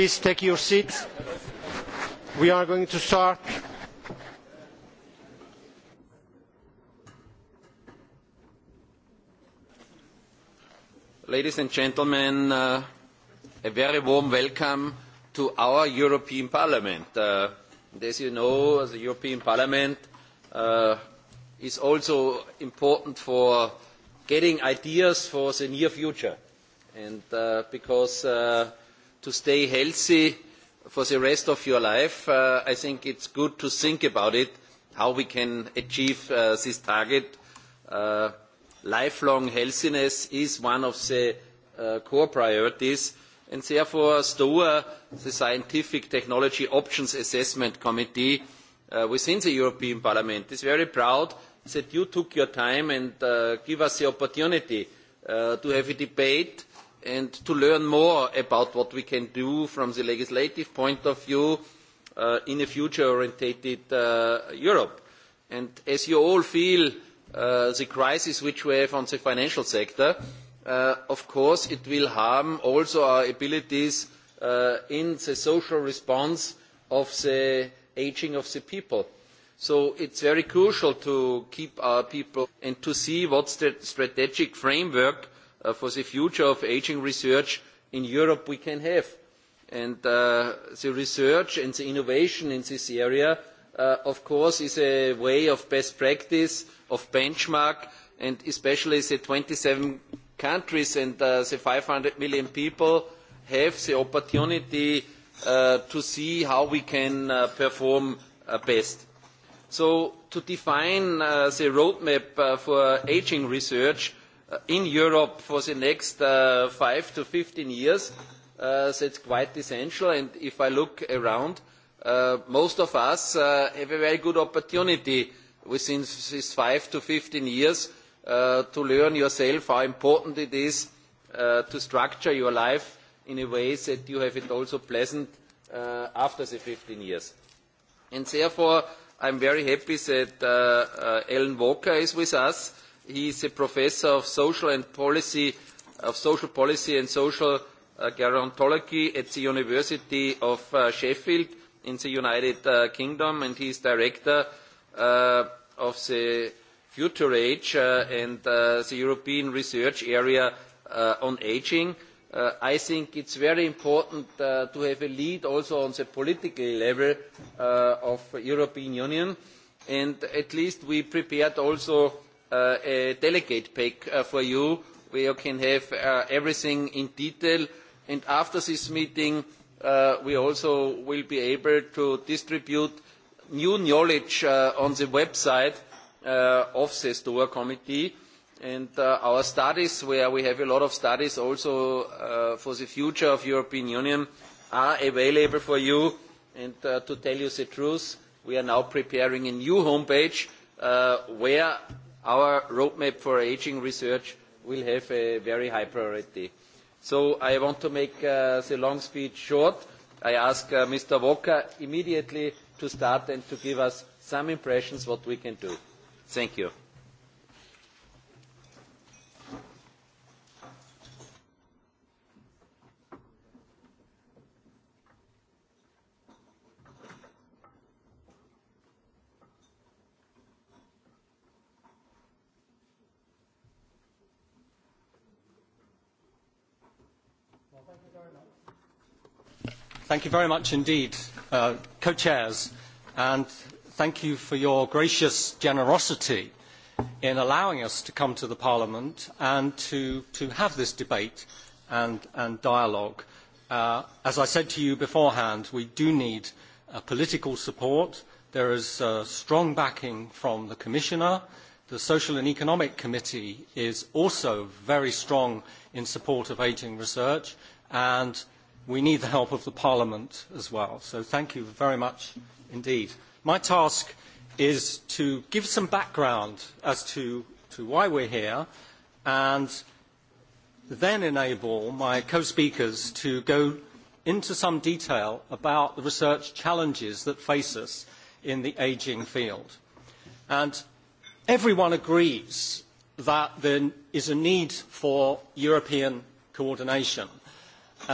please take your seats. We are going to start. Ladies and gentlemen, a very warm welcome to our European Parliament. As you know, the European Parliament is also important for getting ideas for the near future. And because to stay healthy for the rest of your life, I think it's good to think about it, how we can achieve this target. Lifelong healthiness is one of the core priorities, and therefore STOA, the Scientific Technology Options Assessment Committee within the European Parliament, is very proud that you took your time and give us the opportunity to have a debate and to learn more about what we can do from the legislative point of view in a future-orientated Europe. And as you all feel the crisis which we have on the financial sector, of course it will harm also our abilities in the social response of the ageing of the people. So it's very crucial to keep our people and to see what strategic framework for the future of aging research in Europe we can have. And the research and the innovation in this area, of course, is a way of best practice, of benchmark, and especially the 27 countries and the 500 million people have the opportunity to see how we can perform best. So to define the roadmap for aging research, in Europe for the next five to 15 years. is quite essential. And if I look around, most of us have a very good opportunity within these five to 15 years to learn yourself how important it is to structure your life in a way that you have it also pleasant after the 15 years. And therefore, I'm very happy that Ellen Walker is with us He is a professor of social and policy, of social policy and social gerontology at the University of Sheffield in the United Kingdom, and he is director of the Future Age and the European Research Area on Aging. I think it's very important to have a lead also on the political level of the European Union, and at least we prepared also a delegate pack for you where you can have everything in detail. And after this meeting, we also will be able to distribute new knowledge on the website of the STOA Committee. And our studies, where we have a lot of studies also for the future of European Union, are available for you. And to tell you the truth, we are now preparing a new homepage where our roadmap for ageing research will have a very high priority. So I want to make the long speech short. I ask Mr. Walker immediately to start and to give us some impressions what we can do. Thank you. Thank you very much indeed, co-chairs, and thank you for your gracious generosity in allowing us to come to the Parliament and to have this debate and dialogue. As I said to you beforehand, we do need political support. There is strong backing from the Commissioner. The Social and Economic Committee is also very strong in support of ageing research, and we need the help of the Parliament as well. So thank you very much indeed. My task is to give some background as to why we're here and then enable my co-speakers to go into some detail about the research challenges that face us in the ageing field. And everyone agrees that there is a need for European coordination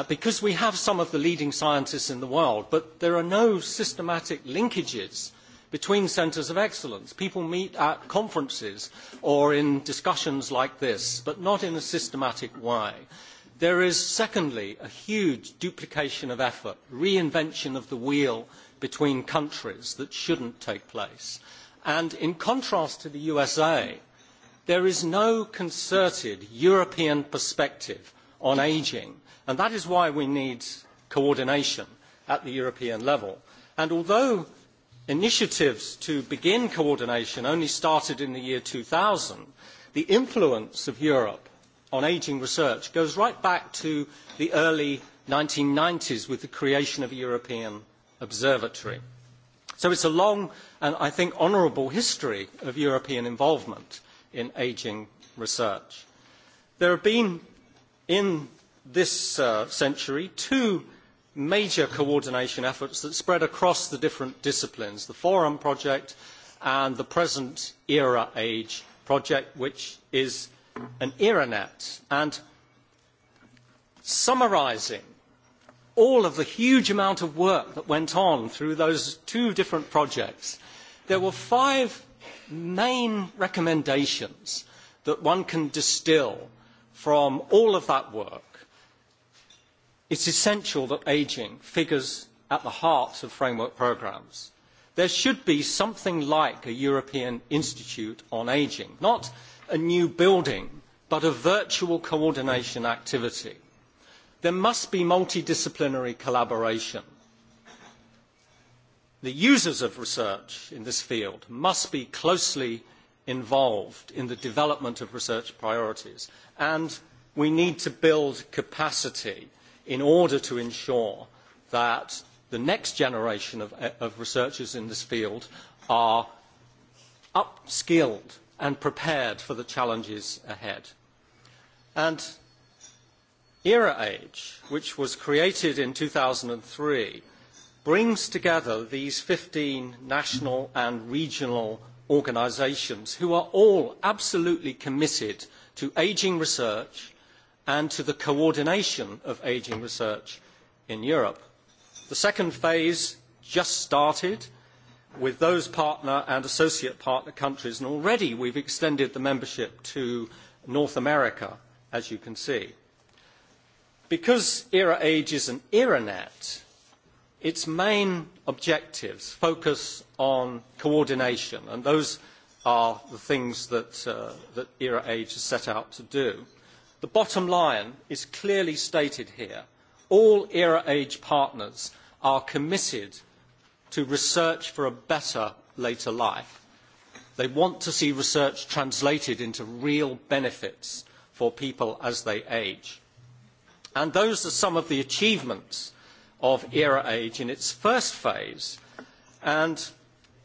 because we have some of the leading scientists in the world, but there are no systematic linkages between centres of excellence. People meet at conferences or in discussions like this, but not in a systematic way. There is, secondly, a huge duplication of effort, reinvention of the wheel between countries that shouldn't take place. And in contrast to the USA, there is no concerted European perspective on ageing and that is why we need coordination at the european level and although initiatives to begin coordination only started in the year 2000 the influence of europe on ageing research goes right back to the early 1990s with the creation of a european observatory so it's a long and i think honourable history of european involvement in ageing research there have been in this century two major coordination efforts that spread across the different disciplines, the Forum project and the present era age project, which is an ERANET. And summarising all of the huge amount of work that went on through those two different projects, there were five main recommendations that one can distill from all of that work It is essential that ageing figures at the heart of framework programmes. There should be something like a European Institute on Ageing, not a new building, but a virtual coordination activity. There must be multidisciplinary collaboration. The users of research in this field must be closely involved in the development of research priorities, and we need to build capacity in order to ensure that the next generation of researchers in this field are upskilled and prepared for the challenges ahead. And Era Age, which was created in 2003, brings together these 15 national and regional organisations who are all absolutely committed to ageing research and to the coordination of ageing research in Europe. The second phase just started with those partner and associate partner countries, and already we've extended the membership to North America, as you can see. Because ERA-Age is an ERANET, its main objectives focus on coordination, and those are the things that ERA-Age has set out to do. The bottom line is clearly stated here. All ERA-age partners are committed to research for a better later life. They want to see research translated into real benefits for people as they age. And those are some of the achievements of ERA-age in its first phase. And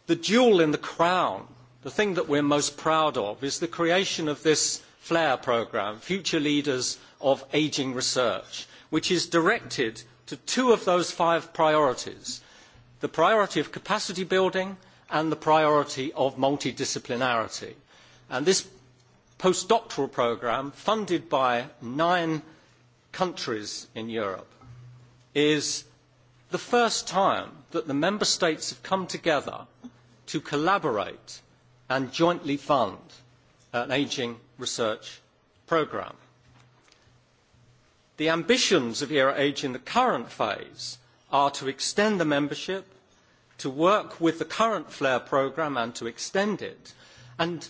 the jewel in the crown, the thing that we are most proud of, is the creation of this FLAIR programme, Future Leaders of Ageing Research, which is directed to two of those five priorities, the priority of capacity building and the priority of multidisciplinarity. And this postdoctoral programme, funded by nine countries in Europe, is the first time that the member states have come together to collaborate and jointly fund an ageing research programme. The ambitions of Era Age in the current phase are to extend the membership, to work with the current FLAIR programme and to extend it. And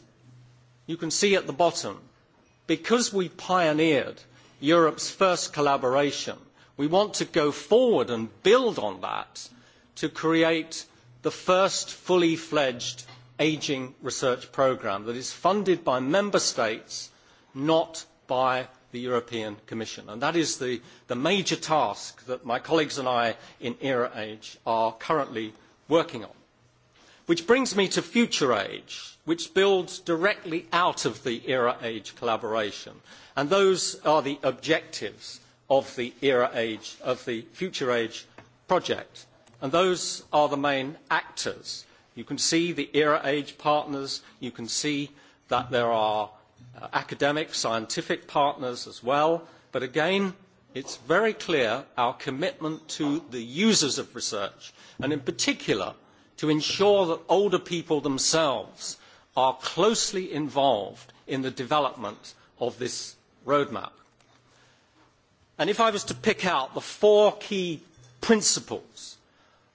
you can see at the bottom, because we pioneered Europe's first collaboration, we want to go forward and build on that to create the first fully fledged ageing research programme that is funded by member states, not by the European Commission. And that is the major task that my colleagues and I in ERA Age are currently working on. Which brings me to Future Age, which builds directly out of the ERA Age collaboration. And those are the objectives of the ERA Age, of the Future Age project. And those are the main actors. You can see the era-age partners. You can see that there are academic, scientific partners as well. But again, it is very clear our commitment to the users of research, and in particular to ensure that older people themselves are closely involved in the development of this roadmap. if I was to pick out the four key principles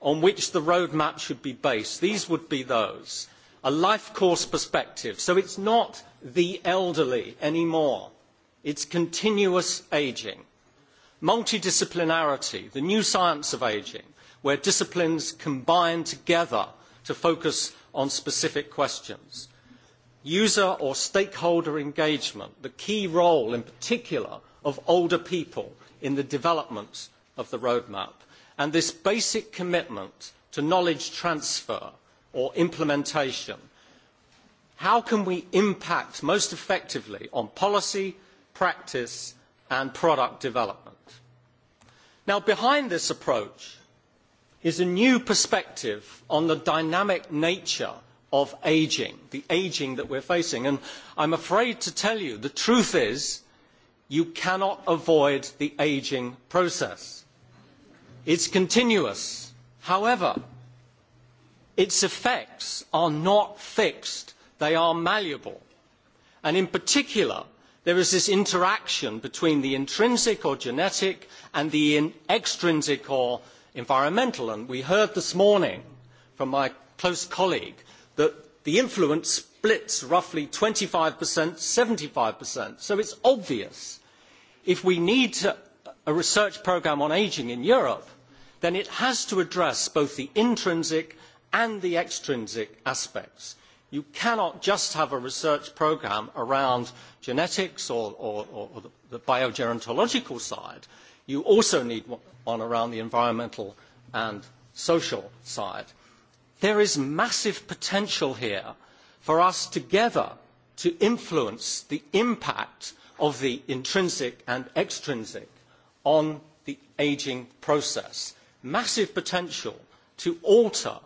on which the roadmap should be based. These would be those. A life course perspective. So it's not the elderly anymore. It's continuous ageing. Multidisciplinarity, the new science of ageing, where disciplines combine together to focus on specific questions. User or stakeholder engagement, the key role in particular of older people in the development of the roadmap and this basic commitment to knowledge transfer or implementation how can we impact most effectively on policy practice and product development? now behind this approach is a new perspective on the dynamic nature of ageing the ageing that we are facing and i am afraid to tell you the truth is you cannot avoid the ageing process. It's continuous. However, its effects are not fixed. They are malleable. And in particular, there is this interaction between the intrinsic or genetic and the extrinsic or environmental. And we heard this morning from my close colleague that the influence splits roughly 25%, 75%. So it's obvious. If we need a research programme on ageing in Europe, then it has to address both the intrinsic and the extrinsic aspects. You cannot just have a research programme around genetics or the biogerontological side. You also need one around the environmental and social side. There is massive potential here for us together to influence the impact of the intrinsic and extrinsic on the ageing process massive potential to alter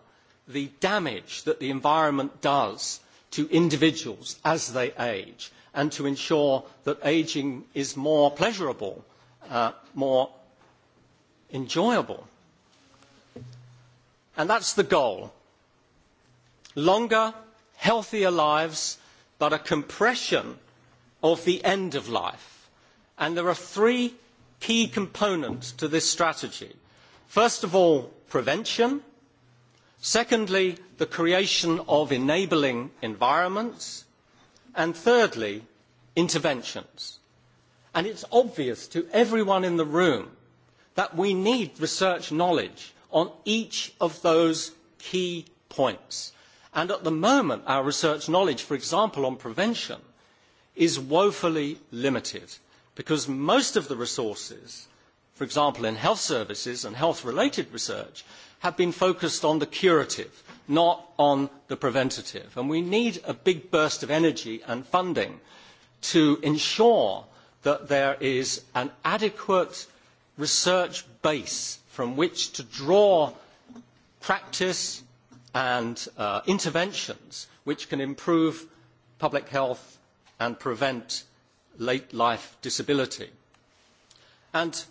the damage that the environment does to individuals as they age and to ensure that ageing is more pleasurable, more enjoyable. And that's the goal. Longer, healthier lives, but a compression of the end of life. And there are three key components to this strategy First of all, prevention. Secondly, the creation of enabling environments. And thirdly, interventions. It is obvious to everyone in the room that we need research knowledge on each of those key points. And at the moment, our research knowledge, for example, on prevention, is woefully limited because most of the resources for example in health services and health related research have been focused on the curative not on the preventative and we need a big burst of energy and funding to ensure that there is an adequate research base from which to draw practice and interventions which can improve public health and prevent late life disability and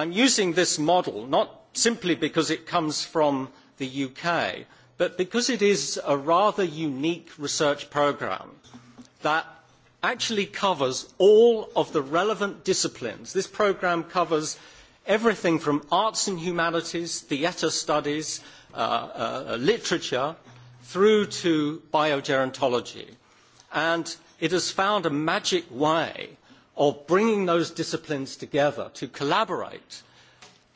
I am using this model not simply because it comes from the UK, but because it is a rather unique research programme that actually covers all of the relevant disciplines. This programme covers everything from arts and humanities, theatre studies, literature, through to biogerontology. And it has found a magic way of bringing those disciplines together to collaborate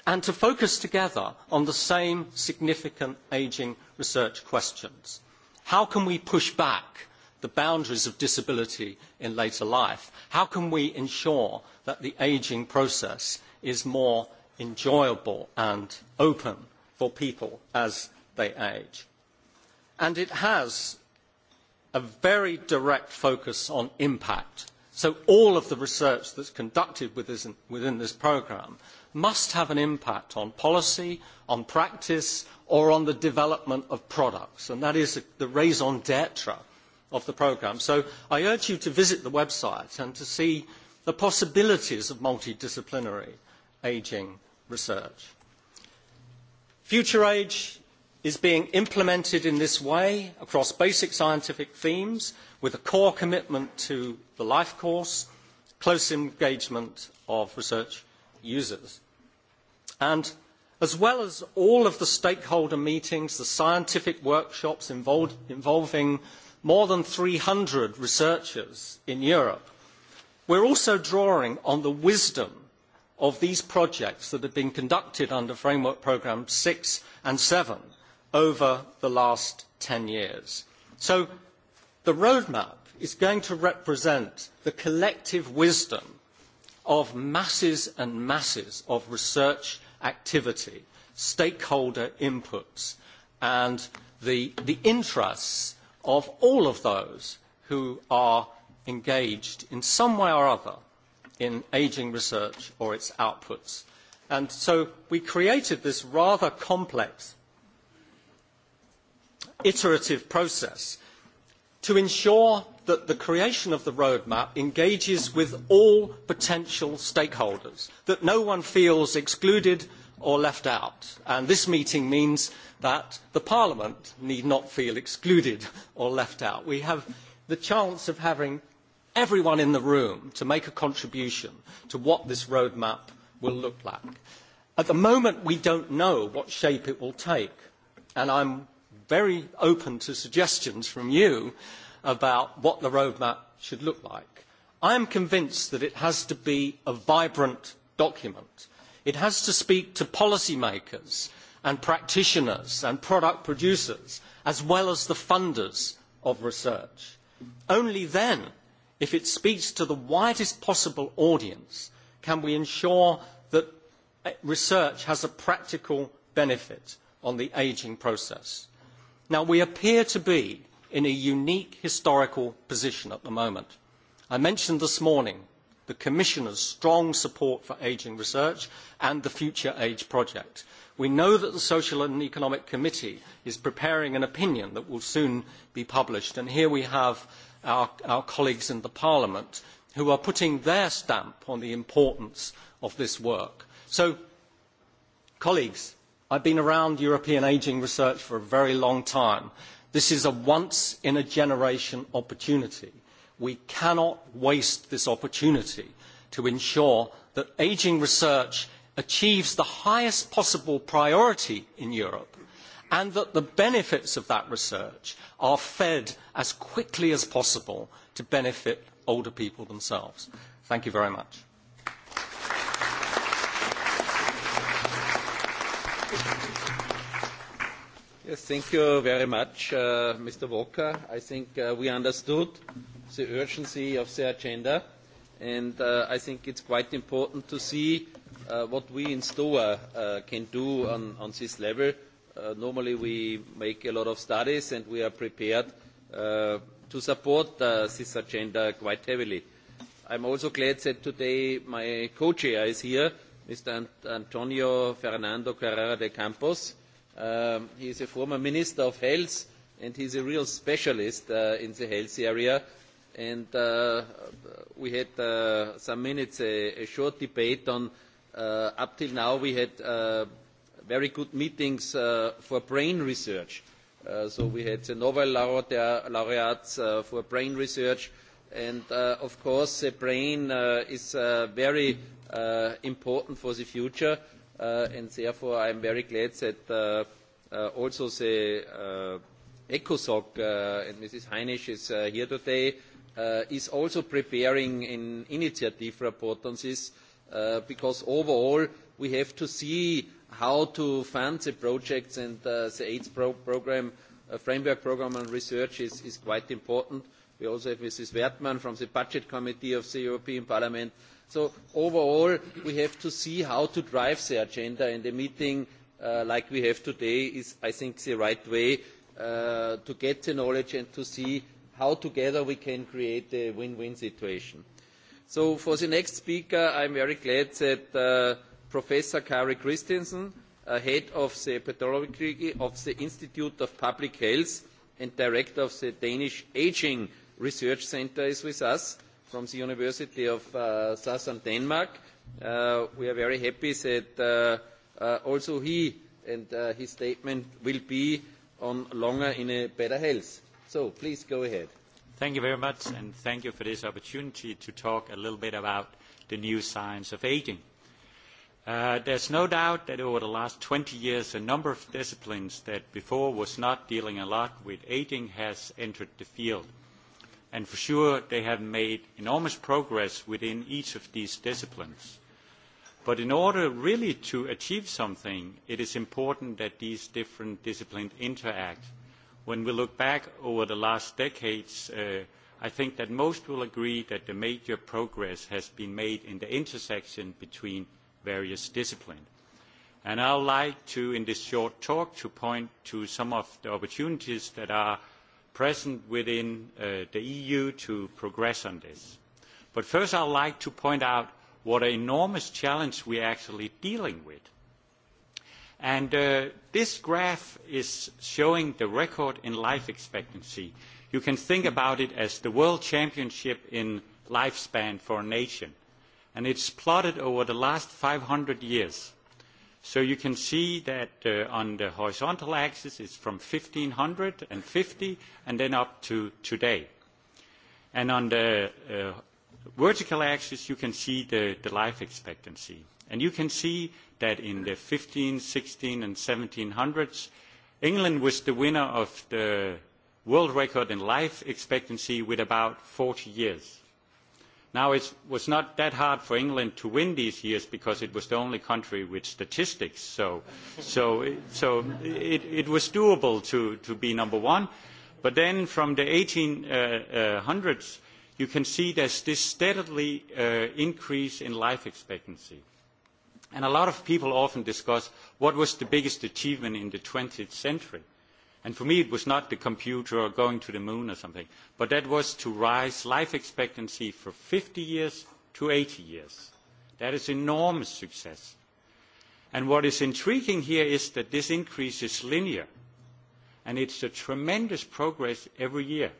and to focus together on the same significant ageing research questions. How can we push back the boundaries of disability in later life? How can we ensure that the ageing process is more enjoyable and open for people as they age? And it has a very direct focus on impact So all of the research that's conducted within this programme must have an impact on policy, on practice, or on the development of products. And that is the raison d'etre of the programme. So I urge you to visit the website and to see the possibilities of multidisciplinary ageing research. Future Age is being implemented in this way across basic scientific themes with a core commitment to the life course, close engagement of research users. And as well as all of the stakeholder meetings, the scientific workshops involving more than 300 researchers in Europe, we're also drawing on the wisdom of these projects that have been conducted under Framework Programme 6 and 7 over the last 10 years. So the roadmap is going to represent the collective wisdom of masses and masses of research activity, stakeholder inputs, and the interests of all of those who are engaged in some way or other in ageing research or its outputs. And so we created this rather complex iterative process to ensure that the creation of the roadmap engages with all potential stakeholders, that no one feels excluded or left out. And this meeting means that the Parliament need not feel excluded or left out. We have the chance of having everyone in the room to make a contribution to what this roadmap will look like. At the moment, we don't know what shape it will take, and I'm very open to suggestions from you about what the roadmap should look like. I am convinced that it has to be a vibrant document. It has to speak to policymakers and practitioners and product producers as well as the funders of research. Only then, if it speaks to the widest possible audience, can we ensure that research has a practical benefit on the ageing process. Now, we appear to be in a unique historical position at the moment. I mentioned this morning the Commissioner's strong support for ageing research and the Future Age Project. We know that the Social and Economic Committee is preparing an opinion that will soon be published, and here we have our colleagues in the Parliament who are putting their stamp on the importance of this work. So, colleagues, I've been around European ageing research for a very long time. This is a once-in-a-generation opportunity. We cannot waste this opportunity to ensure that ageing research achieves the highest possible priority in Europe and that the benefits of that research are fed as quickly as possible to benefit older people themselves. Thank you very much. Yes, thank you very much, Mr. Walker. I think we understood the urgency of the agenda, and I think it's quite important to see what we in STOA can do on this level. Normally, we make a lot of studies, and we are prepared to support this agenda quite heavily. I'm also glad that today my co-chair is here Mr. Antonio Fernando Carrera de Campos. He is a former Minister of Health and he is a real specialist in the health area. And we had some minutes a short debate on up till now we had very good meetings for brain research. So we had the Nobel laureates for brain research and of course the brain is very important for the future and therefore i am very glad that also the ecosoc and mrs heinisch is here today is also preparing an initiative report on this because overall we have to see how to fund the projects and the aids framework programme on research is quite important. We also have Mrs. Wertmann from the Budget Committee of the European Parliament. So overall, we have to see how to drive the agenda, and a meeting like we have today is, I think, the right way to get the knowledge and to see how together we can create a win-win situation. So for the next speaker, I am very glad that Professor Kari Christensen, head of the epidemiology of the Institute of Public Health and director of the Danish Aging research center is with us from the University of Southern Denmark. We are very happy that also he and his statement will be on longer in better health. So please go ahead. Thank you very much and thank you for this opportunity to talk a little bit about the new science of aging. There's no doubt that over the last 20 years a number of disciplines that before was not dealing a lot with aging has entered the field and for sure they have made enormous progress within each of these disciplines. But in order really to achieve something, it is important that these different disciplines interact. When we look back over the last decades, I think that most will agree that the major progress has been made in the intersection between various disciplines. And I would like to, in this short talk, to point to some of the opportunities that are present within the EU to progress on this. But first I would like to point out what an enormous challenge we are actually dealing with. And this graph is showing the record in life expectancy. You can think about it as the World Championship in lifespan for a nation. And it's plotted over the last 500 years. So you can see that on the horizontal axis it's from 1550 and then up to today. And on the vertical axis you can see the life expectancy. And you can see that in the 15, 16 and 1700s England was the winner of the world record in life expectancy with about 40 years. Now, it was not that hard for England to win these years because it was the only country with statistics. So it was doable to be number one. But then from the 1800s, you can see there's this steadily increase in life expectancy. And a lot of people often discuss what was the biggest achievement in the 20th century. And for me, it was not the computer or going to the moon or something, but that was to rise life expectancy from 50 years to 80 years. That is enormous success. And what is intriguing here is that this increase is linear, and it's a tremendous progress every year.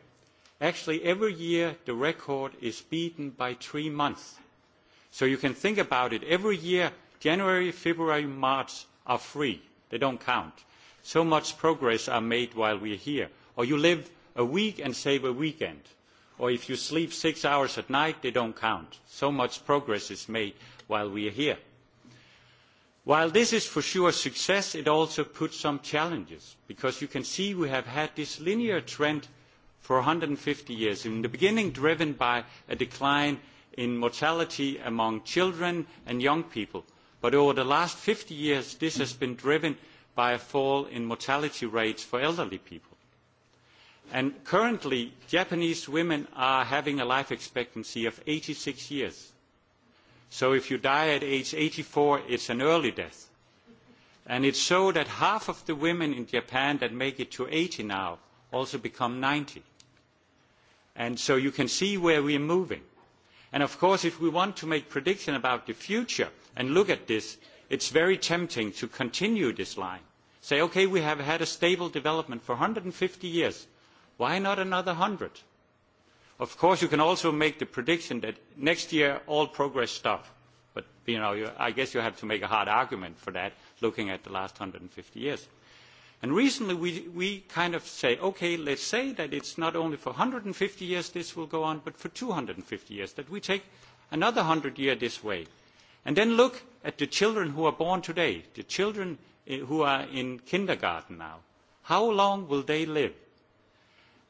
Actually, every year the record is beaten by three months. So you can think about it. Every year, January, February, March are free. They don't count so much progress is made while we are here or you live a week and save a weekend or if you sleep six hours at night they do not count so much progress is made while we are here. while this is for sure a success it also puts some challenges because you can see we have had this linear trend for 150 years in the beginning driven by a decline in mortality among children and young people but over the last fifty years this has been driven by a fall in mortality rates for elderly people. And currently, Japanese women are having a life expectancy of 86 years. So if you die at age 84, it's an early death. And it's so that half of the women in Japan that make it to 80 now also become 90. And so you can see where we are moving. And of course, if we want to make predictions about the future and look at this, it's very tempting to continue this line. Say, okay, we have had a stable development for 150 years. Why not another 100? Of course, you can also make the prediction that next year all progress stops. But, you know, I guess you have to make a hard argument for that, looking at the last 150 years. And recently we kind of say, okay, let's say that it's not only for 150 years this will go on, but for 250 years, that we take another 100 years this way. And then look at the children who are born today, the children who are in kindergarten now, how long will they live?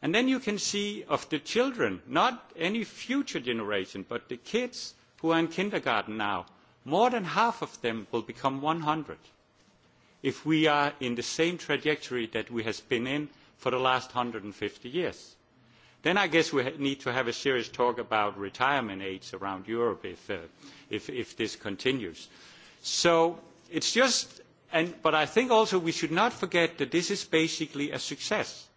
And then you can see of the children, not any future generation, but the kids who are in kindergarten now, more than half of them will become 100 if we are in the same trajectory that we have been in for the last 150 years. Then I guess we need to have a serious talk about retirement age around Europe if this continues. So it's just, but I think also we should not forget that this is basically a success.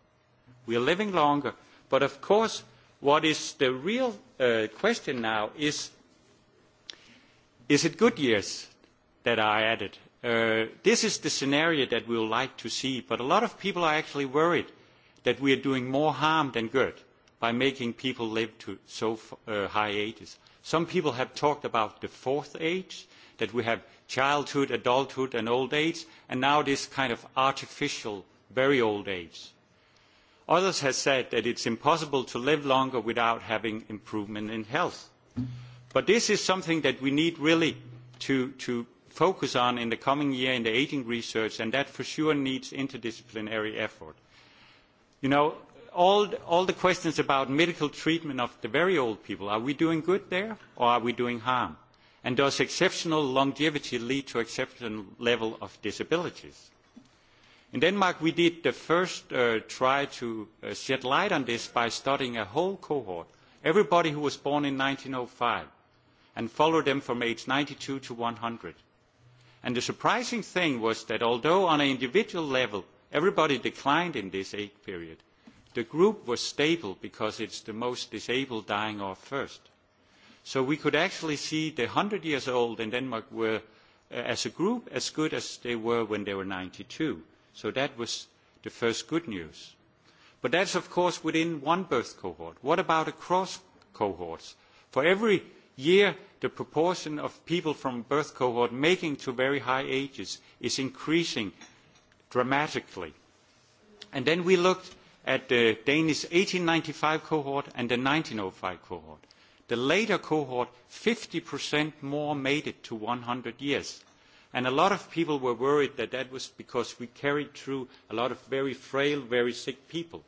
We are living longer, but of course what is the real question now is, is it good years that are added? This is the scenario that we would like to see, but a lot of people are actually worried that we are doing more harm than good by making people live to so high ages. Some people have talked about the fourth age, that we have childhood, adulthood and old age, and now this kind of artificial, very old age. Others have said that it's impossible to live longer without having improvement in health. But this is something that we need really to focus on in the coming year in the aging research, and that for sure needs interdisciplinary effort. You know, all the questions about medical treatment of the very old people, are we doing good there or are we doing harm? And does exceptional longevity lead to exceptional level of disabilities? In Denmark, we did the first try to shed light on this by studying a whole cohort, everybody who was born in 1905, and followed them from age 92 to 100. And the surprising thing was that although on an individual level everybody declined in this age period, The group was stable because it's the most disabled dying off first. So we could actually see the 100 years old in Denmark were, as a group, as good as they were when they were 92. So that was the first good news. But that's, of course, within one birth cohort. What about across cohorts? For every year, the proportion of people from birth cohort making to very high ages is increasing dramatically. And then we looked at the Danish 1895 cohort and the 1905 cohort. The later cohort, 50% more made it to 100 years. And a lot of people were worried that that was because we carried through a lot of very frail, very sick people.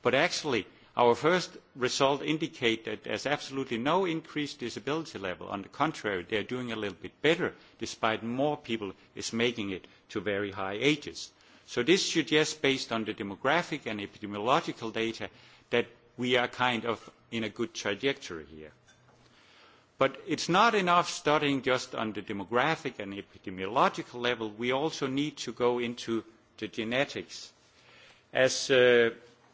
But actually, our first result indicate that there's absolutely no increased disability level. On the contrary, they are doing a little bit better, despite more people is making it to very high ages. So this suggests based on the demographic and epidemiological data, that we are kind of in a good trajectory here. But it's not enough studying just on the demographic and epidemiological level. We also need to go into the genetics. As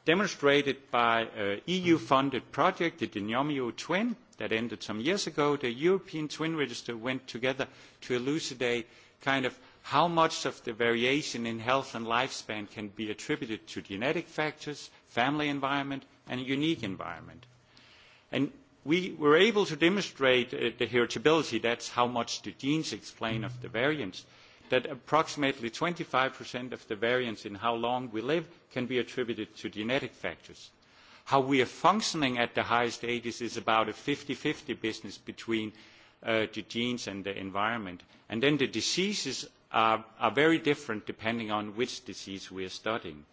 demonstrated by an EU-funded project, the Denomio Twin, that ended some years ago, the European Twin Register went together to elucidate kind of how much of the variation in health and lifespan can be attributed to genetic factors, family environment, and unique environment. And we were able to demonstrate the heritability, that's how much the genes explain of the variants, that approximately 25% of the variants in how long we live can be attributed to genetic factors. How we are functioning at the highest ages is about a 50-50 business between the genes and the environment. And then the diseases are very different depending on which disease we are studying.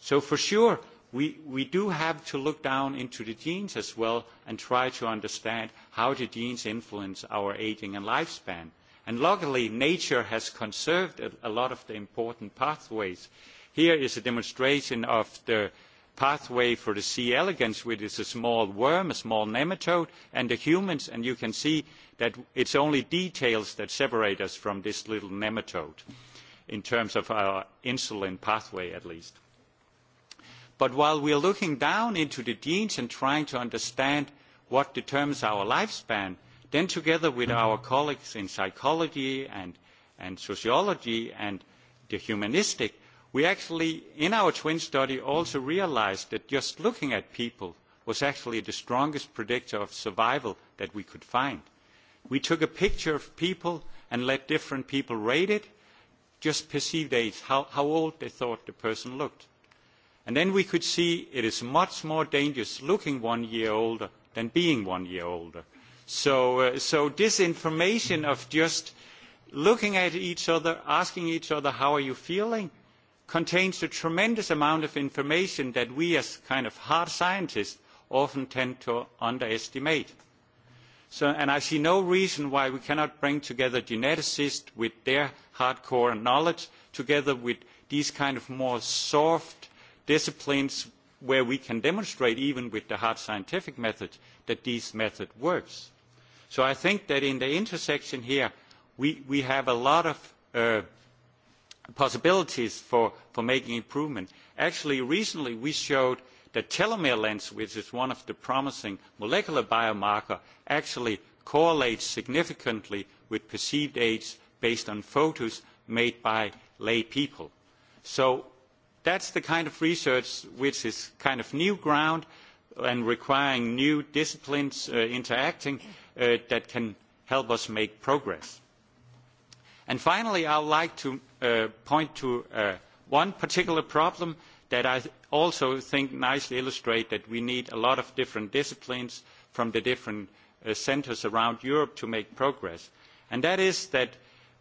So for sure, we do have to look down into the genes as well and try to understand how the genes influence our aging and lifespan. And luckily, nature has conserved a lot of the important pathways. Here is a demonstration of the pathway for the C. elegans, which is a small worm, a small nematode, and the humans, and you can see that it's only details that separate us from this little nematode, in terms of our insulin pathway at least. But while we are looking down into the genes and trying to understand what determines our lifespan, then together with our colleagues in psychology and sociology and the humanistic, we actually in our twin study also realised that just looking at people was actually the strongest predictor of survival that we could find. we took a picture of people and let different people rate it just perceived age how old they thought the person looked and then we could see it is much more dangerous looking one year older than being one year older. so this information of just looking at each other asking each other how are you feeling contains a tremendous amount of information that we as kind of hard scientists often tend to underestimate. And I see no reason why we cannot bring together geneticists with their hardcore knowledge together with these kind of more soft disciplines where we can demonstrate even with the hard scientific method that this method works. So I think that in the intersection here we have a lot of possibilities for making improvement. Actually, recently we showed that telomere lens which is one of the promising molecular biomarker, actually correlates significantly with perceived age based on photos made by lay people. So that's the kind of research which is kind of new ground and requiring new disciplines interacting that can help us make progress. And finally, I would like to point to one particular problem that I also think nicely illustrates that we need a lot of different disciplines from the different centres around Europe to make progress. And that is that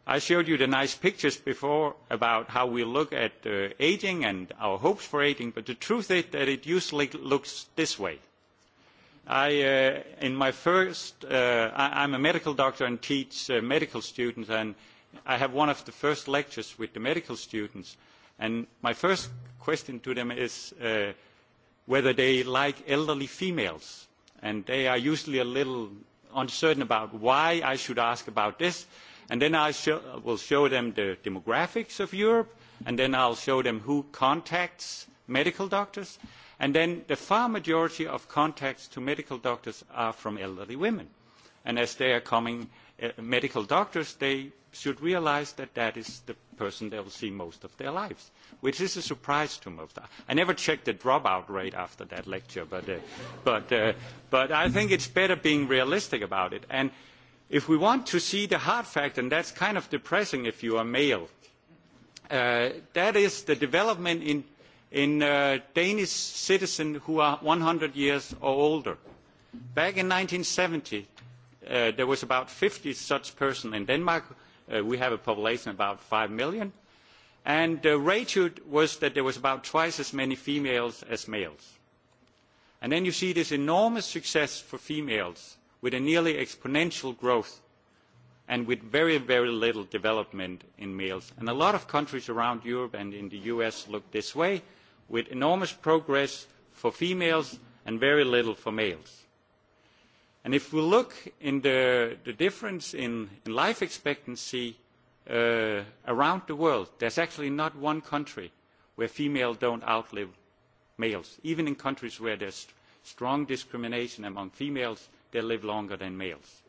I showed you the nice pictures before about how we look at ageing and our hopes for ageing, but the truth is that it usually looks this way. I, in my first, I'm a medical doctor and teach medical students, and I have one of the first lectures with the medical students, and my first question to them is whether they like elderly females, and they are usually a little uncertain about why I should ask about this, and then I will show them the demographics of Europe, and then I'll show them who contacts medical doctors, and then the far majority of contacts to medical doctors are from elderly women, and as they are coming medical doctors, they should realise that that is the person they will see most of their lives, which is a surprise to most. I never checked the dropout rate after that lecture, but I think it's better being realistic about it. And if we want to see the hard fact, and that's kind of depressing if you are male, that is the development in Danish citizens who are 100 years or older. Back in 1970, there was about 50 such persons in Denmark we have a population of about five million. And the ratio was that there was about twice as many females as males. And then you see this enormous success for females with a nearly exponential growth and with very, very little development in males. a lot of countries around Europe and in the US look this way, with enormous progress for females and very little for males if we look at the difference in life expectancy around the world, there's actually not one country where females don't outlive males. Even in countries where there's strong discrimination among females, they live longer than males.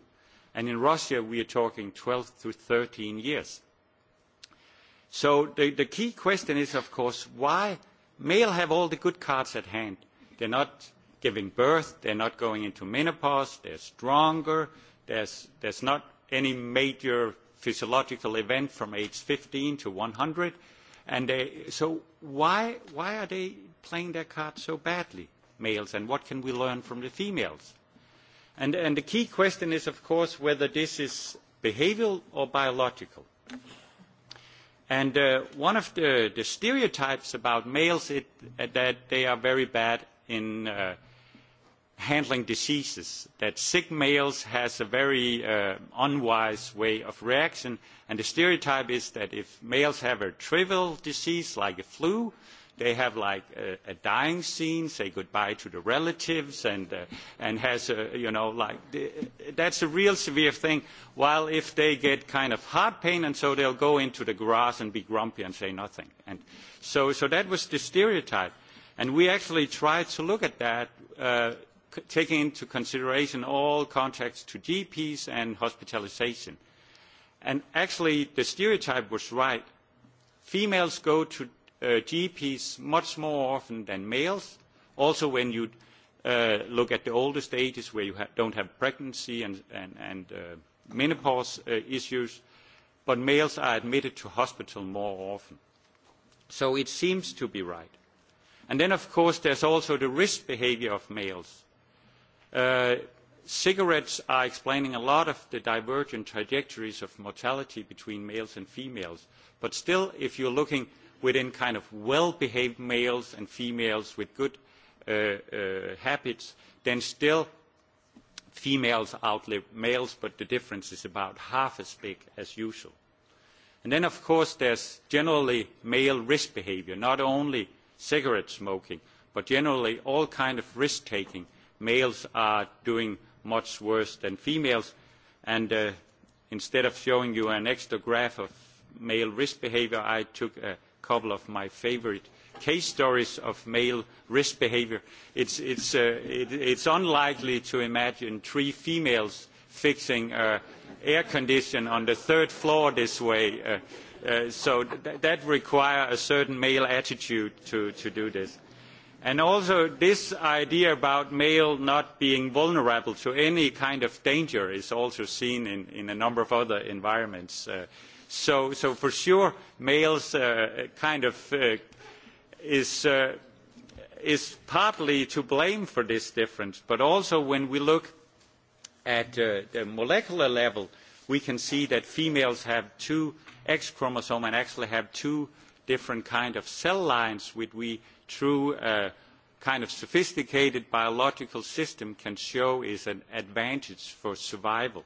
And in Russia, we are talking 12 to 13 years. So the key question is, of course, why males have all the good cards at hand. They're not giving birth, they're not going into menopause, they're stronger, there's not any major physiological event from age 15 to 100. And so why are they playing their cards so badly, males, and what can we learn from the females? And the key question is, of course, whether this is behavioral or biological. And one of the stereotypes about males is that they are very bad in handling diseases, that sick males has a very unwise way of reaction, and the stereotype is that if males have a trivial disease like a flu, they have like a dying scene, say goodbye to the relatives, and and has a, you know, like that's a real severe thing. While if they get kind of heart pain, and so they'll go into the grass and be grumpy and say nothing. And so so that was the stereotype, and we actually tried to look at that taking into consideration all contacts to GPs and hospitalisation. And actually, the stereotype was right. Females go to GPs much more often than males. Also, when you look at the older stages where you don't have pregnancy and menopause issues, but males are admitted to hospital more often. So it seems to be right. And then, of course, there's also the risk behaviour of males Cigarettes are explaining a lot of the divergent trajectories of mortality between males and females, but still, if you are looking within kind of well-behaved males and females with good habits, then still females outlive males, but the difference is about half as big as usual. And then, of course, there's generally male risk behavior, not only cigarette smoking, but generally all kinds of risk-taking males are doing much worse than females. And instead of showing you an extra graph of male risk behaviour, I took a couple of my favourite case stories of male risk behaviour. It's unlikely to imagine three females fixing air condition on the third floor this way. So that requires a certain male attitude to do this and also this idea about males not being vulnerable to any kind of danger is also seen in a number of other environments so for sure males kind of is partly to blame for this difference but also when we look at the molecular level we can see that females have two x chromosomes and actually have two different kinds of cell lines which we True, a kind of sophisticated biological system can show is an advantage for survival.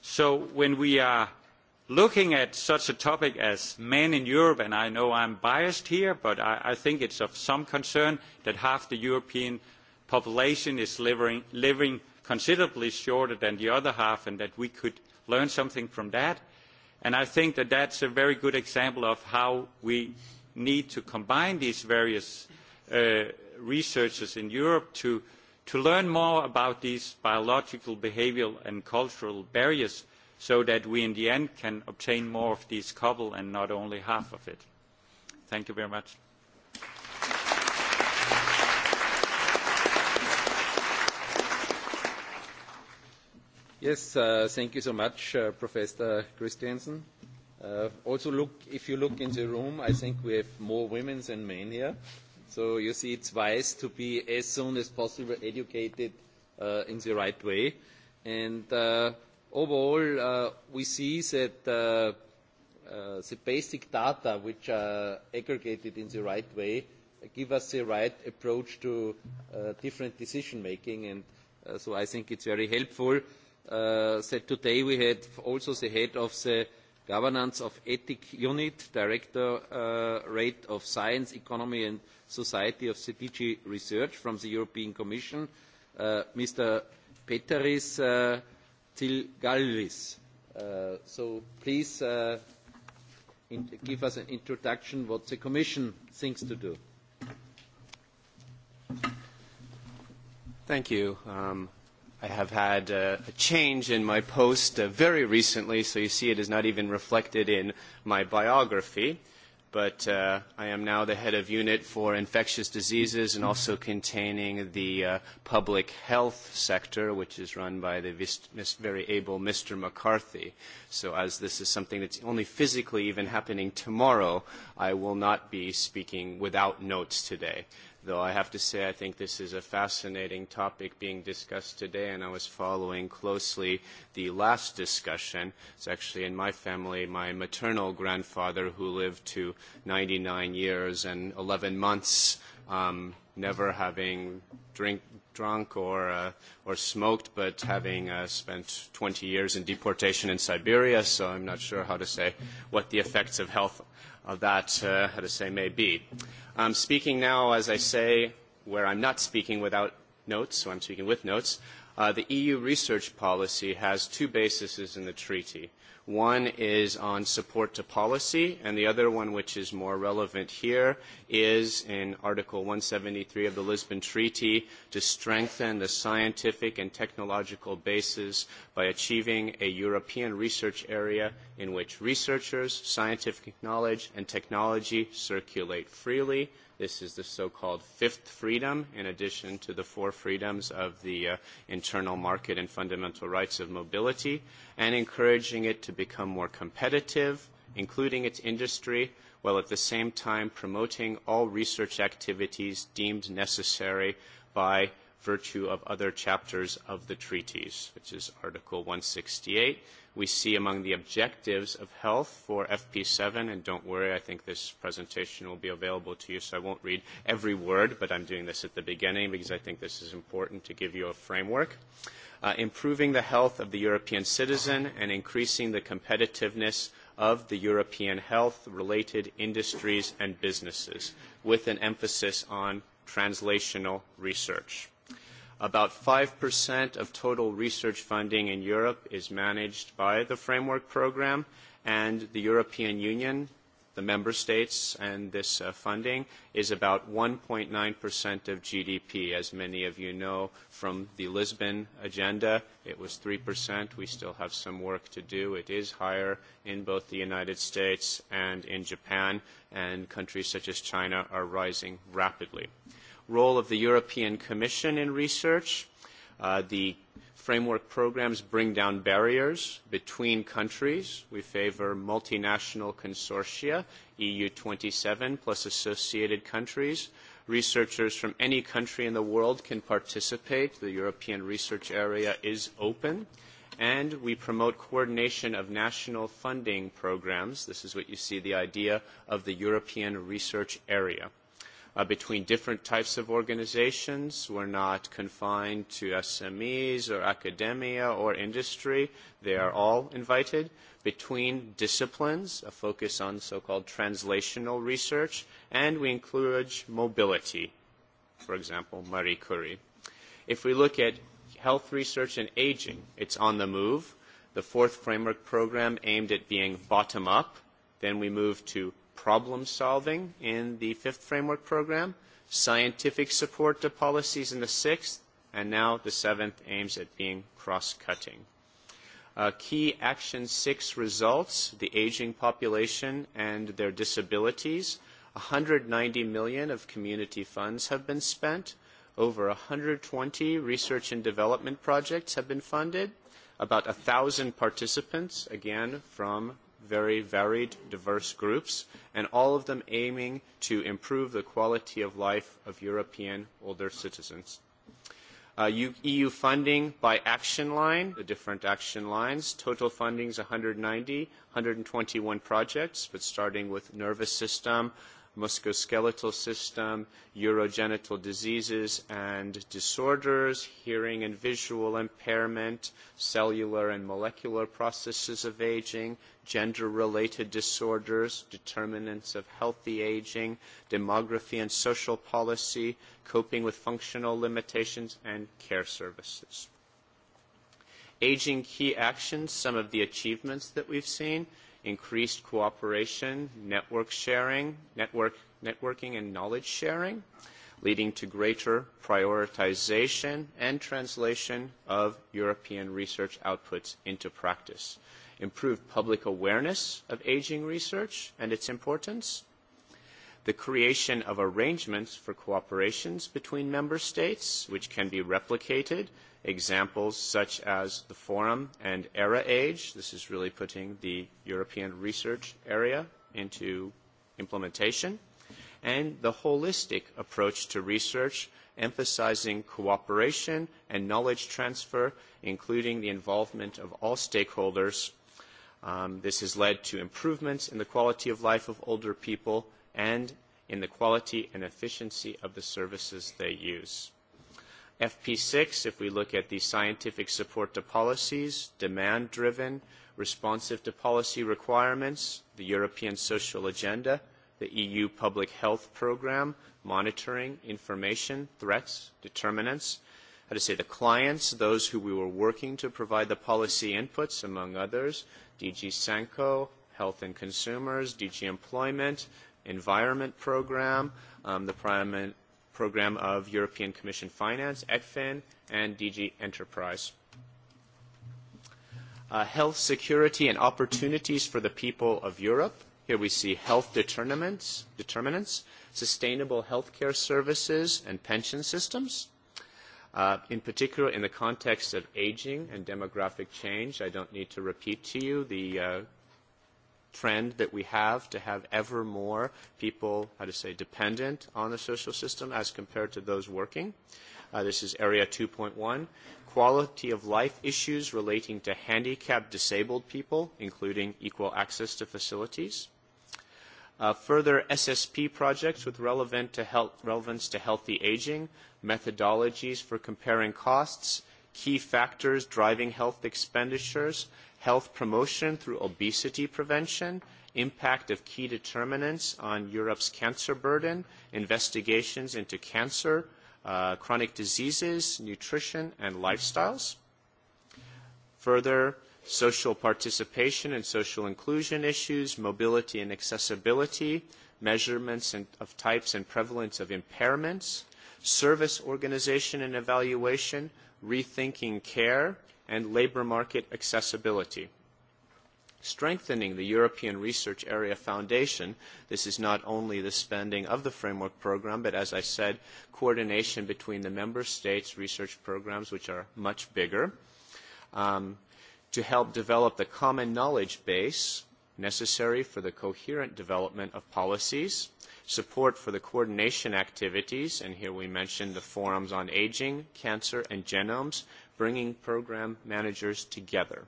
So when we are looking at such a topic as men in Europe, and I know I'm biased here, but I think it's of some concern that half the European population is living considerably shorter than the other half and that we could learn something from that. And I think that that's a very good example of how we need to combine these various researchers in Europe to learn more about these biological, behavioural and cultural barriers so that we in the end can obtain more of this cobble and not only half of it. Thank you very much. Yes, thank you so much, Professor Christiansen. Also look, if you look in the room, I think we have more women than men here. So you see it's wise to be as soon as possible educated in the right way. And overall, we see that the basic data which are aggregated in the right way give us the right approach to different decision making. And so I think it's very helpful that today we had also the head of the Governance of Ethic Unit, Directorate of Science, Economy and Society of CDG Research from the European Commission, Mr. Peteris Tsilgalis. So please give us an introduction what the Commission thinks to do. Thank you. I have had a change in my post very recently, so you see it is not even reflected in my biography. But I am now the head of unit for infectious diseases and also containing the public health sector, which is run by the very able Mr. McCarthy. So as this is something that's only physically even happening tomorrow, I will not be speaking without notes today though I have to say I think this is a fascinating topic being discussed today, and I was following closely the last discussion. It's actually in my family, my maternal grandfather, who lived to 99 years and 11 months, um, never having drink, drunk or, uh, or smoked, but having uh, spent 20 years in deportation in Siberia, so I'm not sure how to say what the effects of health of that, how to say, may be. I'm speaking now, as I say, where I'm not speaking without notes, so I'm speaking with notes. The EU research policy has two bases in the treaty One is on support to policy, and the other one, which is more relevant here, is in Article 173 of the Lisbon Treaty to strengthen the scientific and technological basis by achieving a European research area in which researchers, scientific knowledge, and technology circulate freely This is the so-called fifth freedom, in addition to the four freedoms of the internal market and fundamental rights of mobility, and encouraging it to become more competitive, including its industry, while at the same time promoting all research activities deemed necessary by virtue of other chapters of the treaties, which is Article 168. We see among the objectives of health for FP7, and don't worry, I think this presentation will be available to you, so I won't read every word, but I'm doing this at the beginning because I think this is important to give you a framework. Improving the health of the European citizen and increasing the competitiveness of the European health-related industries and businesses, with an emphasis on translational research About 5% of total research funding in Europe is managed by the framework program, and the European Union, the member states, and this funding is about 1.9% of GDP. As many of you know from the Lisbon agenda, it was 3%. We still have some work to do. It is higher in both the United States and in Japan, and countries such as China are rising rapidly role of the European Commission in research. The framework programs bring down barriers between countries. We favor multinational consortia, EU27 plus associated countries. Researchers from any country in the world can participate. The European research area is open. And we promote coordination of national funding programs. This is what you see, the idea of the European research area between different types of organizations. We're not confined to SMEs or academia or industry. They are all invited. Between disciplines, a focus on so-called translational research, and we include mobility, for example, Marie Curie. If we look at health research and aging, it's on the move. The fourth framework program aimed at being bottom-up. Then we move to problem solving in the fifth framework program, scientific support to policies in the sixth, and now the seventh aims at being cross-cutting. Key Action six results, the aging population and their disabilities. 190 million of community funds have been spent. Over 120 research and development projects have been funded. About 1,000 participants, again, from very varied, diverse groups, and all of them aiming to improve the quality of life of European older citizens. EU funding by action line, the different action lines, total funding is 190, 121 projects, but starting with nervous system, musculoskeletal system, urogenital diseases and disorders, hearing and visual impairment, cellular and molecular processes of aging, gender-related disorders, determinants of healthy aging, demography and social policy, coping with functional limitations, and care services. Aging key actions, some of the achievements that we've seen increased cooperation, network sharing, networking and knowledge sharing, leading to greater prioritization and translation of European research outputs into practice, improved public awareness of aging research and its importance, the creation of arrangements for cooperations between member states, which can be replicated examples such as the Forum and Era Age. This is really putting the European research area into implementation. And the holistic approach to research, emphasizing cooperation and knowledge transfer, including the involvement of all stakeholders. This has led to improvements in the quality of life of older people and in the quality and efficiency of the services they use. FP6, if we look at the scientific support to policies, demand-driven, responsive to policy requirements, the European Social Agenda, the EU Public Health Program, monitoring, information, threats, determinants, how to say the clients, those who we were working to provide the policy inputs, among others, DG SANCO, Health and Consumers, DG Employment, Environment Program, the prime program of European Commission Finance, ECFIN, and DG Enterprise. Health security and opportunities for the people of Europe. Here we see health determinants, sustainable care services, and pension systems. In particular, in the context of aging and demographic change, I don't need to repeat to you the trend that we have to have ever more people, how to say, dependent on the social system as compared to those working. This is area 2.1. Quality of life issues relating to handicapped disabled people, including equal access to facilities. Further SSP projects with relevance to healthy aging, methodologies for comparing costs, key factors driving health expenditures, health promotion through obesity prevention, impact of key determinants on Europe's cancer burden, investigations into cancer, chronic diseases, nutrition, and lifestyles. Further, social participation and social inclusion issues, mobility and accessibility, measurements of types and prevalence of impairments, service organization and evaluation, rethinking care, and labor market accessibility. Strengthening the European Research Area Foundation, this is not only the spending of the framework Program, but as I said, coordination between the member states' research programs, which are much bigger, to help develop the common knowledge base necessary for the coherent development of policies, support for the coordination activities, and here we mentioned the forums on aging, cancer, and genomes, bringing program managers together.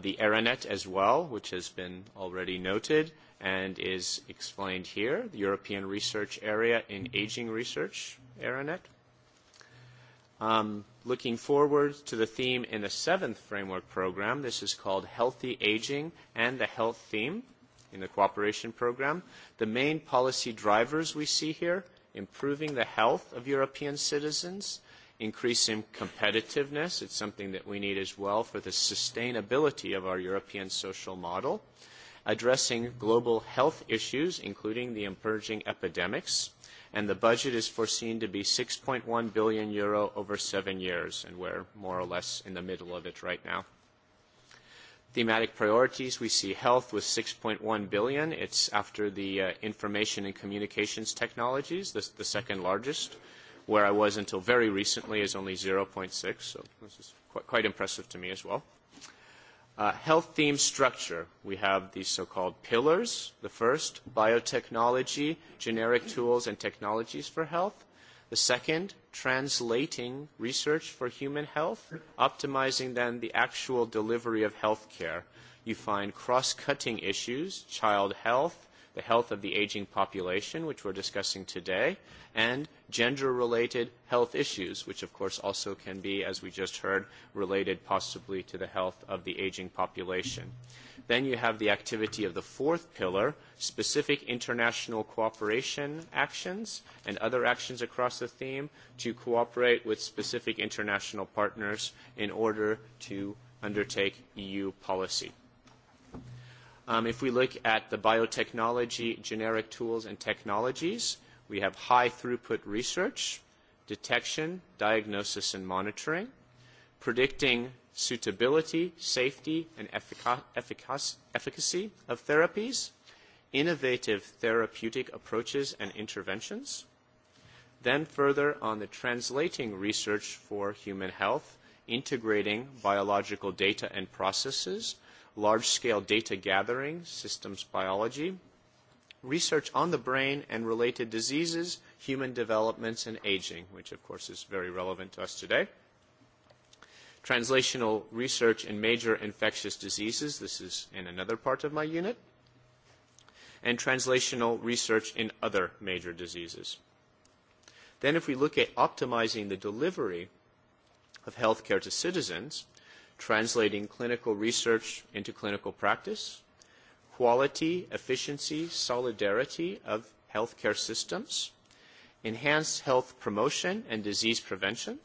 The ERANET as well, which has been already noted and is explained here, the European Research Area in Aging Research, ERANET. Looking forward to the theme in the seventh framework program, this is called Healthy Aging and the Health Theme in the Cooperation Program. The main policy drivers we see here, improving the health of European citizens, increasing competitiveness. It's something that we need as well for the sustainability of our European social model, addressing global health issues, including the emerging epidemics, and the budget is foreseen to be 6.1 billion euro over seven years, and we're more or less in the middle of it right now. Thematic priorities, we see health with 6.1 billion. It's after the information and communications technologies, the second largest where I was until very recently is only 0.6, so this is quite impressive to me as well. Health theme structure. We have these so-called pillars. The first, biotechnology, generic tools and technologies for health. The second, translating research for human health, optimizing then the actual delivery of health care. You find cross-cutting issues, child health, the health of the aging population, which we're discussing today, and gender-related health issues, which of course also can be, as we just heard, related possibly to the health of the aging population. Then you have the activity of the fourth pillar, specific international cooperation actions and other actions across the theme to cooperate with specific international partners in order to undertake EU policy. If we look at the biotechnology generic tools and technologies, we have high throughput research, detection, diagnosis and monitoring, predicting suitability, safety and efficacy of therapies, innovative therapeutic approaches and interventions. Then further on the translating research for human health, integrating biological data and processes large-scale data gathering, systems biology, research on the brain and related diseases, human developments, and aging, which, of course, is very relevant to us today. Translational research in major infectious diseases. This is in another part of my unit. And translational research in other major diseases. Then if we look at optimizing the delivery of healthcare to citizens, translating clinical research into clinical practice, quality, efficiency, solidarity of healthcare systems, enhanced health promotion and disease prevention.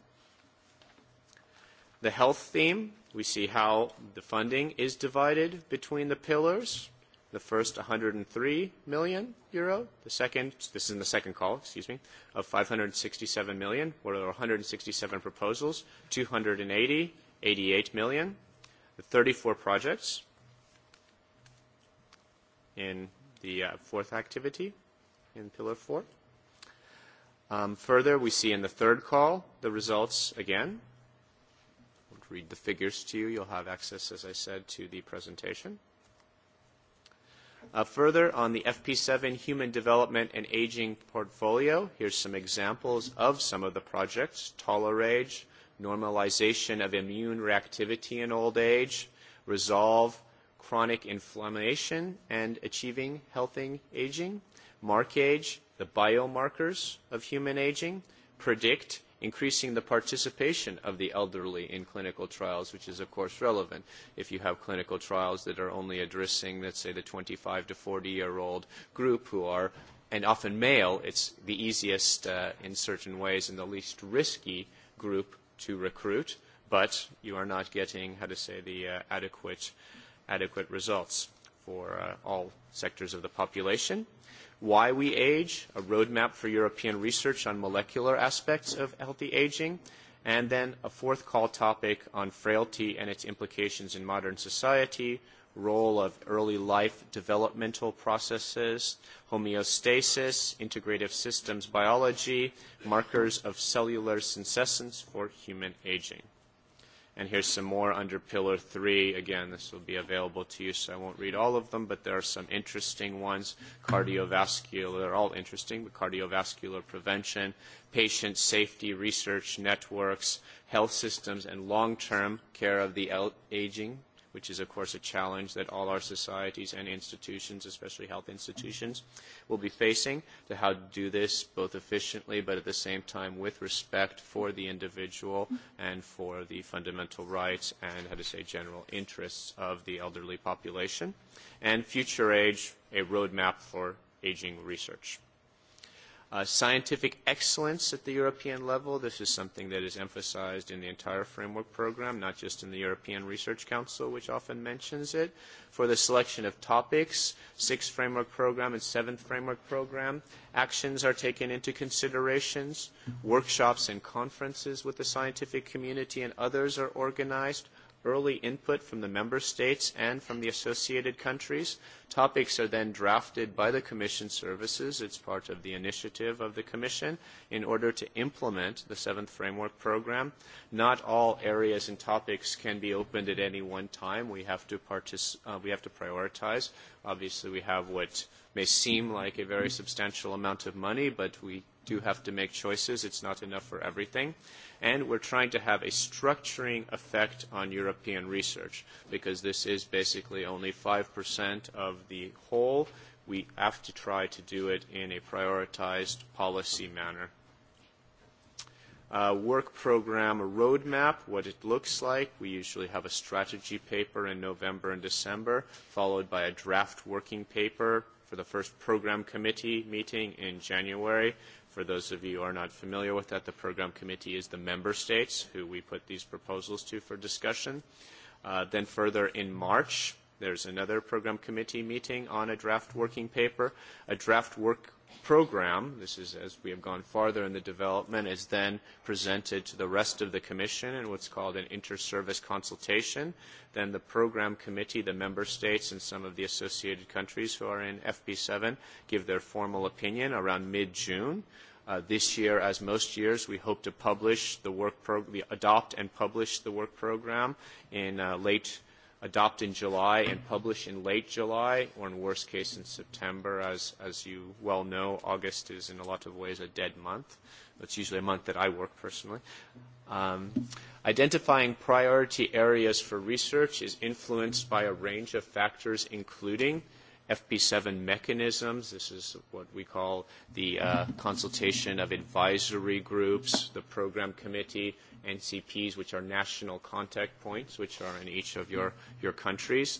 The health theme, we see how the funding is divided between the pillars. The first 103 million euro, the second, this is in the second call, excuse me, of 567 million, where there are 167 proposals, 280 88 million, 34 projects in the fourth activity in Pillar 4. Further, we see in the third call the results again. I'll read the figures to you. You'll have access, as I said, to the presentation. Further, on the FP7 Human Development and Aging portfolio, here's some examples of some of the projects, Tolerage, normalization of immune reactivity in old age, resolve chronic inflammation and achieving healthy aging, mark age, the biomarkers of human aging, predict increasing the participation of the elderly in clinical trials, which is, of course, relevant if you have clinical trials that are only addressing, let's say, the 25 to 40-year-old group who are, and often male, it's the easiest in certain ways and the least risky group to recruit, but you are not getting, how to say, the adequate adequate results for all sectors of the population. Why we age, a roadmap for European research on molecular aspects of healthy aging, and then a fourth call topic on frailty and its implications in modern society, role of early life developmental processes, homeostasis, integrative systems biology, markers of cellular senescence for human aging. And here's some more under Pillar three. Again, this will be available to you, so I won't read all of them, but there are some interesting ones. Cardiovascular, they're all interesting, but cardiovascular prevention, patient safety research networks, health systems, and long-term care of the aging which is, of course, a challenge that all our societies and institutions, especially health institutions, will be facing, to how to do this both efficiently but at the same time with respect for the individual and for the fundamental rights and, how to say, general interests of the elderly population. And future age, a roadmap for aging research. Scientific excellence at the European level. This is something that is emphasized in the entire framework program, not just in the European Research Council, which often mentions it. For the selection of topics, sixth framework program and seventh framework program, actions are taken into considerations. Workshops and conferences with the scientific community and others are organized early input from the member states and from the associated countries. Topics are then drafted by the Commission services. It's part of the initiative of the Commission in order to implement the seventh framework program. Not all areas and topics can be opened at any one time. We have to prioritize. Obviously, we have what may seem like a very substantial amount of money, but we do have to make choices. It's not enough for everything. And we're trying to have a structuring effect on European research because this is basically only 5% of the whole. We have to try to do it in a prioritized policy manner. Work program, a roadmap, what it looks like. We usually have a strategy paper in November and December, followed by a draft working paper for the first program committee meeting in January, For those of you who are not familiar with that, the program committee is the member states who we put these proposals to for discussion. Then further in March, There's another program committee meeting on a draft working paper. A draft work program, this is as we have gone farther in the development, is then presented to the rest of the Commission in what's called an inter-service consultation. Then the program committee, the member states and some of the associated countries who are in FP7 give their formal opinion around mid-June. This year, as most years, we hope to publish the work adopt and publish the work program in late adopt in July and publish in late July, or in worst case in September. As as you well know, August is in a lot of ways a dead month. It's usually a month that I work personally. Identifying priority areas for research is influenced by a range of factors, including FP7 mechanisms. This is what we call the consultation of advisory groups, the program committee, NCPs, which are national contact points, which are in each of your countries,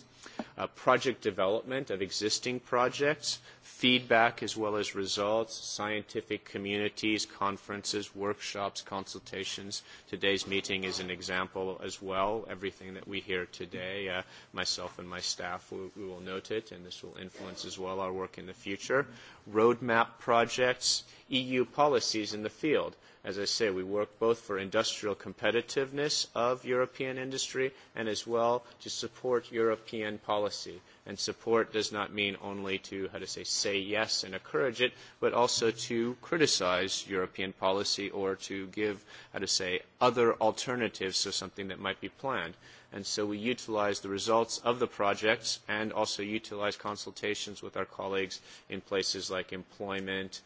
project development of existing projects, feedback as well as results, scientific communities, conferences, workshops, consultations. Today's meeting is an example as well. Everything that we hear today, myself and my staff, we will note it, and this will influence as well our work in the future. Roadmap projects EU policies in the field. As I say, we work both for industrial competitiveness of European industry and as well to support European policy. And support does not mean only to, how to say, say yes and encourage it, but also to criticize European policy or to give, how to say, other alternatives to something that might be planned. And so we utilize the results of the projects and also utilize consultations with our colleagues in places like employment,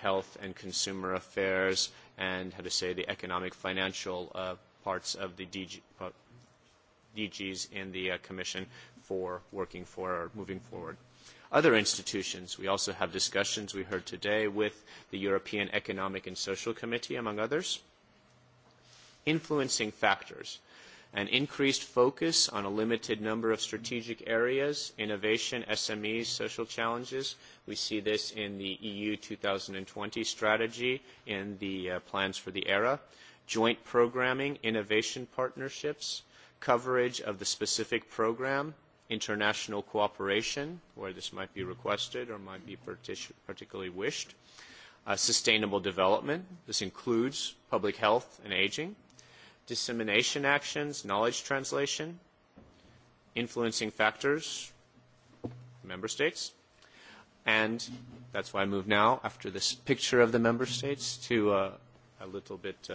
health and consumer affairs, and how to say the economic financial parts of the DGs in the Commission for working for or moving forward. Other institutions, we also have discussions we heard today with the European Economic and Social Committee, among others. Influencing factors an increased focus on a limited number of strategic areas, innovation, SMEs, social challenges. We see this in the EU 2020 strategy in the plans for the era. Joint programming, innovation partnerships, coverage of the specific program, international cooperation, where this might be requested or might be particularly wished. Sustainable development. This includes public health and aging dissemination actions, knowledge translation, influencing factors, member states. And that's why I move now, after this picture of the member states, to a little bit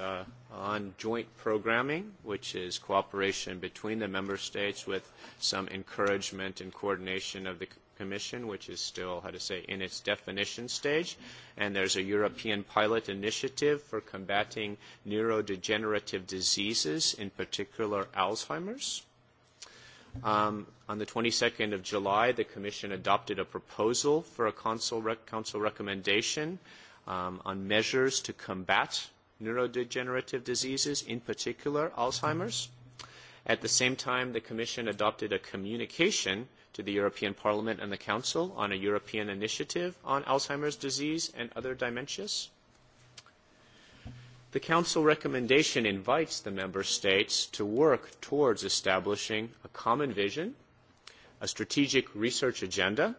on joint programming, which is cooperation between the member states with some encouragement and coordination of the Commission, which is still, how to say, in its definition stage. And there's a European pilot initiative for combating neurodegenerative diseases, in particular Alzheimer's. On the 22nd of July, the Commission adopted a proposal for a Council recommendation on measures to combat neurodegenerative diseases, in particular Alzheimer's. At the same time, the Commission adopted a communication to the European Parliament and the Council on a European initiative on Alzheimer's disease and other dementias. The Council recommendation invites the Member States to work towards establishing a common vision, a strategic research agenda,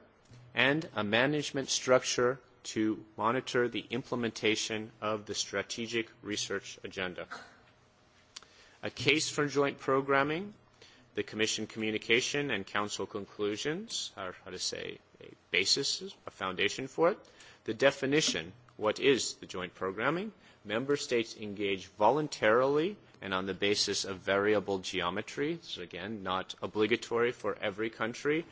and a management structure to monitor the implementation of the strategic research agenda. A case for joint programming the Commission communication and Council conclusions are, how to say, a basis, a foundation for it. The definition, what is the joint programming? Member states engage voluntarily and on the basis of variable geometry. This is, again, not obligatory for every country.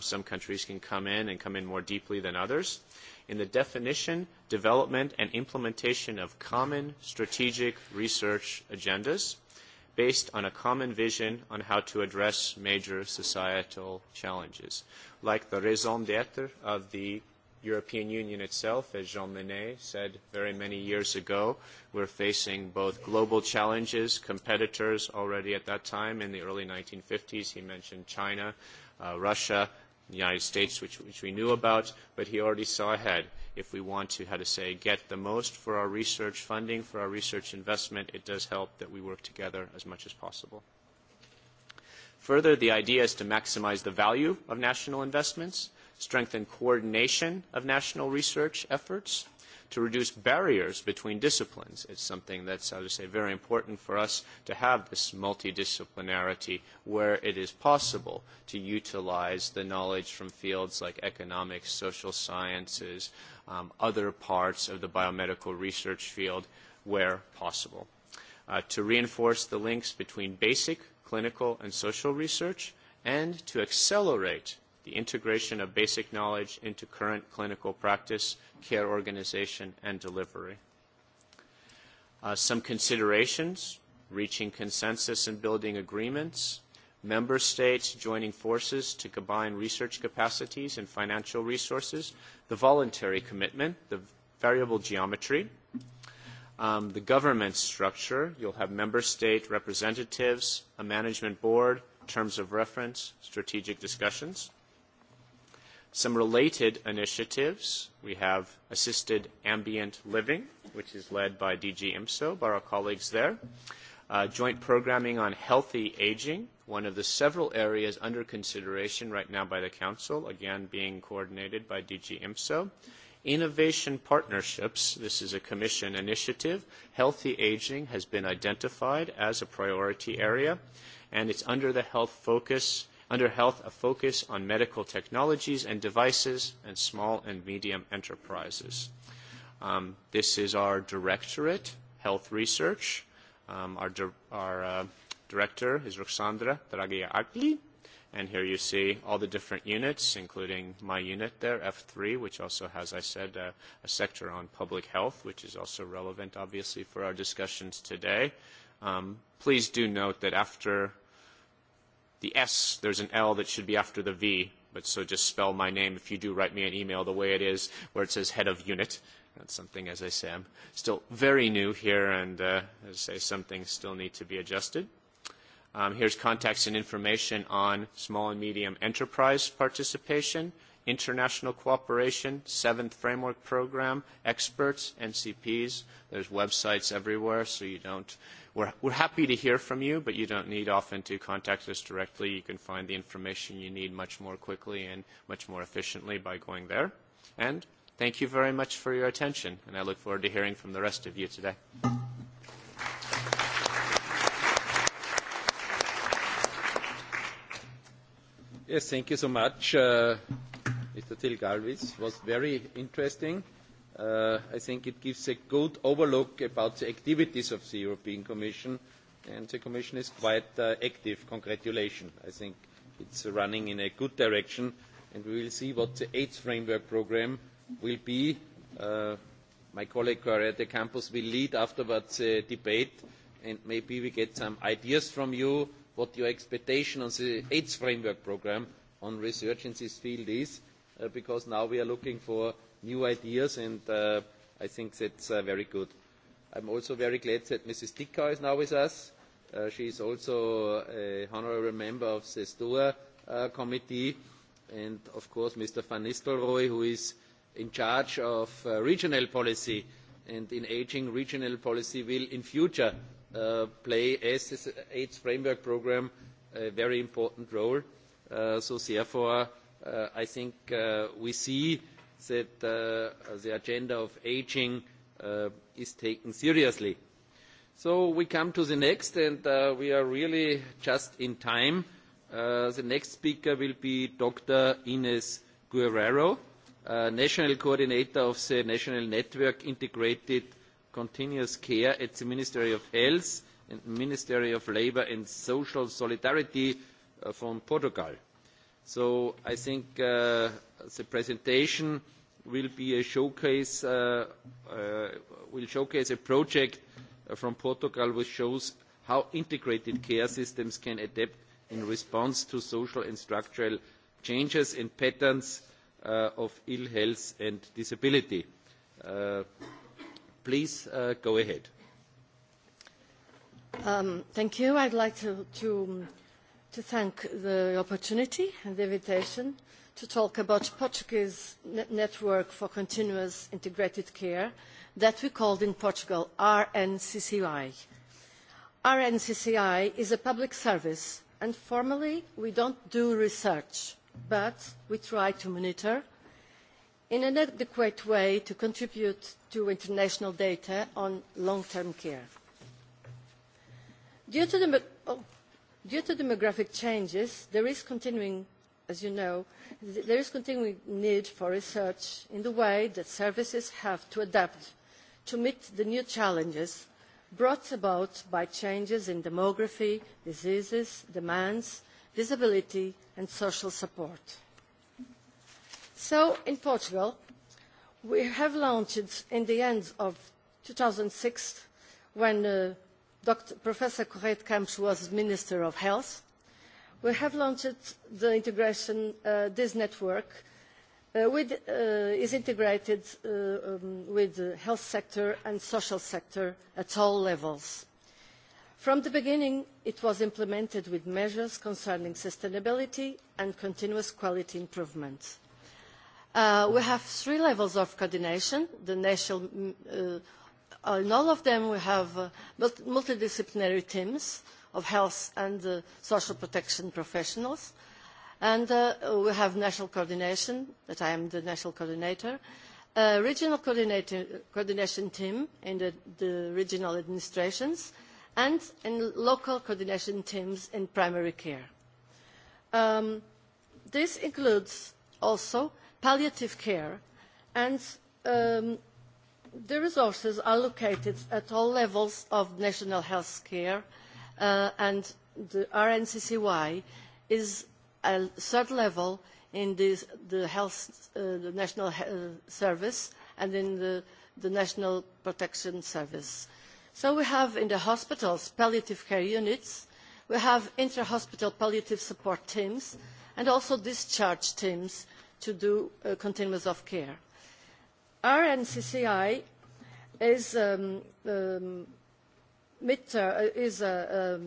Some countries can come in and come in more deeply than others. In the definition, development, and implementation of common strategic research agendas based on a common vision on how to address major societal challenges, like the raison d'être of the European Union itself, as Jean Monnet said very many years ago. We're facing both global challenges, competitors already at that time in the early 1950s. He mentioned China, Russia, the United States, which we knew about, but he already saw ahead if we want to, how to say, get the most for our research funding, for our research investment, it does help that we work together as much as possible. Further, the idea is to maximize the value of national investments, strengthen coordination of national research efforts, to reduce barriers between disciplines. It's something that's, I would say, very important for us to have this multidisciplinarity where it is possible to utilize the knowledge from fields like economics, social sciences, other parts of the biomedical research field where possible. To reinforce the links between basic clinical and social research and to accelerate the integration of basic knowledge into current clinical practice, care organization, and delivery. Some considerations, reaching consensus and building agreements, member states joining forces to combine research capacities and financial resources, the voluntary commitment, the variable geometry, the government structure. You'll have member state representatives, a management board, terms of reference, strategic discussions. Some related initiatives. We have assisted ambient living, which is led by DG IMSO, by our colleagues there. Joint programming on healthy aging one of the several areas under consideration right now by the Council, again being coordinated by DG IMSO. Innovation partnerships, this is a Commission initiative. Healthy aging has been identified as a priority area, and it's under the health focus under health a focus on medical technologies and devices and small and medium enterprises. This is our directorate, health research. Our director is Roxandra Dragia Agli. And here you see all the different units, including my unit there, F3, which also has, I said, a sector on public health, which is also relevant, obviously, for our discussions today. Please do note that after the S, there's an L that should be after the V, but so just spell my name if you do write me an email the way it is, where it says head of unit. That's something, as I say, I'm still very new here, and as I say, some things still need to be adjusted. Here's contacts and information on small and medium enterprise participation, international cooperation, Seventh Framework Program, experts, NCPs. There's websites everywhere, so you don't. We're happy to hear from you, but you don't need often to contact us directly. You can find the information you need much more quickly and much more efficiently by going there. And thank you very much for your attention, and I look forward to hearing from the rest of you today. Yes, thank you so much, Mr. Tilgalvis. was very interesting. I think it gives a good overlook about the activities of the European Commission, and the Commission is quite active. Congratulations. I think it's running in a good direction, and we will see what the eighth framework program will be. My colleague Correa de campus will lead afterwards the debate, and maybe we get some ideas from you what your expectation on the AIDS framework program on research in this field is, because now we are looking for new ideas, and I think that's very good. I'm also very glad that Mrs. Dickau is now with us. She is also an honorary member of the STOA committee, and of course Mr. Van Nistelrooy, who is in charge of regional policy, and in aging regional policy will in future play, as this AIDS framework program, a very important role. So therefore, I think we see that the agenda of aging is taken seriously. So we come to the next, and we are really just in time. The next speaker will be Dr. Ines Guerrero, National Coordinator of the National Network Integrated continuous care at the Ministry of Health and Ministry of Labour and Social Solidarity from Portugal. So I think the presentation will be a showcase, will showcase a project from Portugal which shows how integrated care systems can adapt in response to social and structural changes and patterns of ill health and disability. Please go ahead. Thank you. I'd like to thank the opportunity and the invitation to talk about Portuguese network for continuous integrated care that we called in Portugal RNCCI. RNCCI is a public service and formally we don't do research, but we try to monitor in an adequate way to contribute to international data on long-term care. Due to demographic changes, there is continuing, as you know, there is continuing need for research in the way that services have to adapt to meet the new challenges brought about by changes in demography, diseases, demands, disability and social support. So in Portugal, we have launched in the end of 2006, when Professor Correia de Campos was Minister of Health, we have launched the integration. This network which is integrated with the health sector and social sector at all levels. From the beginning, it was implemented with measures concerning sustainability and continuous quality improvements. We have three levels of coordination. The national, in all of them we have multidisciplinary teams of health and social protection professionals, and we have national coordination. That I am the national coordinator, regional coordination team in the regional administrations, and local coordination teams in primary care. This includes also palliative care and the resources are located at all levels of national health care and the RNCCY is a third level in the health national service and in the national protection service. So we have in the hospitals palliative care units, we have intra-hospital palliative support teams and also discharge teams to do continuous of care. Our NCCI is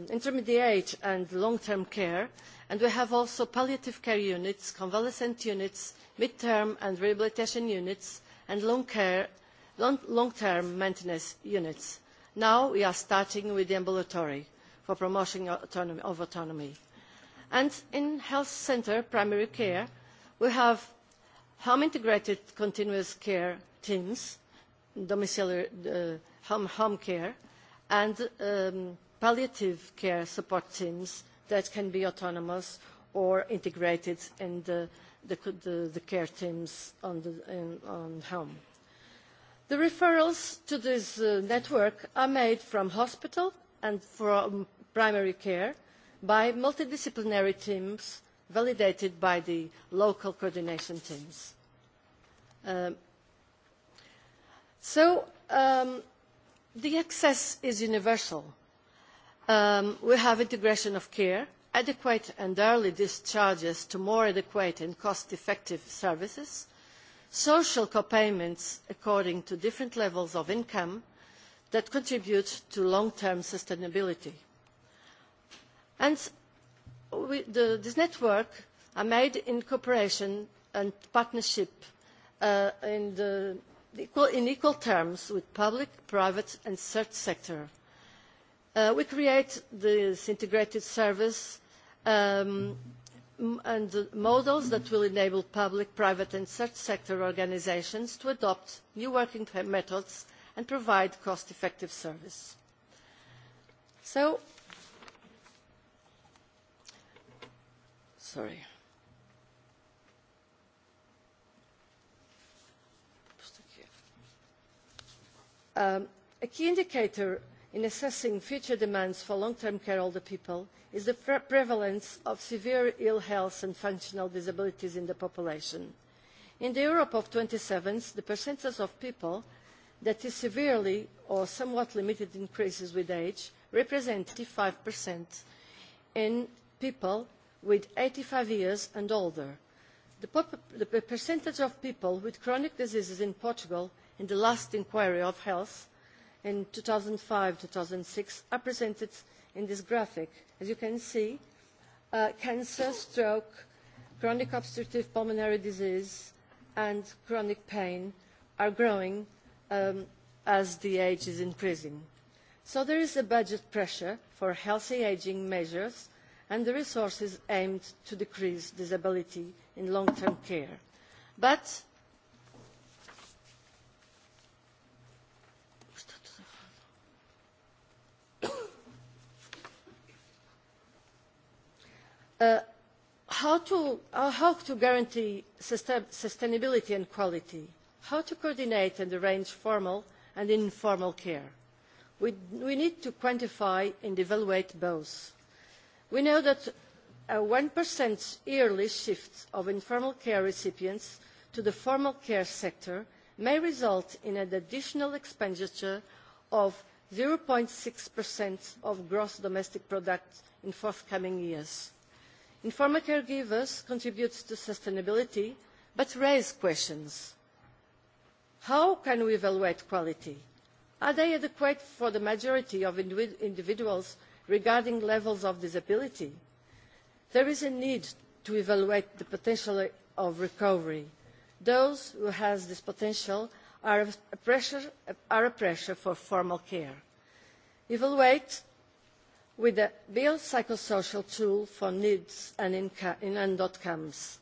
intermediate and long-term care, and we have also palliative care units, convalescent units, mid-term and rehabilitation units, and long-term maintenance units. Now we are starting with the ambulatory for promotion of autonomy. And in health centre primary care, We have home integrated continuous care teams, domiciliary home care, and palliative care support teams that can be autonomous or integrated in the care teams on home. The referrals to this network are made from hospital and from primary care by multidisciplinary teams validated by the local coordination teams. So the access is universal. We have integration of care, adequate and early discharges to more adequate and cost-effective services, social co-payments according to different levels of income that contribute to long-term sustainability. And This network are made in cooperation and partnership in equal terms with public, private and third sector. We create this integrated service and models that will enable public, private and third sector organisations to adopt new working methods and provide cost effective service. So Sorry. A key indicator in assessing future demands for long-term care older people is the prevalence of severe ill health and functional disabilities in the population. In the Europe of 27, the percentage of people that is severely or somewhat limited increases with age represents 55% in people with 85 years and older. The percentage of people with chronic diseases in Portugal in the last inquiry of health in 2005-2006 are presented in this graphic. As you can see, cancer, stroke, chronic obstructive pulmonary disease and chronic pain are growing as the age is increasing. So there is a budget pressure for healthy ageing measures and the resources aimed to decrease disability in long term care. But how to guarantee sustainability and quality, how to coordinate and arrange formal and informal care. We need to quantify and evaluate both We know that a 1% yearly shift of informal care recipients to the formal care sector may result in an additional expenditure of 0.6% of gross domestic product in forthcoming years. Informal caregivers contribute to sustainability, but raise questions. How can we evaluate quality? Are they adequate for the majority of individuals regarding levels of disability. There is a need to evaluate the potential of recovery. Those who have this potential are a pressure for formal care. Evaluate with a psychosocial tool for needs and outcomes.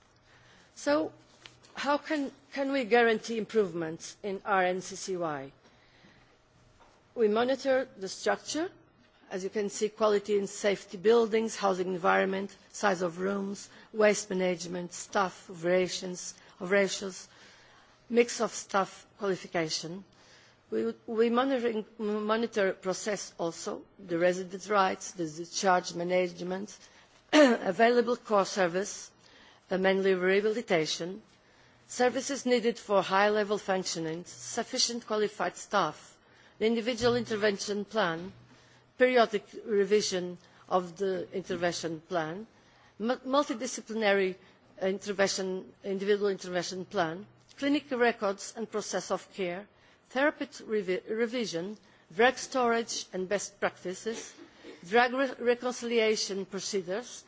So how can we guarantee improvements in RNCCY? We monitor the structure as you can see quality and safety buildings housing environment size of rooms waste management staff of ratios mix of staff qualification. we monitor process also the residents' rights the discharge management available core service mainly rehabilitation services needed for high level functioning sufficient qualified staff the individual intervention plan periodic revision of the intervention plan, multidisciplinary individual intervention plan, clinical records and process of care, therapeutic revision, drug storage and best practices, drug reconciliation procedures,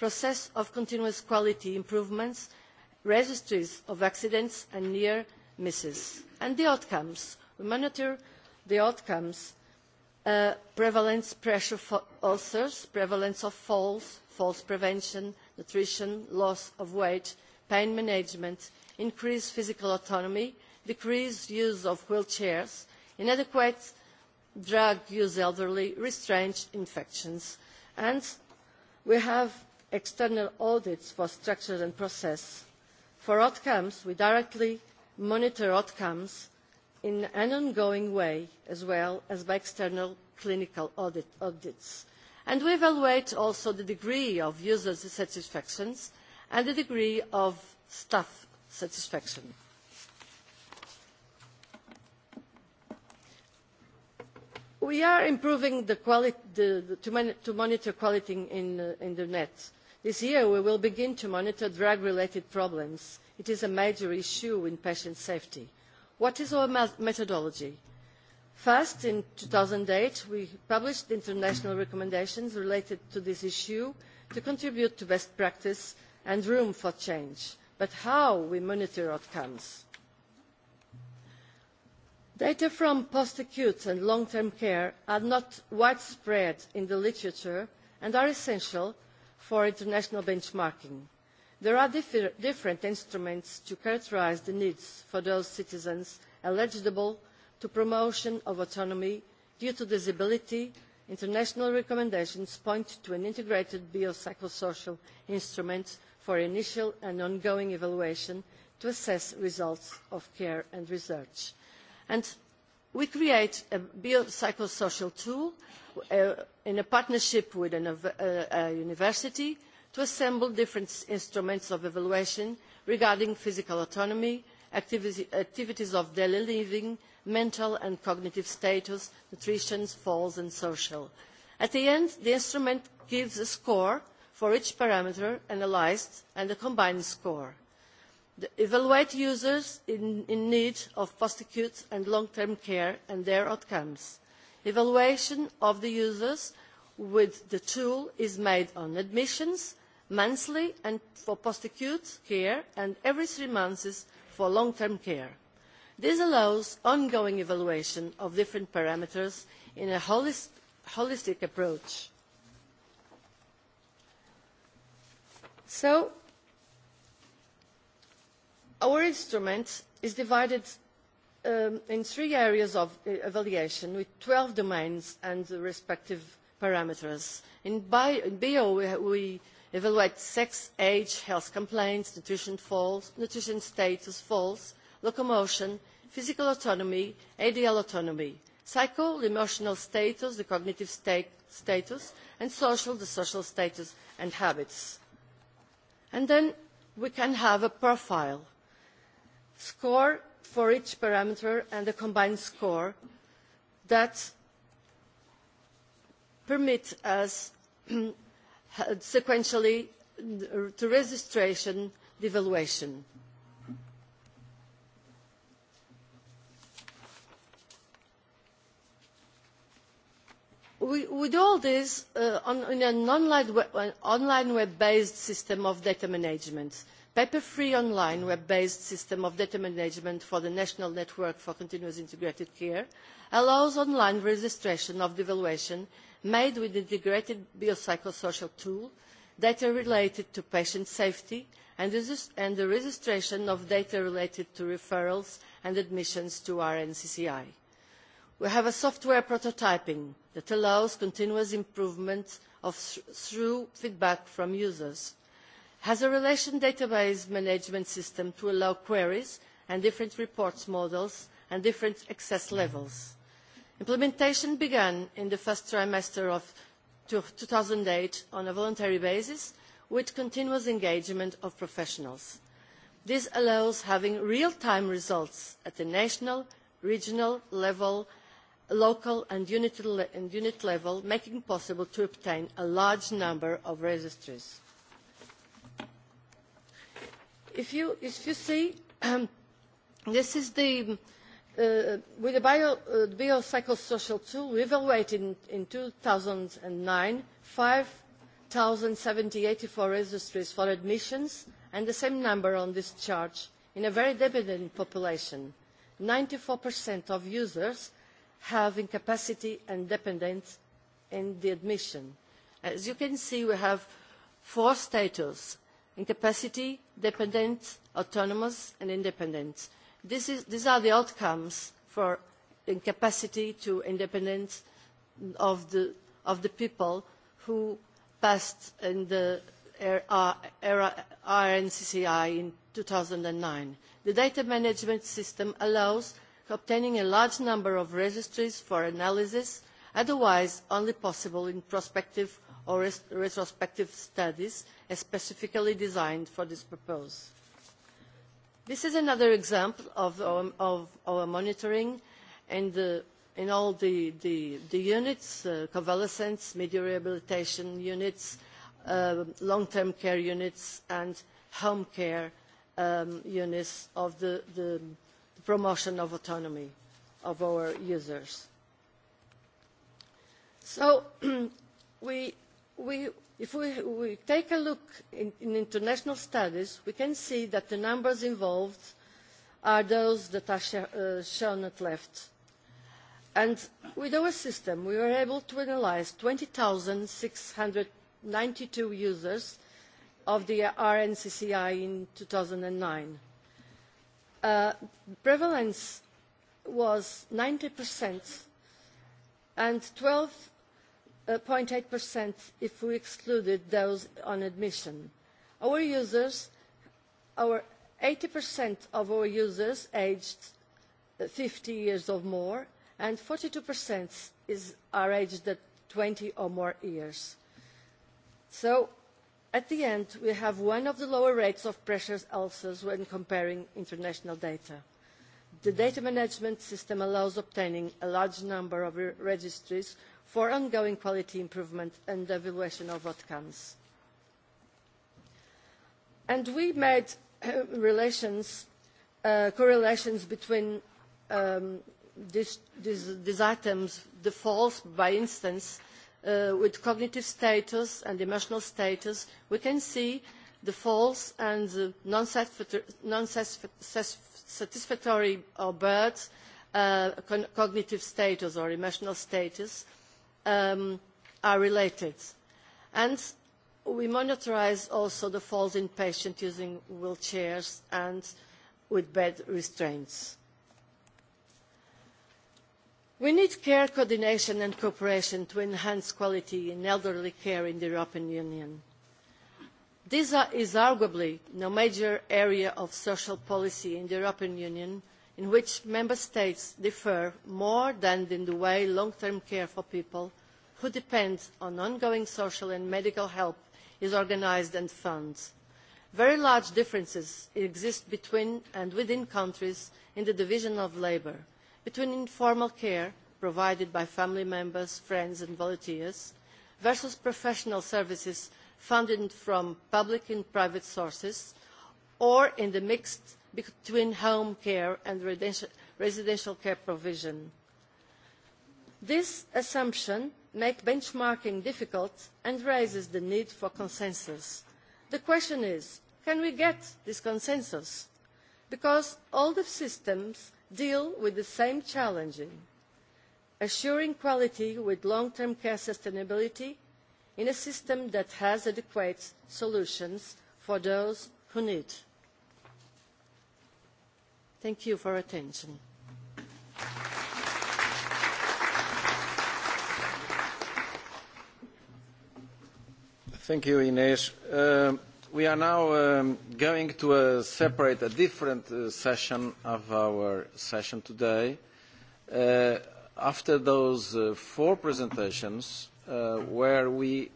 process of continuous quality improvements, registries of accidents and near misses. And the outcomes. We monitor the outcomes prevalence pressure ulcers, prevalence of falls, falls prevention, nutrition, loss of weight, pain management, increased physical autonomy, decreased use of wheelchairs, inadequate drug use elderly, restrained infections. And we have external audits for structure and process. For outcomes, we directly monitor outcomes in an ongoing way as well as by external clinical audits and we evaluate also the degree of user satisfaction and the degree of staff satisfaction. We are improving to monitor quality in the net. This year we will begin to monitor drug-related problems. It is a major issue in patient safety. What is our methodology? First, in 2008, we published international recommendations related to this issue to contribute to best practice and room for change, but how we monitor outcomes. Data from post-acute and long-term care are not widespread in the literature and are essential for international benchmarking. There are different instruments to characterise the needs for those citizens eligible to promotion of autonomy due to disability. International recommendations point to an integrated biopsychosocial instrument for initial and ongoing evaluation to assess results of care and research. And we create a biopsychosocial tool in a partnership with a university to assemble different instruments of evaluation regarding physical autonomy, activities of daily living, mental and cognitive status, nutrition, falls and social. At the end, the instrument gives a score for each parameter analysed and a combined score. Evaluate users in need of post-acute and long-term care and their outcomes. Evaluation of the users with the tool is made on admissions, monthly and for post-acute care and every three months for long-term care. This allows ongoing evaluation of different parameters in a holistic approach. So, our instrument is divided in three areas of evaluation with 12 domains and respective parameters. In bio, we evaluate sex, age, health complaints, nutrition status falls, locomotion, physical autonomy, ADL autonomy, psycho, emotional status, the cognitive status, and social, the social status and habits. And then we can have a profile score for each parameter and a combined score that permit us sequentially to registration devaluation. With all this, in an online web-based system of data management, paper-free online web-based system of data management for the National Network for Continuous Integrated Care allows online registration of devaluation made with integrated biopsychosocial tool, data related to patient safety and the registration of data related to referrals and admissions to RNCCI. We have a software prototyping that allows continuous improvement through feedback from users, has a relation database management system to allow queries and different reports models and different access levels Implementation began in the first trimester of 2008 on a voluntary basis with continuous engagement of professionals. This allows having real-time results at the national, regional level, local and unit level, making it possible to obtain a large number of registries. If you see, this is the With the biopsychosocial tool, we evaluated in 2009 four registries for admissions and the same number on discharge in a very dependent population. 94% of users have incapacity and dependence in the admission. As you can see, we have four status: incapacity, dependent, autonomous and independent. These are the outcomes for incapacity to independence of the people who passed in the RNCCI in 2009. The data management system allows obtaining a large number of registries for analysis, otherwise only possible in prospective or retrospective studies, specifically designed for this purpose. This is another example of our monitoring in all the units, convalescence, media rehabilitation units, long-term care units and home care units of the promotion of autonomy of our users. So we If we take a look in international studies, we can see that the numbers involved are those that are shown at left. And with our system, we were able to analyse 20,692 users of the RNCCI in 2009. Prevalence was 90% and 12 0.8% if we excluded those on admission. Our users, 80% of our users aged 50 years or more, and 42% are aged at 20 or more years. So, at the end, we have one of the lower rates of pressure ulcers when comparing international data. The data management system allows obtaining a large number of registries for ongoing quality improvement and evaluation of outcomes. And we made correlations between these items, the falls, by instance, with cognitive status and emotional status. We can see the false and the non-satisfactory or bad cognitive status or emotional status are related. And we monitorise also the falls in patients using wheelchairs and with bed restraints. We need care coordination and cooperation to enhance quality in elderly care in the European Union. This is arguably no major area of social policy in the European Union in which member states differ more than in the way long-term care for people who depend on ongoing social and medical help is organised and funded. Very large differences exist between and within countries in the division of labour, between informal care provided by family members, friends and volunteers, versus professional services funded from public and private sources, or in the mixed between home care and residential care provision. This assumption makes benchmarking difficult and raises the need for consensus. The question is, can we get this consensus? Because all the systems deal with the same challenges assuring quality with long term care sustainability in a system that has adequate solutions for those who need Thank you for attention. Thank you, Ines. We are now going to a separate, a different session of our session today. After those four presentations, where we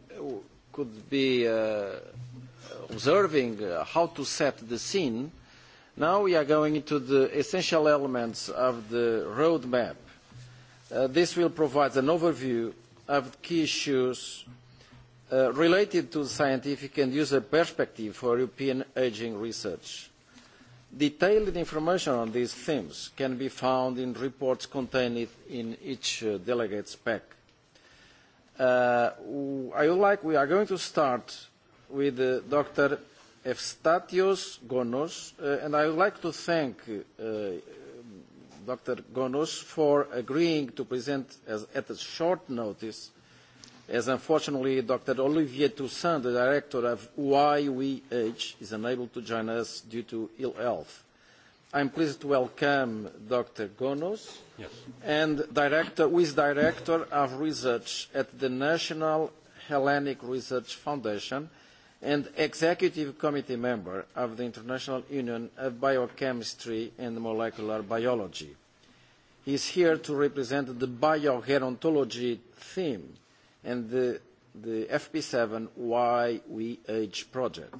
could be observing how to set the scene Now we are going into the essential elements of the roadmap. This will provide an overview of key issues related to scientific and user perspective for European aging research. Detailed information on these themes can be found in reports contained in each delegate's pack. I would like, we are going to start with Dr status Gonos, and I would like to thank Dr. Gonos for agreeing to present at a short notice, as unfortunately Dr. Olivier Toussaint, the director of YWH, is unable to join us due to ill health. I am pleased to welcome Dr. Gonos, and who is Director of Research at the National Hellenic Research Foundation, and Executive Committee Member of the International Union of Biochemistry and Molecular Biology. He is here to represent the biogerontology theme and the fp 7 Age project.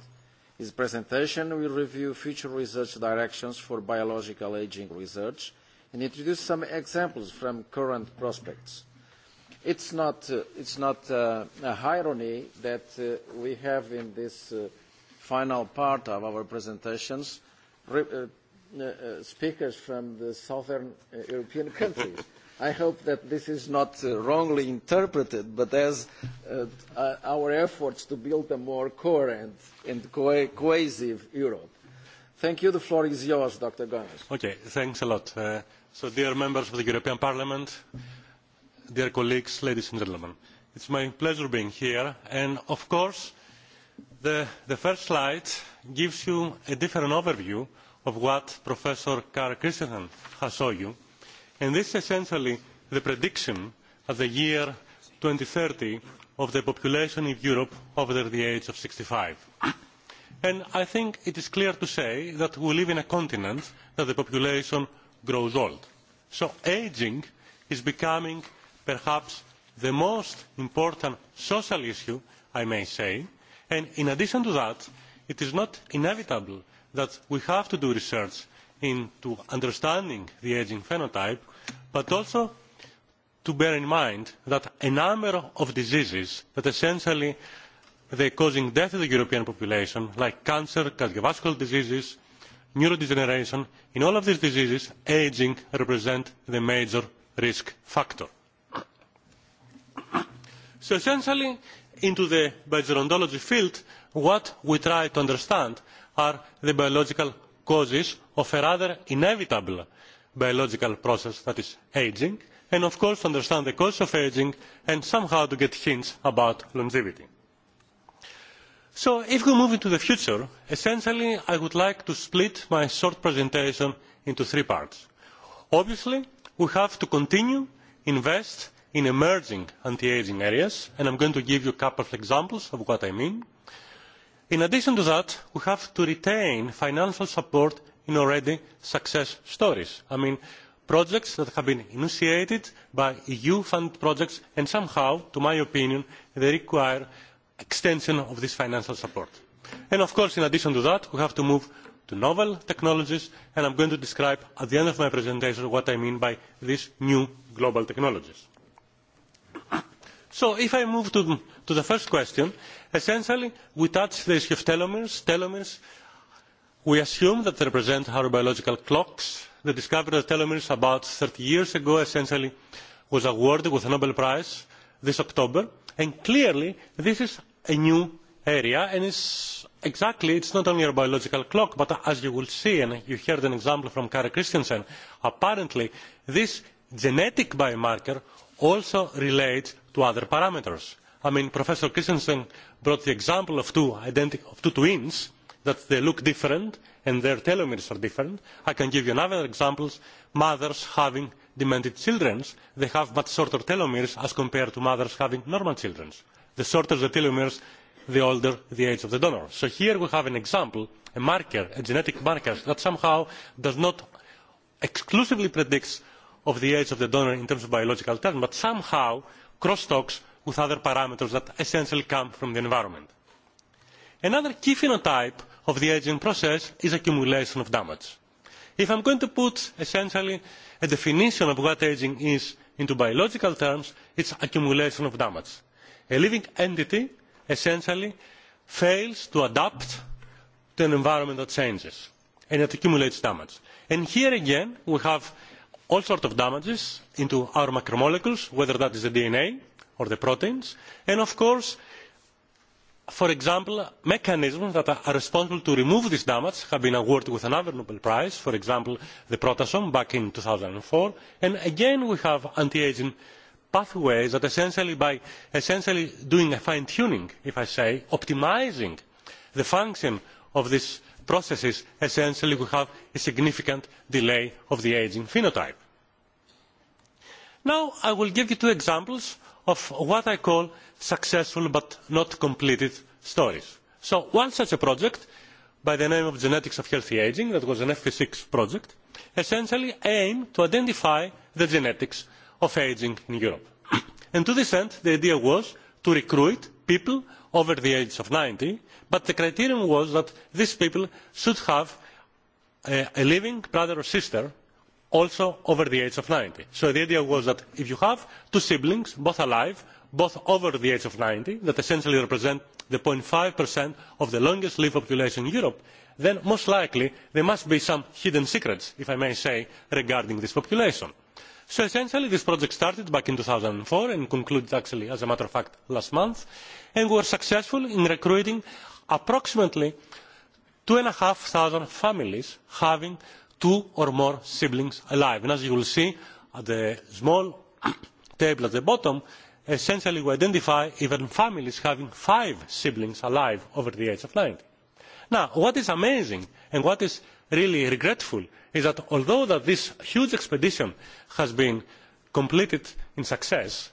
His presentation will review future research directions for biological ageing research and introduce some examples from current prospects. It's not a irony that we have in this final part of our presentations speakers from the southern European countries. I hope that this is not wrongly interpreted, but as our efforts to build a more coherent and cohesive Europe. Thank you. The floor is yours, Dr. Gomes. Okay, thanks a lot. So, dear members of the European Parliament dear colleagues, ladies and gentlemen. It's my pleasure being here, and of course, the first slide gives you a different overview of what Professor Karl Christensen has shown you, and this is essentially the prediction of the year 2030 of the population in Europe over the age of 65. And I think it is clear to say that we live in a continent that the population grows old. So aging is becoming perhaps the most important social issue i may say and in addition to that it is not inevitable that we have to do research into understanding the ageing phenotype but also to bear in mind that a number of diseases that essentially causing death in the european population like cancer cardiovascular diseases neurodegeneration in all of these diseases ageing represents the major risk factor. So essentially, into the biogerontology field, what we try to understand are the biological causes of a rather inevitable biological process that is aging, and of course to understand the cause of aging and somehow to get hints about longevity. So if we move into the future, essentially I would like to split my short presentation into three parts. Obviously, we have to continue invest in emerging anti aging areas and i am going to give you a couple of examples of what i mean. in addition to that we have to retain financial support in already success stories i mean projects that have been initiated by eu funded projects and somehow to my opinion they require extension of this financial support. and of course in addition to that we have to move to novel technologies and i am going to describe at the end of my presentation what i mean by these new global technologies. So if I move to the first question, essentially we touch the issue of telomeres. Telomeres, we assume that they represent our biological clocks. The discovery of telomeres about 30 years ago essentially was awarded with a Nobel Prize this October. And clearly this is a new area and it's exactly, it's not only a biological clock, but as you will see, and you heard an example from Kari Christensen, apparently this genetic biomarker also relates to other parameters. I mean, Professor Christensen brought the example of two twins that they look different and their telomeres are different. I can give you another example. Mothers having demented children, they have much shorter telomeres as compared to mothers having normal children. The shorter the telomeres, the older the age of the donor. So here we have an example, a marker, a genetic marker that somehow does not exclusively predicts of the age of the donor in terms of biological terms, but somehow crosstalks with other parameters that essentially come from the environment. Another key phenotype of the aging process is accumulation of damage. If I'm going to put essentially a definition of what aging is into biological terms, it's accumulation of damage. A living entity essentially fails to adapt to an environment that changes and it accumulates damage. And here again we have all sorts of damages into our macromolecules, whether that is the DNA or the proteins, and of course, for example, mechanisms that are responsible to remove this damage have been awarded with another Nobel Prize, for example, the protasome back in 2004, and again we have anti-aging pathways that essentially by essentially doing a fine-tuning, if I say, optimising the function of these processes, essentially we have a significant delay of the aging phenotype Now I will give you two examples of what I call successful but not completed stories. So one such a project by the name of Genetics of Healthy Aging, that was an FP6 project, essentially aimed to identify the genetics of aging in Europe. to this end, the idea was to recruit people over the age of 90, but the criterion was that these people should have a living brother or sister also over the age of 90. So the idea was that if you have two siblings, both alive, both over the age of 90, that essentially represent the 0.5% of the longest lived population in Europe, then most likely there must be some hidden secrets, if I may say, regarding this population. So essentially this project started back in 2004 and concluded actually, as a matter of fact, last month, and we were successful in recruiting approximately two and a half thousand families having two or more siblings alive. And as you will see at the small table at the bottom, essentially we identify even families having five siblings alive over the age of 90. Now, what is amazing and what is really regretful is that although that this huge expedition has been completed in success,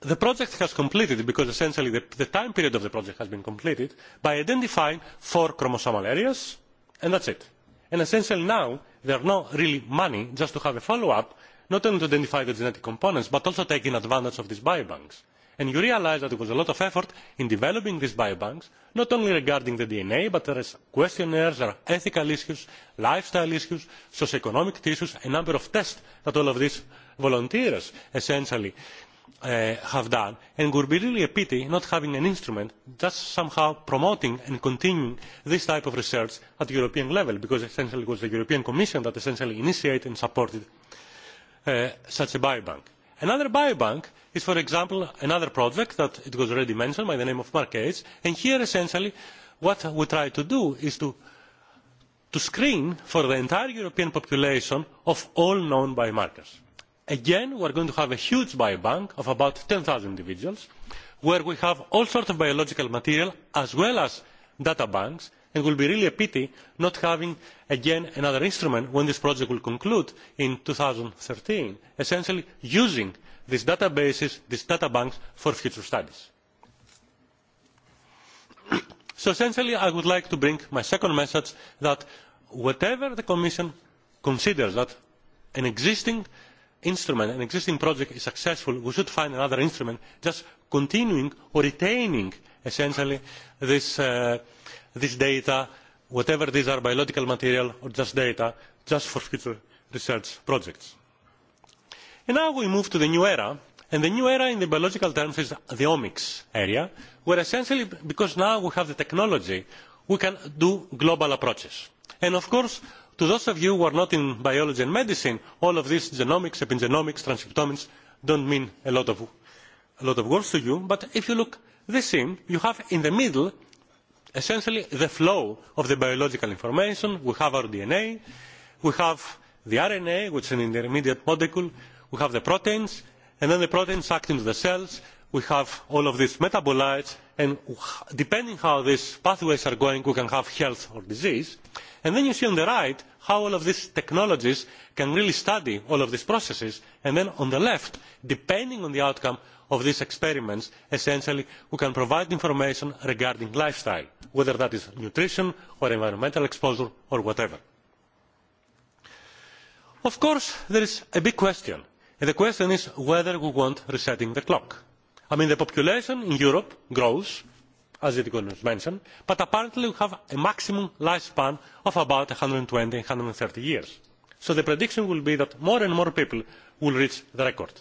the project has completed, because essentially the time period of the project has been completed, by identifying four chromosomal areas, and that's it and essentially now there is no really money just to have a follow up not only to identify the genetic components but also taking advantage of these biobanks. and you realise that there was a lot of effort in developing these biobanks not only regarding the dna but there are questionnaires there are ethical issues lifestyle issues socio economic issues a number of tests that all of these volunteers essentially have done and it would be really a pity not having an instrument just somehow promoting and continuing this type of research at european level because essentially it was the european commission that essentially initiated and supported such a biobank. another biobank is for example another project that it was already mentioned by the name of Mark marques and here essentially what we try to do is to screen for the entire european population of all known biomarkers again we are going to have a huge biobank of about 10,000 individuals where we have all sorts of biological material as well as data banks and it will be really a pity not having again another instrument when this project will conclude in 2013 essentially using these databases these data banks for future studies. so essentially i would like to bring my second message that whatever the commission considers that an existing instrument an existing project is successful we should find another instrument just continuing or retaining essentially this data whatever these are biological material or just data just for future research projects. and now we move to the new era and the new era in the biological terms is the omics area where essentially because now we have the technology we can do global approaches and of course to those of you who are not in biology and medicine all of this genomics epigenomics transcriptomics do not mean a lot of words to you but if you look this in you have in the middle essentially the flow of the biological information we have our dna we have the rna which is an intermediate molecule we have the proteins and then the proteins act into the cells we have all of these metabolites and depending on how these pathways are going we can have health or disease and then you see on the right how all of these technologies can really study all of these processes and then on the left depending on the outcome of these experiments essentially we can provide information regarding lifestyle whether that is nutrition or environmental exposure or whatever. of course there is a big question and the question is whether we want resetting the clock I mean, the population in Europe grows, as the economist mentioned, but apparently we have a maximum lifespan of about 120, 130 years. So the prediction will be that more and more people will reach the record.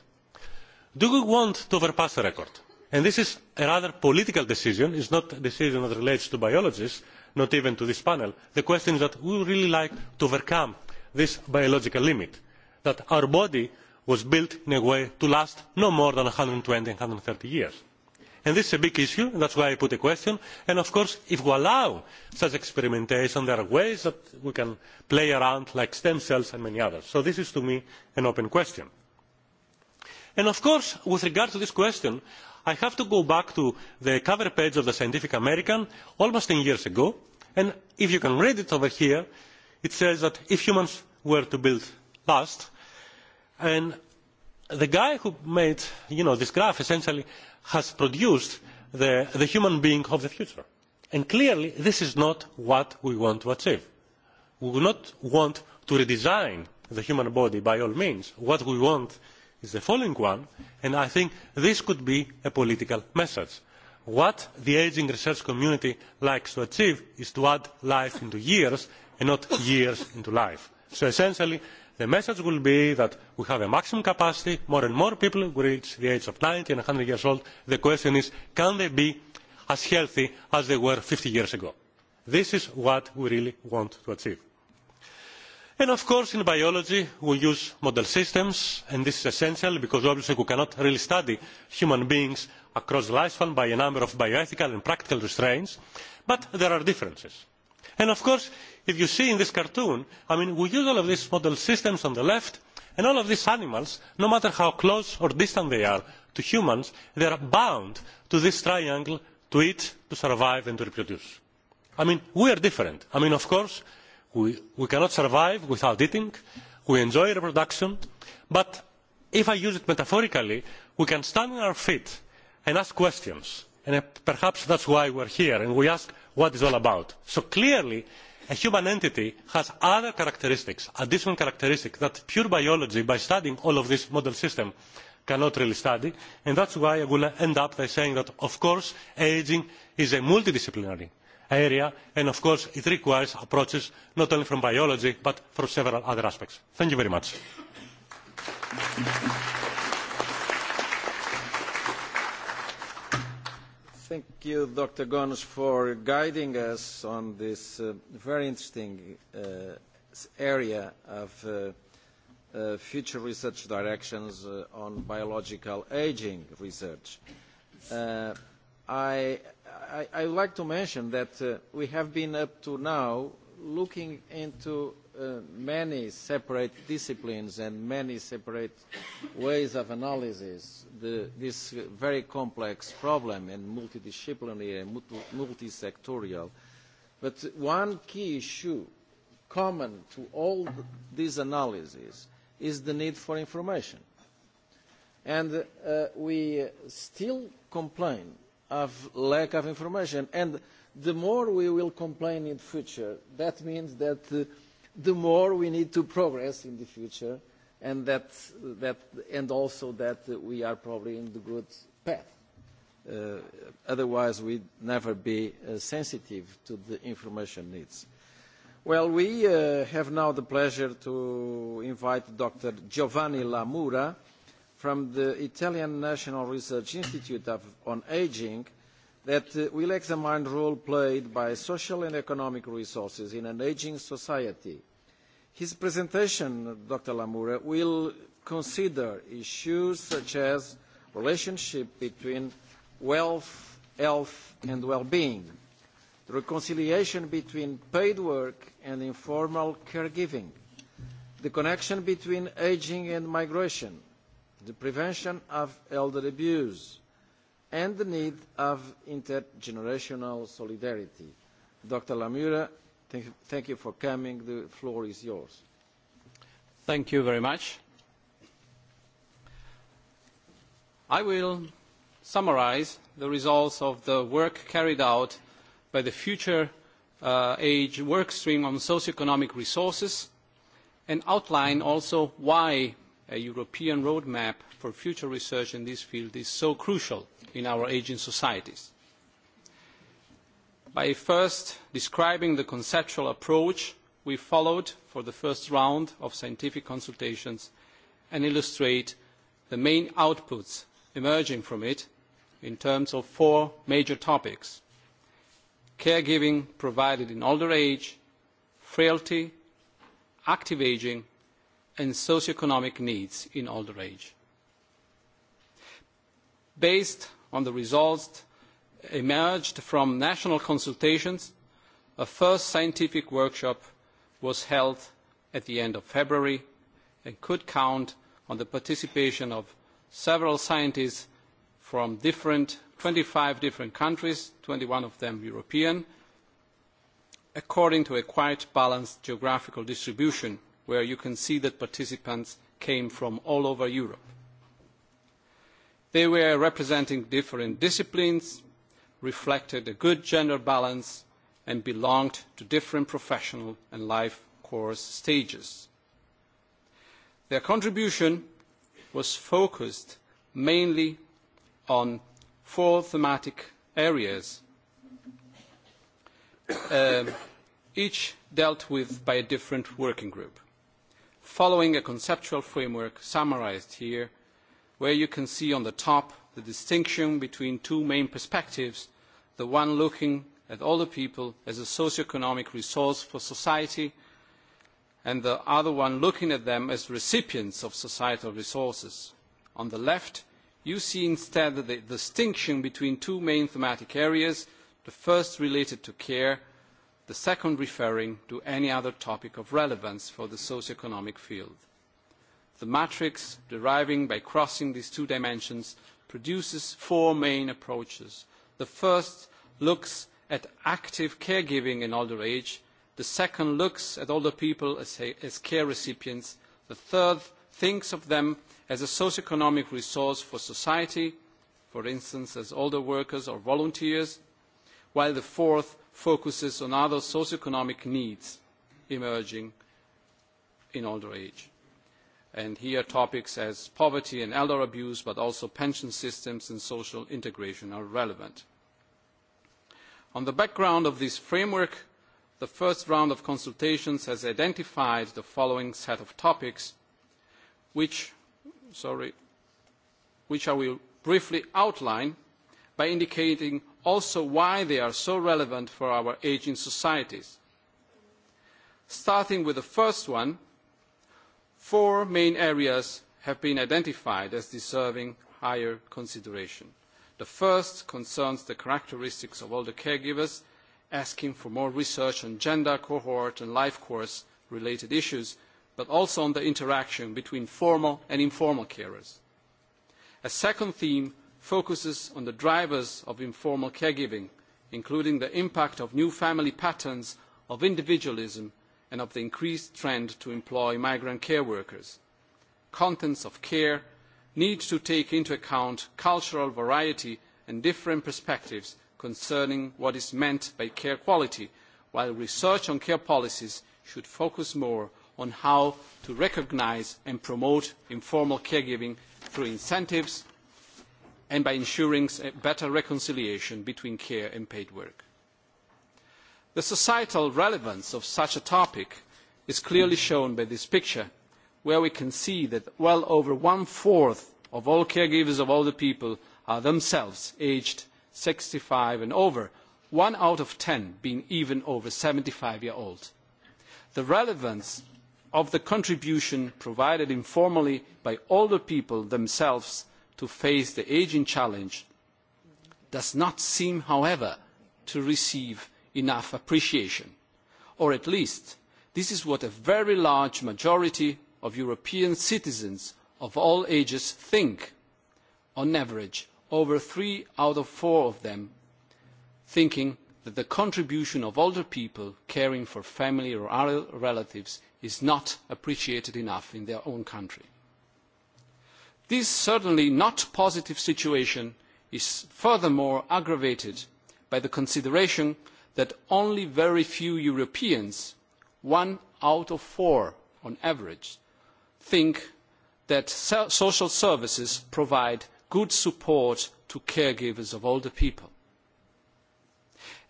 Do we want to overpass the record? And this is a rather political decision. is not a decision that relates to biologists, not even to this panel. The question is that we really like to overcome this biological limit, that our body was built in a way to last no more than one hundred and twenty one hundred and thirty years. this is a big issue and that is why i put a question and of course if we allow such experimentation there are ways that we can play around like stem cells and many others. so this is to me an open question. and of course with regard to this question i have to go back to the cover page of the scientific american almost ten years ago and if you can read it over here it says that if humans were to build last and the guy who made this graph essentially has produced the human being of the future and clearly this is not what we want to achieve. we do not want to redesign the human body by all means. what we want is the following one and i think this could be a political message what the ageing research community likes to achieve is to add life into years and not years into life. so essentially the message will be that we have a maximum capacity more and more people will reach the age of 90 and 100 years old. the question is can they be as healthy as they were 50 years ago? this is what we really want to achieve. and of course in biology we use model systems and this is essential because obviously we cannot really study human beings across the lifespan by a number of bioethical and practical restraints but there are differences and of course if you see in this cartoon i mean we use all of these model systems on the left and all of these animals no matter how close or distant they are to humans they are bound to this triangle to eat to survive and to reproduce. i mean we are different. i mean of course we cannot survive without eating we enjoy reproduction but if i use it metaphorically we can stand on our feet and ask questions and perhaps that is why we are here and we ask what it is all about. so clearly a human entity has other characteristics additional characteristics that pure biology by studying all of this model system cannot really study and that is why i will end up by saying that of course ageing is a multidisciplinary area and of course it requires approaches not only from biology but from several other aspects. thank you very much. Thank you, Dr. Gonos, for guiding us on this very interesting area of future research directions on biological aging research. I would like to mention that we have been up to now looking into many separate disciplines and many separate ways of analysis this very complex problem and multidisciplinary and multisectorial. But one key issue common to all these analyses is the need for information. And we still complain of lack of information. And the more we will complain in future, that means that the more we need to progress in the future and that that and also that we are probably in the good path otherwise we'd never be sensitive to the information needs well we have now the pleasure to invite dr giovanni lamura from the italian national research institute on aging that will examine the role played by social and economic resources in an ageing society. His presentation, Dr. Lamoura, will consider issues such as the relationship between wealth, health and well-being, the reconciliation between paid work and informal caregiving, the connection between ageing and migration, the prevention of elder abuse, and the need of intergenerational solidarity. Dr. Lamura, thank you for coming. The floor is yours. Thank you very much. I will summarise the results of the work carried out by the Future Age Workstream on Socioeconomic Resources and outline also why a European roadmap for future research in this field is so crucial in our ageing societies. By first describing the conceptual approach we followed for the first round of scientific consultations and illustrate the main outputs emerging from it in terms of four major topics caregiving provided in older age, frailty, active ageing and socioeconomic needs in older age. Based on the results emerged from national consultations, a first scientific workshop was held at the end of February and could count on the participation of several scientists from 25 different countries, 21 of them European, according to a quite balanced geographical distribution where you can see that participants came from all over Europe. They were representing different disciplines, reflected a good gender balance and belonged to different professional and life course stages. Their contribution was focused mainly on four thematic areas, each dealt with by a different working group following a conceptual framework summarised here, where you can see on the top the distinction between two main perspectives, the one looking at older people as a socio-economic resource for society, and the other one looking at them as recipients of societal resources. On the left, you see instead the distinction between two main thematic areas, the first related to care the second referring to any other topic of relevance for the socio-economic field. The matrix deriving by crossing these two dimensions produces four main approaches. The first looks at active caregiving in older age, the second looks at older people as care recipients, the third thinks of them as a socio-economic resource for society, for instance as older workers or volunteers, while the fourth focuses on other socioeconomic needs emerging in older age. And here topics as poverty and elder abuse, but also pension systems and social integration are relevant. On the background of this framework, the first round of consultations has identified the following set of topics, which I will briefly outline by indicating also why they are so relevant for our ageing societies. Starting with the first one, four main areas have been identified as deserving higher consideration. The first concerns the characteristics of older caregivers, asking for more research on gender, cohort and life course related issues, but also on the interaction between formal and informal carers. A second theme focuses on the drivers of informal caregiving, including the impact of new family patterns of individualism and of the increased trend to employ migrant care workers. Contents of care need to take into account cultural variety and different perspectives concerning what is meant by care quality, while research on care policies should focus more on how to recognise and promote informal caregiving through incentives and by ensuring better reconciliation between care and paid work. The societal relevance of such a topic is clearly shown by this picture, where we can see that well over one-fourth of all caregivers of older people are themselves aged 65 and over, one out of ten being even over 75 years old. The relevance of the contribution provided informally by older people themselves to face the ageing challenge does not seem, however, to receive enough appreciation. Or at least, this is what a very large majority of European citizens of all ages think. On average, over three out of four of them thinking that the contribution of older people caring for family or relatives is not appreciated enough in their own country. This certainly not positive situation is furthermore aggravated by the consideration that only very few Europeans, one out of four on average, think that social services provide good support to caregivers of older people.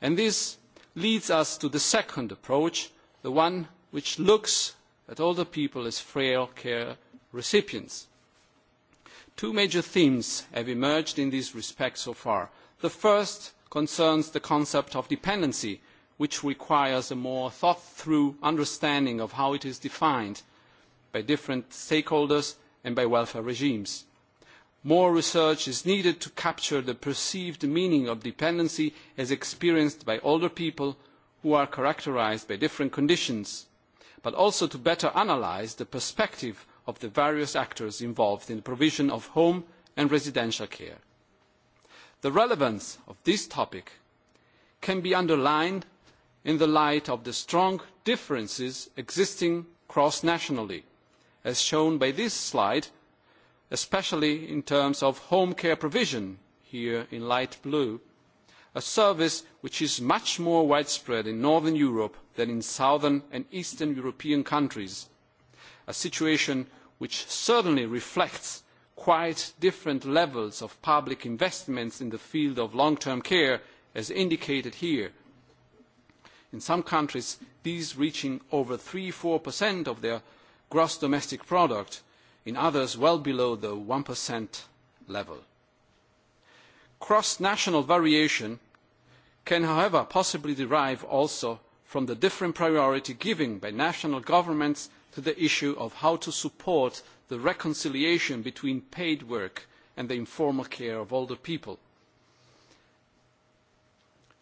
And this leads us to the second approach, the one which looks at older people as frail care recipients. Two major themes have emerged in this respect so far. The first concerns the concept of dependency, which requires a more thought-through understanding of how it is defined by different stakeholders and by welfare regimes. More research is needed to capture the perceived meaning of dependency as experienced by older people who are characterised by different conditions, but also to better analyse the perspective of the various actors involved in the provision of home and residential care. The relevance of this topic can be underlined in the light of the strong differences existing cross-nationally, as shown by this slide, especially in terms of home care provision, here in light blue, a service which is much more widespread in northern Europe than in southern and eastern European countries, a situation which certainly reflects quite different levels of public investments in the field of long-term care, as indicated here. In some countries, these reaching over 3-4% of their gross domestic product, in others well below the 1% level. Cross-national variation can, however, possibly derive also from the different priority given by national governments to the issue of how to support the reconciliation between paid work and the informal care of older people.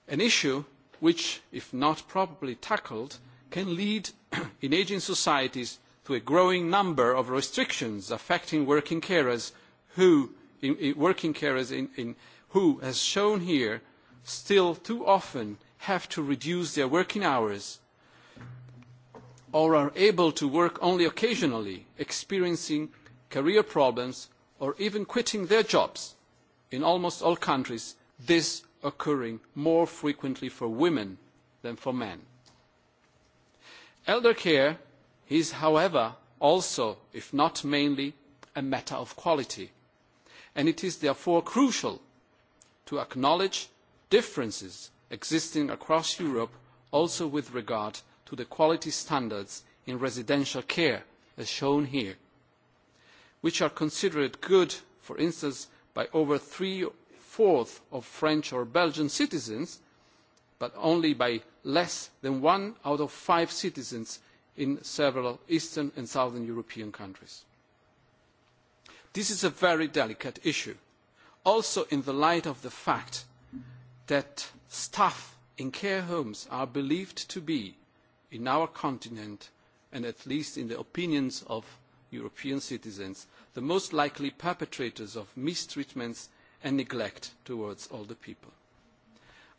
An issue which, if not properly tackled, can lead in ageing societies to a growing number of restrictions affecting working carers who, as shown here, still too often have to reduce their working hours or are able to work only occasionally, experiencing career problems or even quitting their jobs. In almost all countries, this occurring more frequently for women than for men. Elder care is, however, also, if not mainly, a matter of quality, and it is therefore crucial to acknowledge differences existing across Europe also with regard to the quality standards in residential care, as shown here, which are considered good, for instance, by over three-fourths of French or Belgian citizens, but only by less than one out of five citizens in several Eastern and Southern European countries. This is a very delicate issue, also in the light of the fact that staff in care homes are believed to be in our continent and at least in the opinions of European citizens, the most likely perpetrators of mistreatments and neglect towards older people.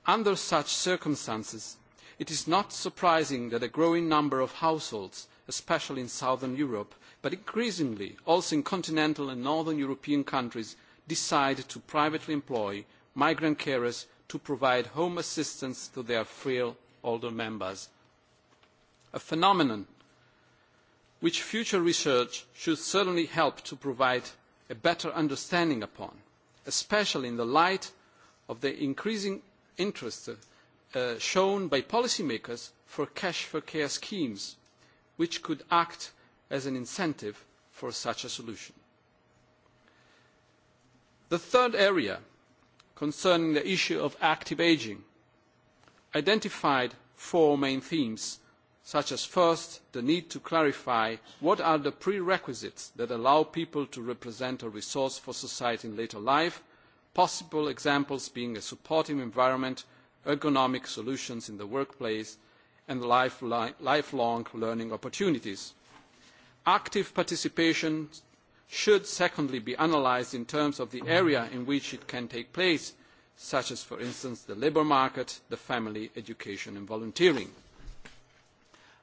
Under such circumstances, it is not surprising that a growing number of households, especially in southern Europe, but increasingly also in continental and northern European countries, decide to privately employ migrant carers to provide home assistance to their frail older members a phenomenon which future research should certainly help to provide a better understanding upon, especially in the light of the increasing interest shown by policymakers for cash-for-care schemes, which could act as an incentive for such a solution. The third area, concerning the issue of active ageing, identified four main themes such as first the need to clarify what are the prerequisites that allow people to represent a resource for society in later life possible examples being a supportive environment ergonomic solutions in the workplace and lifelong learning opportunities. active participation should secondly be analysed in terms of the area in which it can take place such as for instance the labour market the family education and volunteering.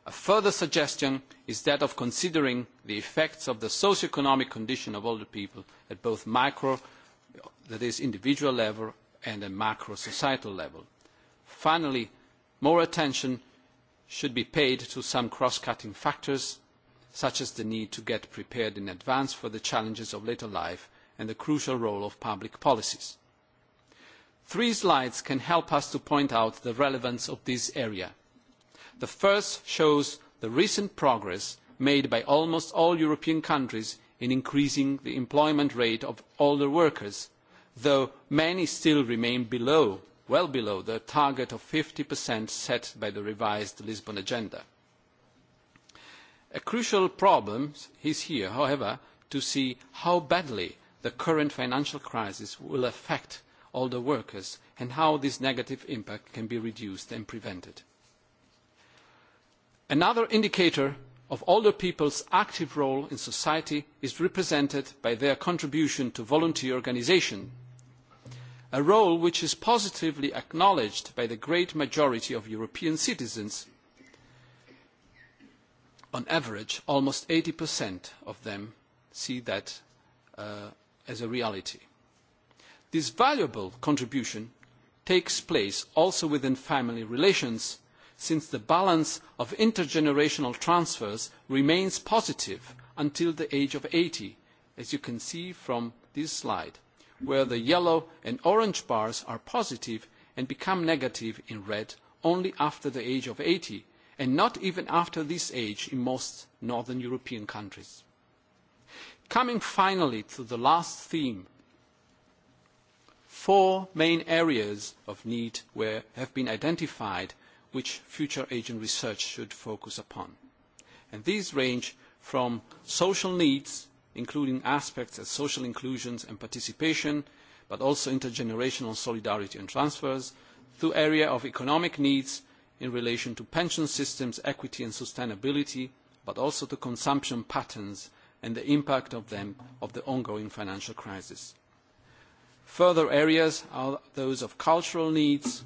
A further suggestion is that of considering the effects of the socio-economic condition of older people at both micro, that is, individual level, and a macro societal level. Finally, more attention should be paid to some cross-cutting factors, such as the need to get prepared in advance for the challenges of later life and the crucial role of public policies. Three slides can help us to point out the relevance of this area. The first shows the recent progress made by almost all European countries in increasing the employment rate of older workers, though many still remain below, well below, the target of 50% set by the revised Lisbon Agenda. A crucial problem is here, however, to see how badly the current financial crisis will affect older workers and how this negative impact can be reduced and prevented. Another indicator of older people's active role in society is represented by their contribution to volunteer organisation, a role which is positively acknowledged by the great majority of European citizens. On average, almost 80% of them see that as a reality. This valuable contribution takes place also within family relations since the balance of intergenerational transfers remains positive until the age of 80, as you can see from this slide, where the yellow and orange bars are positive and become negative in red only after the age of 80, and not even after this age in most northern European countries. Coming finally to the last theme, four main areas of need have been identified which future agent research should focus upon. And these range from social needs, including aspects of social inclusion and participation, but also intergenerational solidarity and transfers, to area of economic needs in relation to pension systems, equity and sustainability, but also to consumption patterns and the impact of them of the ongoing financial crisis. Further areas are those of cultural needs,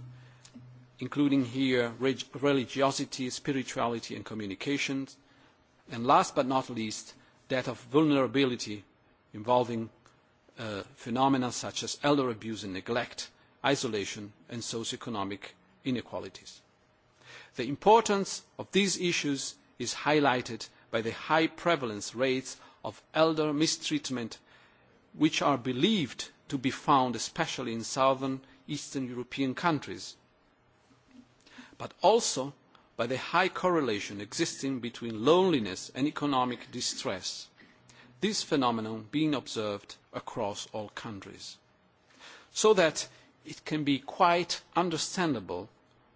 including here religiosity, spirituality and communications, and last but not least, that of vulnerability involving phenomena such as elder abuse and neglect, isolation and socioeconomic inequalities. The importance of these issues is highlighted by the high prevalence rates of elder mistreatment, which are believed to be found especially in southern Eastern European countries but also by the high correlation existing between loneliness and economic distress, this phenomenon being observed across all countries. So that it can be quite understandable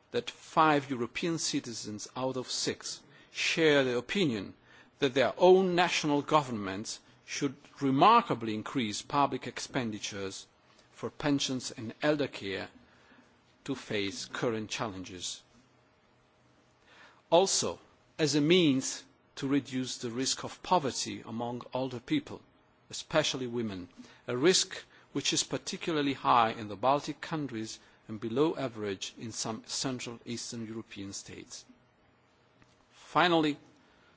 that five European citizens out of six share the opinion that their own national governments should remarkably increase public expenditures for pensions and elder care to face current challenges also as a means to reduce the risk of poverty among older people, especially women, a risk which is particularly high in the Baltic countries and below average in some Central Eastern European states. Finally,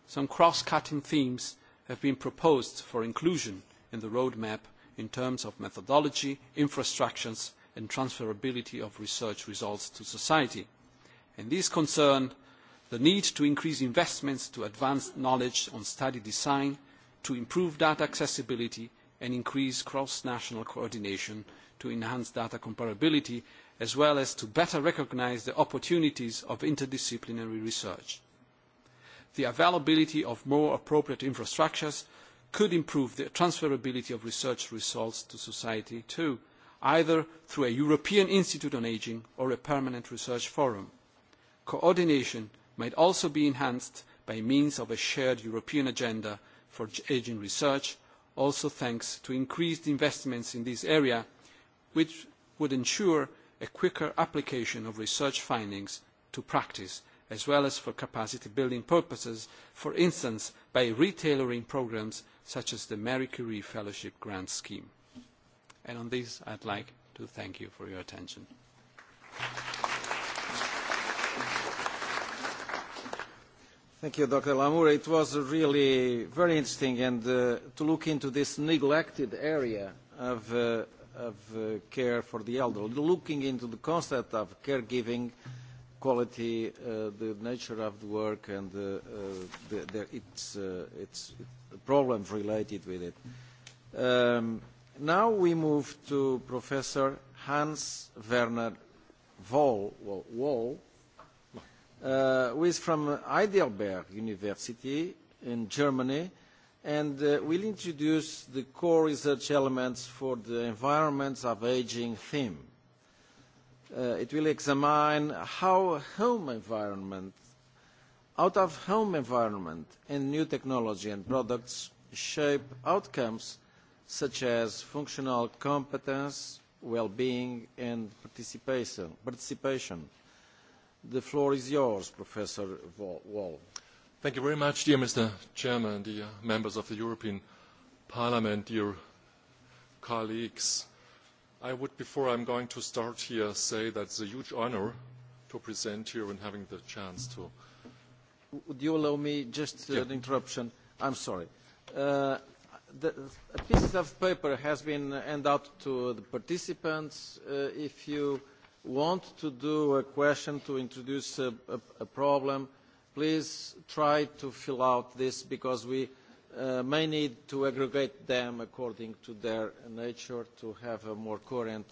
some cross-cutting themes have been proposed for inclusion in the roadmap in terms of methodology, infrastructures and transferability of research results to society. And these concern the need to increase investments to advance knowledge on study design, to improve data accessibility and increase cross-national coordination to enhance data comparability, as well as to better recognise the opportunities of interdisciplinary research. The availability of more appropriate infrastructures could improve the transferability of research results to society too, either through a European Institute on Ageing or a permanent research forum. Coordination might also be enhanced by means of a shared European agenda for ageing research, also thanks to increased investments in this area, which would ensure a quicker application of research findings to practice, as well as for capacity-building purposes, for instance by retailoring programmes such as the Marie Curie Fellowship Grant Scheme. And on this, I'd like to thank you for your attention. Thank you, Dr. Lamour. It was really very interesting and to look into this neglected area of care for the elderly, looking into the concept of caregiving, quality, the nature of the work and its problems related with it. Now we move to Professor Hans Werner Wall who is from Heidelberg University in Germany, and will introduce the core research elements for the environments of aging theme. It will examine how home environment, out-of-home environment, and new technology and products shape outcomes such as functional competence, well-being, and participation. The floor is yours, Professor Wall. Thank you very much, dear Mr. Chairman, dear members of the European Parliament, dear colleagues. I would, before I'm going to start here, say that it's a huge honor to present here and having the chance to. Would you allow me just an interruption? I'm sorry. A piece of paper has been handed out to the participants. If you want to do a question to introduce a problem, please try to fill out this because we may need to aggregate them according to their nature to have a more coherent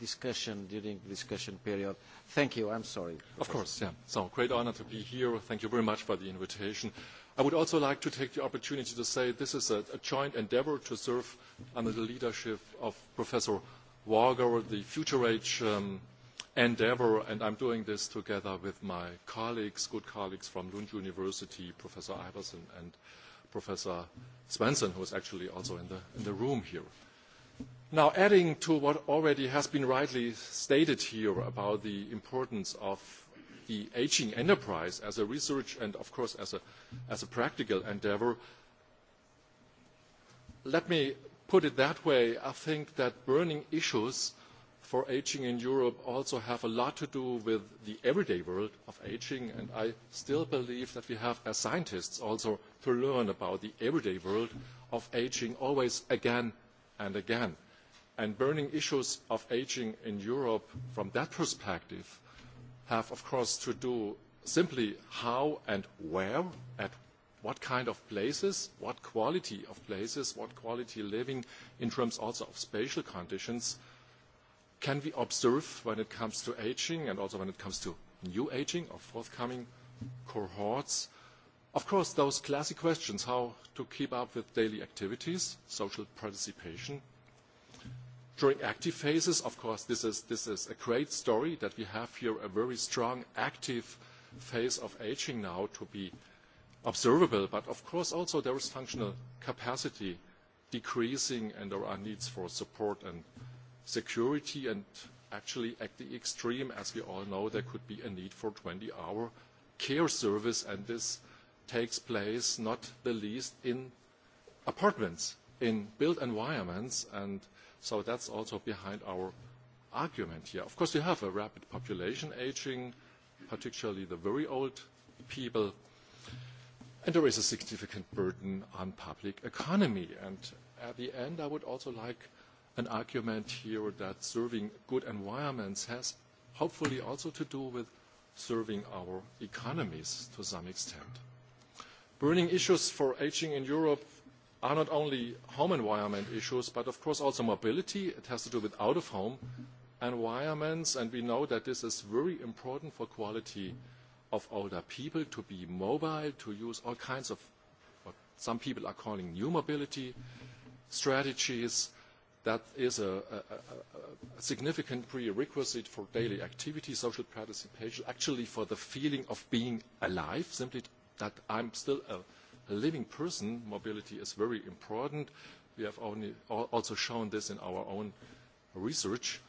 discussion during the discussion period. Thank you. I'm sorry. Of course, yeah. So great honor to be here. Thank you very much for the invitation. I would also like to take the opportunity to say this is a joint endeavor to serve under the leadership of Professor Wager, the Future Age endeavor, and I'm doing this together with my colleagues, good colleagues from Lund University, Professor Iverson and Professor Svensson, who is actually also in the room here. Now, adding to what already has been rightly stated here about the importance of the aging enterprise as a research and, of course, as a practical endeavor, let me put it that way. I think that burning issues for aging in Europe also have a lot to do with the everyday world of aging, and I still believe that we have, as scientists, also to learn about the everyday world of aging always again and again. And burning issues of aging in Europe from that perspective have, of course, to do simply how and where, at what kind of places, what quality of places, what quality living in terms also of spatial conditions can we observe when it comes to aging and also when it comes to new aging or forthcoming cohorts. Of course, those classic questions, how to keep up with daily activities, social participation. During active phases, of course, this is a great story that we have here a very strong active phase of aging now to be observable. But, of course, also there is functional capacity decreasing and there are needs for support and security and actually at the extreme, as we all know, there could be a need for 20-hour care service, and this takes place not the least in apartments, in built environments, and so that's also behind our argument here. Of course, you have a rapid population aging, particularly the very old people, and there is a significant burden on public economy. And at the end, I would also like an argument here that serving good environments has hopefully also to do with serving our economies to some extent. Burning issues for aging in Europe are not only home environment issues, but of course also mobility. It has to do with out-of-home environments, and we know that this is very important for quality of older people to be mobile, to use all kinds of what some people are calling new mobility strategies that is a significant prerequisite for daily activity, social participation, actually for the feeling of being alive, simply that I'm still a living person. Mobility is very important. We have also shown this in our own research.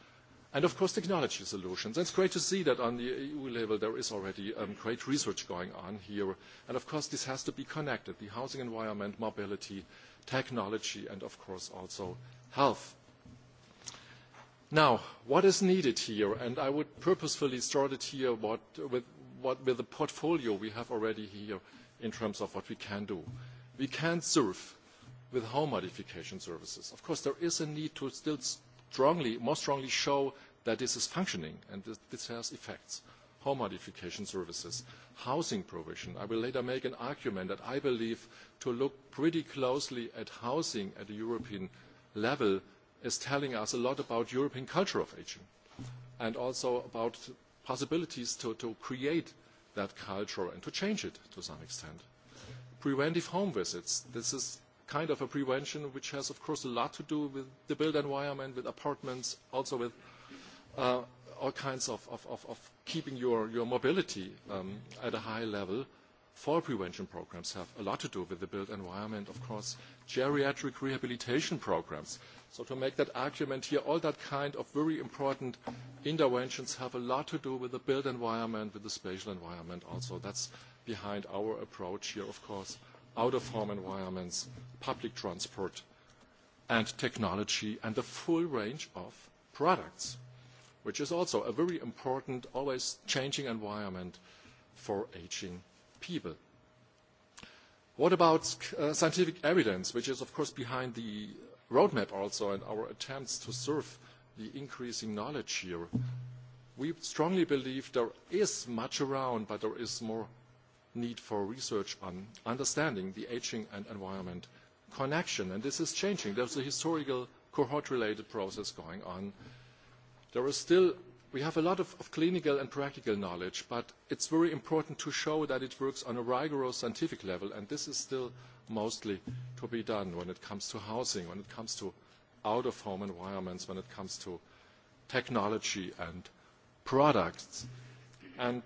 And, of course, technology solutions. It's great to see that on the EU level there is already great research going on here. And, of course, this has to be connected, the housing environment, mobility, technology, and, of course, also health. Now, what is needed here? And I would purposefully start it here with the portfolio we have already here in terms of what we can do. We can serve with home modification services. Of course, there is a need to still strongly, more strongly show that this is functioning and that this has effects. Home modification services, housing provision. I will later make an argument that I believe to look pretty closely at housing at the European level is telling us a lot about European culture of aging and also about possibilities to create that culture and to change it to some extent. Preventive home visits. This is kind of a prevention which has, of course, a lot to do with the built environment, with apartments, also with all kinds of keeping your mobility at a high level fall prevention programs have a lot to do with the built environment, of course, geriatric rehabilitation programs. So to make that argument here, all that kind of very important interventions have a lot to do with the built environment, with the spatial environment also. That's behind our approach here, of course, out-of-home environments, public transport, and technology, and the full range of products, which is also a very important, always changing environment for aging people. What about scientific evidence, which is, of course, behind the roadmap also and our attempts to serve the increasing knowledge here? We strongly believe there is much around, but there is more need for research on understanding the aging and environment connection. And this is changing. There's a historical cohort-related process going on. There is still We have a lot of clinical and practical knowledge, but it's very important to show that it works on a rigorous scientific level, and this is still mostly to be done when it comes to housing, when it comes to out-of-home environments, when it comes to technology and products. And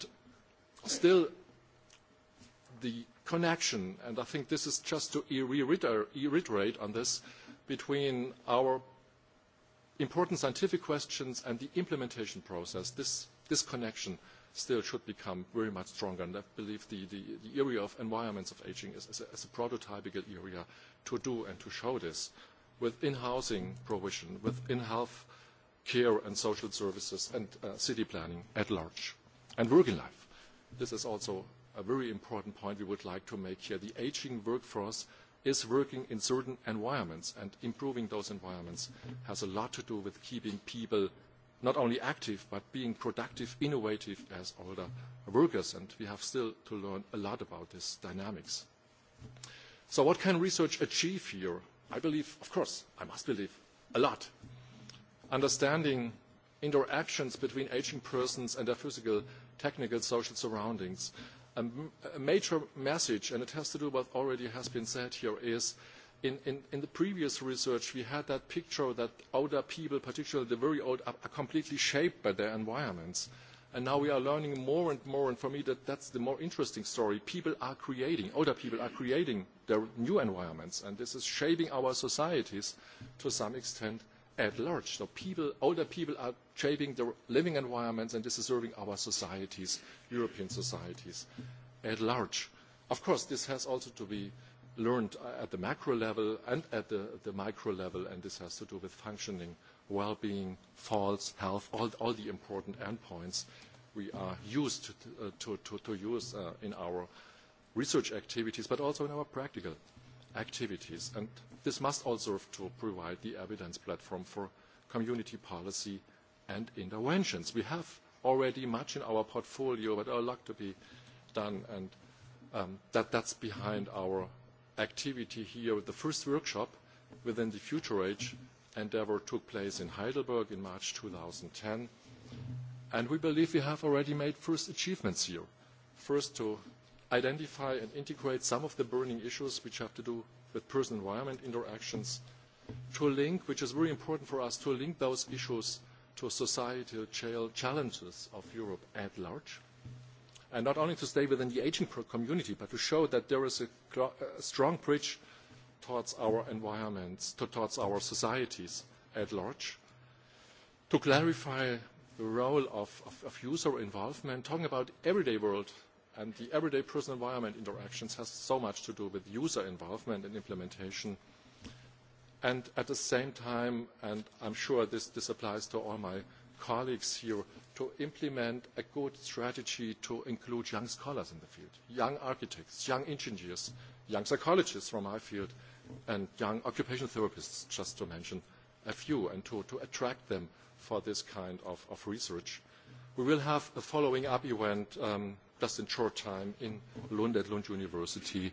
still, the connection, and I think this is just to reiterate on this, between our important scientific questions and the implementation process, this connection still should become very much stronger. And I believe the area of environments of aging is a prototypical area to do and to show this within housing provision, within health care and social services and city planning at large. And working life. This is also a very important point we would like to make here. The aging workforce is working in certain environments and improving those environments has a lot to do with keeping people not only active but being productive, innovative as older workers and we have still to learn a lot about this dynamics. So what can research achieve here? I believe, of course, I must believe, a lot. Understanding interactions between aging persons and their physical, technical, social surroundings, A major message, and it has to do with what already has been said here, is in the previous research we had that picture that older people, particularly the very old, are completely shaped by their environments. And now we are learning more and more, and for me that that's the more interesting story. People are creating, older people are creating their new environments, and this is shaping our societies to some extent at large. So people, older people are shaping their living environments and this is serving our societies, European societies at large. Of course, this has also to be learned at the macro level and at the micro level, and this has to do with functioning, well-being, falls, health, all the important endpoints we are used to use in our research activities, but also in our practical activities. And this must also to provide the evidence platform for community policy and interventions. We have already much in our portfolio, but a lot to be done, and that's behind our activity here. The first workshop within the Future Age endeavor took place in Heidelberg in March 2010, and we believe we have already made first achievements here. First, to identify and integrate some of the burning issues which have to do with person-environment interactions, to link, which is very important for us, to link those issues to societal challenges of Europe at large, and not only to stay within the aging community, but to show that there is a strong bridge towards our environments, towards our societies at large, to clarify the role of user involvement, talking about everyday world And the everyday person environment interactions has so much to do with user involvement and implementation. And at the same time, and I'm sure this applies to all my colleagues here, to implement a good strategy to include young scholars in the field, young architects, young engineers, young psychologists from my field, and young occupational therapists, just to mention a few, and to attract them for this kind of research. We will have a following-up event just in short time in Lund at Lund University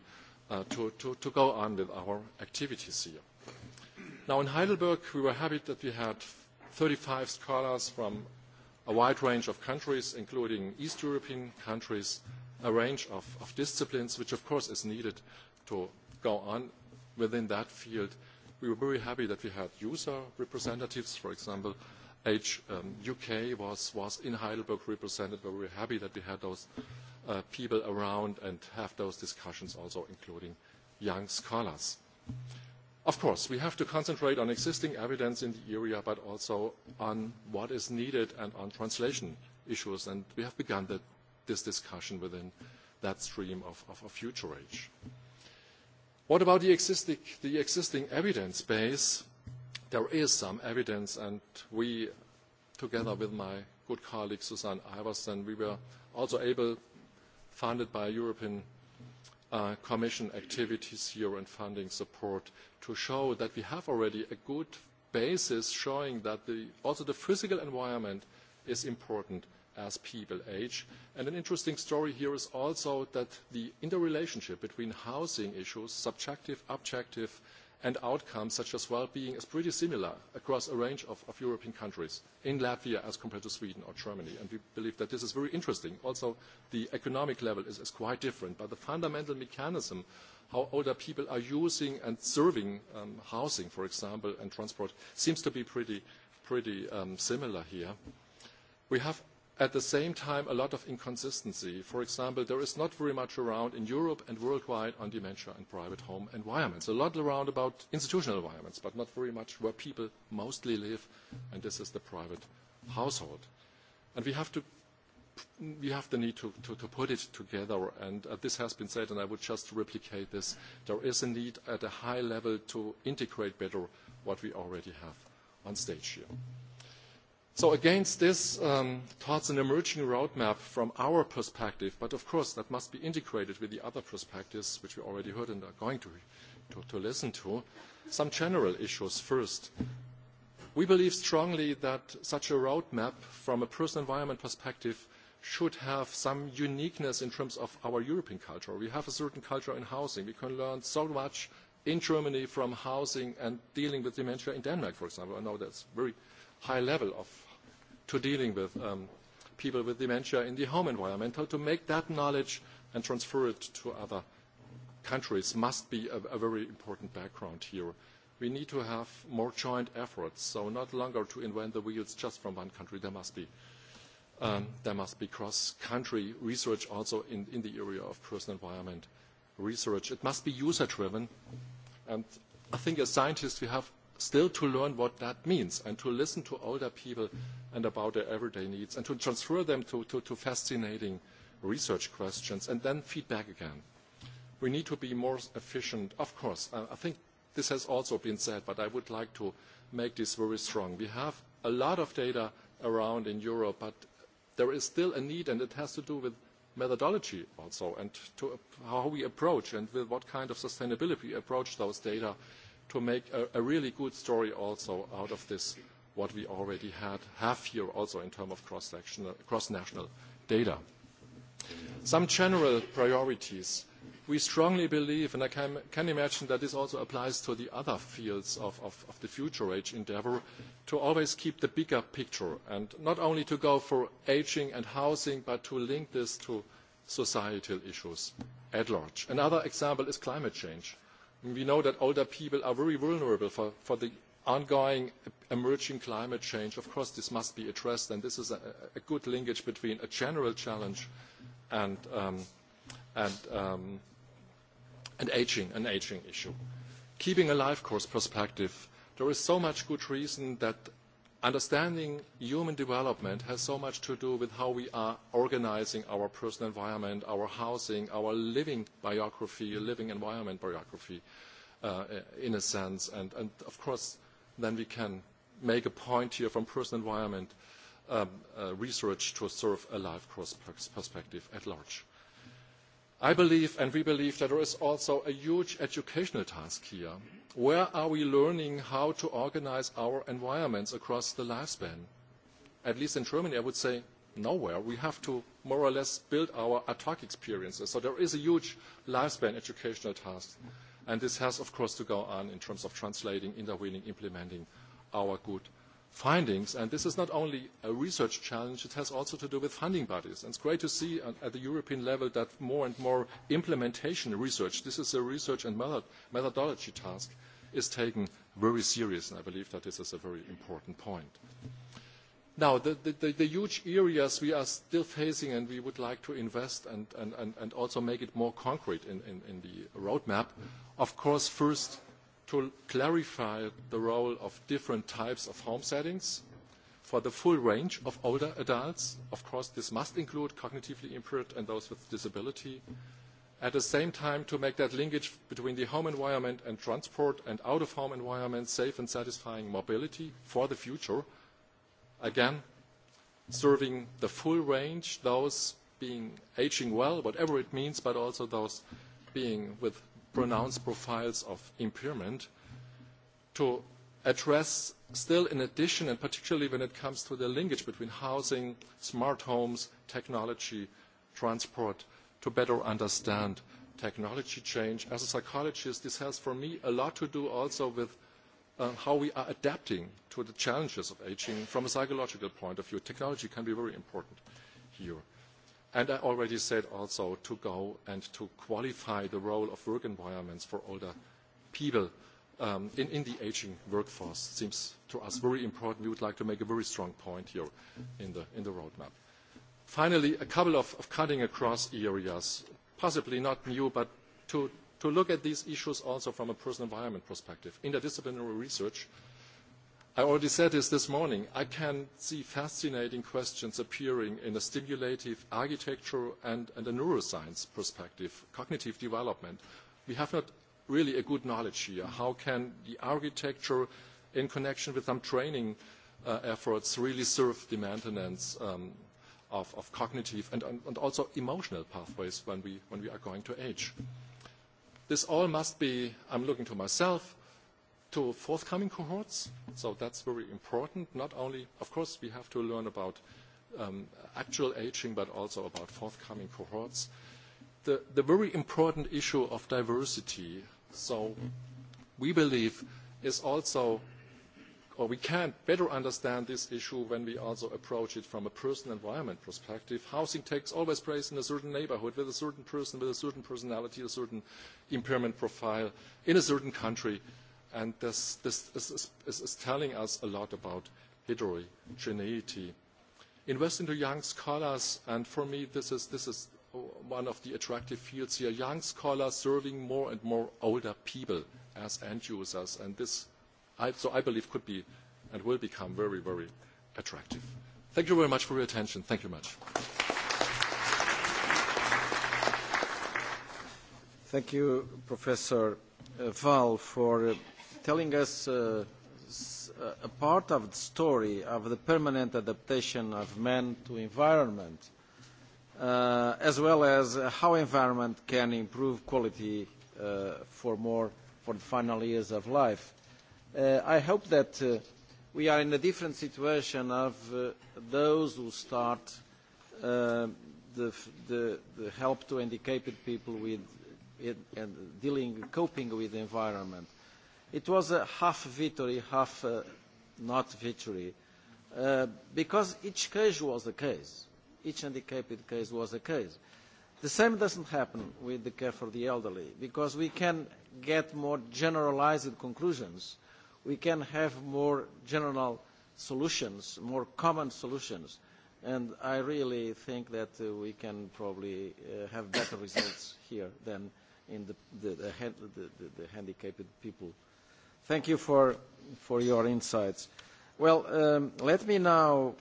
to go on with our activities here. Now in Heidelberg we were happy that we had 35 scholars from a wide range of countries, including East European countries, a range of disciplines, which of course is needed to go on within that field. We were very happy that we had user representatives, for example, UK was in Heidelberg represented. but We're happy that we had those people around and have those discussions also including young scholars. Of course, we have to concentrate on existing evidence in the area, but also on what is needed and on translation issues. And we have begun this discussion within that stream of future age. What about the existing evidence base? there is some evidence, and we, together with my good colleague Susanne Iverson, we were also able, funded by European Commission activities here and funding support, to show that we have already a good basis showing that also the physical environment is important as people age. And an interesting story here is also that the interrelationship between housing issues, subjective, objective, and outcomes such as well-being is pretty similar across a range of European countries, in Latvia as compared to Sweden or Germany. And we believe that this is very interesting. Also, the economic level is quite different, but the fundamental mechanism how older people are using and serving housing, for example, and transport, seems to be pretty similar here. We have At the same time, a lot of inconsistency. For example, there is not very much around in Europe and worldwide on dementia and private home environments. A lot around about institutional environments, but not very much where people mostly live, and this is the private household. And we have to we have the need to put it together, and this has been said, and I would just replicate this. There is a need at a high level to integrate better what we already have on stage here. So against this, towards an emerging roadmap from our perspective, but of course that must be integrated with the other perspectives which we already heard and are going to listen to, some general issues first. We believe strongly that such a roadmap from a personal environment perspective should have some uniqueness in terms of our European culture. We have a certain culture in housing. We can learn so much in Germany from housing and dealing with dementia in Denmark, for example. I know that's very high level of to dealing with people with dementia in the home environment, how to make that knowledge and transfer it to other countries must be a very important background here. We need to have more joint efforts, so not longer to invent the wheels just from one country. There must be there must be cross-country research also in the area of personal environment research. It must be user-driven. And I think as scientists we have still to learn what that means and to listen to older people and about their everyday needs and to transfer them to fascinating research questions and then feedback again. We need to be more efficient. Of course, I think this has also been said, but I would like to make this very strong. We have a lot of data around in Europe, but there is still a need, and it has to do with methodology also and to how we approach and with what kind of sustainability we approach those data to make a really good story also out of this, what we already have here also in terms of cross-national data. Some general priorities. We strongly believe, and I can imagine that this also applies to the other fields of the future age endeavour, to always keep the bigger picture and not only to go for aging and housing, but to link this to societal issues at large. Another example is climate change. We know that older people are very vulnerable for the ongoing emerging climate change. Of course, this must be addressed, and this is a good linkage between a general challenge and an aging issue. Keeping a life course perspective, there is so much good reason that Understanding human development has so much to do with how we are organizing our personal environment, our housing, our living biography, living environment biography, in a sense. And, of course, then we can make a point here from personal environment research to serve a life course perspective at large. I believe and we believe that there is also a huge educational task here. Where are we learning how to organize our environments across the lifespan? At least in Germany, I would say nowhere. We have to more or less build our ad hoc experiences. So there is a huge lifespan educational task. And this has, of course, to go on in terms of translating, intervening, implementing our good findings, and this is not only a research challenge, it has also to do with funding bodies. And it's great to see at the European level that more and more implementation research, this is a research and methodology task, is taken very serious, and I believe that this is a very important point. Now, the huge areas we are still facing, and we would like to invest and also make it more concrete in the roadmap, of course, first to clarify the role of different types of home settings for the full range of older adults. Of course, this must include cognitively impaired and those with disability. At the same time, to make that linkage between the home environment and transport and out-of-home environment safe and satisfying mobility for the future. Again, serving the full range, those being aging well, whatever it means, but also those being with pronounced profiles of impairment to address still in addition and particularly when it comes to the linkage between housing, smart homes, technology, transport, to better understand technology change. As a psychologist, this has for me a lot to do also with how we are adapting to the challenges of aging from a psychological point of view. Technology can be very important here. And I already said also to go and to qualify the role of work environments for older people in the aging workforce seems to us very important. We would like to make a very strong point here in the roadmap. Finally, a couple of cutting across areas, possibly not new, but to look at these issues also from a personal environment perspective. Interdisciplinary research I already said this this morning. I can see fascinating questions appearing in a stimulative architecture and a neuroscience perspective, cognitive development. We have not really a good knowledge here. How can the architecture, in connection with some training efforts, really serve the maintenance of cognitive and also emotional pathways when we are going to age? This all must be, I'm looking to myself, to forthcoming cohorts. So that's very important. Not only, of course, we have to learn about actual aging, but also about forthcoming cohorts. The very important issue of diversity, so we believe, is also, or we can better understand this issue when we also approach it from a personal environment perspective. Housing takes always place in a certain neighborhood with a certain person, with a certain personality, a certain impairment profile, in a certain country and this is telling us a lot about heterogeneity. Invest into young scholars, and for me this is this is one of the attractive fields here. Young scholars serving more and more older people as end users, and this, so I believe, could be and will become very, very attractive. Thank you very much for your attention. Thank you much. Thank you, Professor Val, for telling us a part of the story of the permanent adaptation of men to environment, as well as how environment can improve quality for more for the final years of life. I hope that we are in a different situation of those who start the help to handicapped people with dealing, coping with the environment. It was a half victory, half not victory, because each case was a case. Each handicapped case was a case. The same doesn't happen with the care for the elderly, because we can get more generalized conclusions, we can have more general solutions, more common solutions, and I really think that we can probably have better results here than in the handicapped people Thank you for your insights. Well, let me now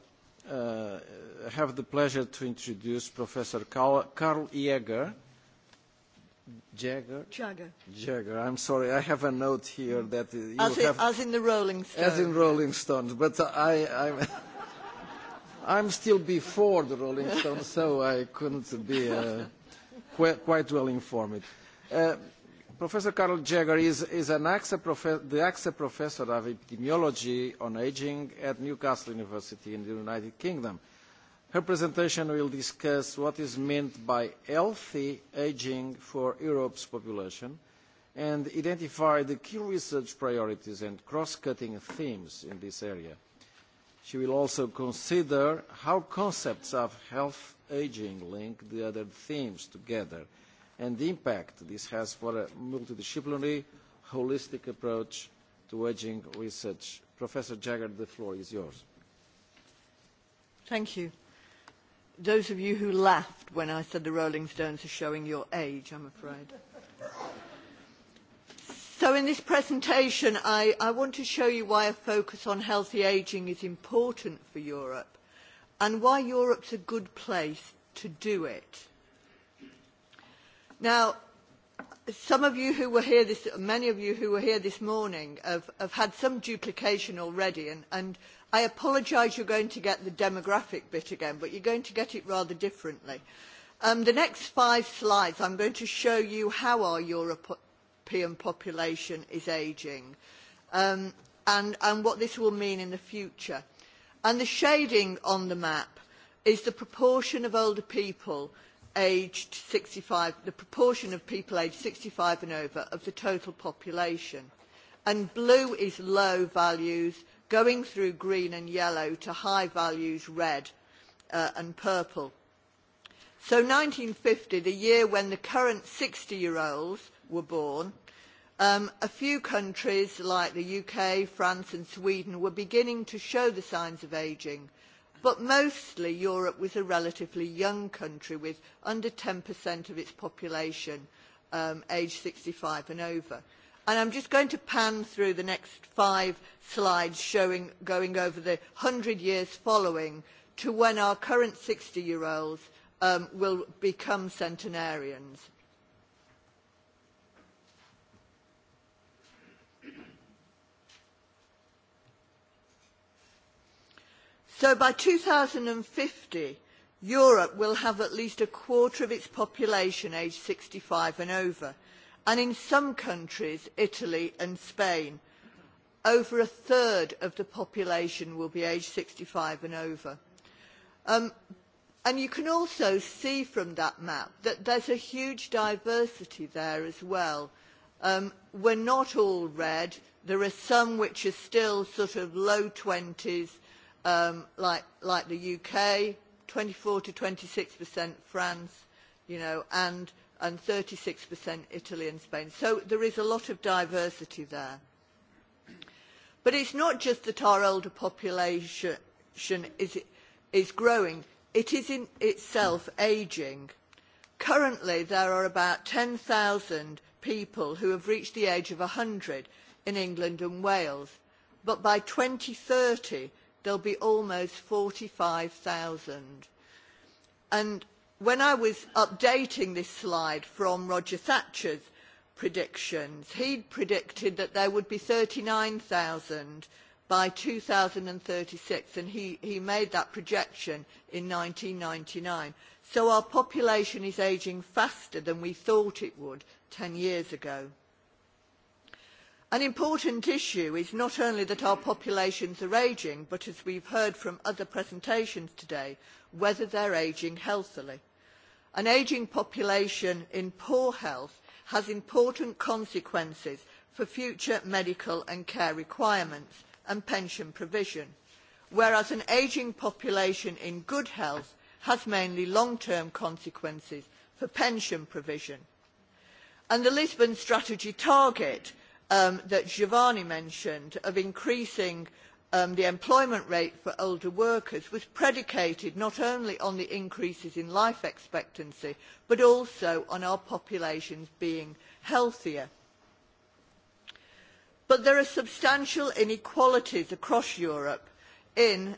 have the pleasure to introduce Professor Karl Jäger. Jagger? Jagger. Jagger. I'm sorry, I have a note here that you have... As in the Rolling Stones. As in Rolling Stones, but I... I'm still before the Rolling Stones, so I couldn't be quite well informed. Professor Carl Jagger is the AXA Professor of Epidemiology on Aging at Newcastle University in the United Kingdom. Her presentation will discuss what is meant by healthy ageing for Europe's population and identify the key research priorities and cross-cutting themes in this area. She will also consider how concepts of health ageing link the other themes together and the impact this has for a multidisciplinary, holistic approach to ageing research. Professor Jagger, the floor is yours. Thank you. Those of you who laughed when I said the Rolling Stones are showing your age, I'm afraid. So in this presentation, I want to show you why a focus on healthy ageing is important for Europe and why Europe's a good place to do it. Now, some of you who were here this, many of you who were here this morning have, had some duplication already, and, I apologise you're going to get the demographic bit again, but you're going to get it rather differently. the next five slides, I'm going to show you how our European population is ageing and, and what this will mean in the future. And the shading on the map is the proportion of older people aged sixty five the proportion of people aged sixty five and over of the total population. And blue is low values, going through green and yellow to high values, red and purple. So fifty, the year when the current sixty year olds were born, a few countries like the UK, France and Sweden were beginning to show the signs of ageing – but mostly Europe was a relatively young country with under 10% of its population aged 65 and over. And I'm just going to pan through the next five slides showing, going over the 100 years following to when our current 60-year-olds will become centenarians. So by 2050, Europe will have at least a quarter of its population aged 65 and over, and in some countries, Italy and Spain, over a third of the population will be aged 65 and over. And you can also see from that map that there's a huge diversity there as well. We're not all red. There are some which are still sort of low 20s like the UK, twenty four to 26% France, you know, and 36% Italy and Spain. So there is a lot of diversity there. But it's not just that our older population is growing. It is in itself ageing. Currently, there are about ten 10,000 people who have reached the age of hundred in England and Wales. But by 2030, there'll be almost 45,000. And when I was updating this slide from Roger Thatcher's predictions, he'd predicted that there would be 39,000 by 2036, and he, he made that projection in 1999. So our population is ageing faster than we thought it would 10 years ago. An important issue is not only that our populations are ageing, but as we have heard from other presentations today, whether they are ageing healthily. An ageing population in poor health has important consequences for future medical and care requirements and pension provision, whereas an ageing population in good health has mainly long-term consequences for pension provision. the Lisbon Strategy target that Giovanni mentioned of increasing the employment rate for older workers was predicated not only on the increases in life expectancy but also on our populations being healthier. But there are substantial inequalities across Europe in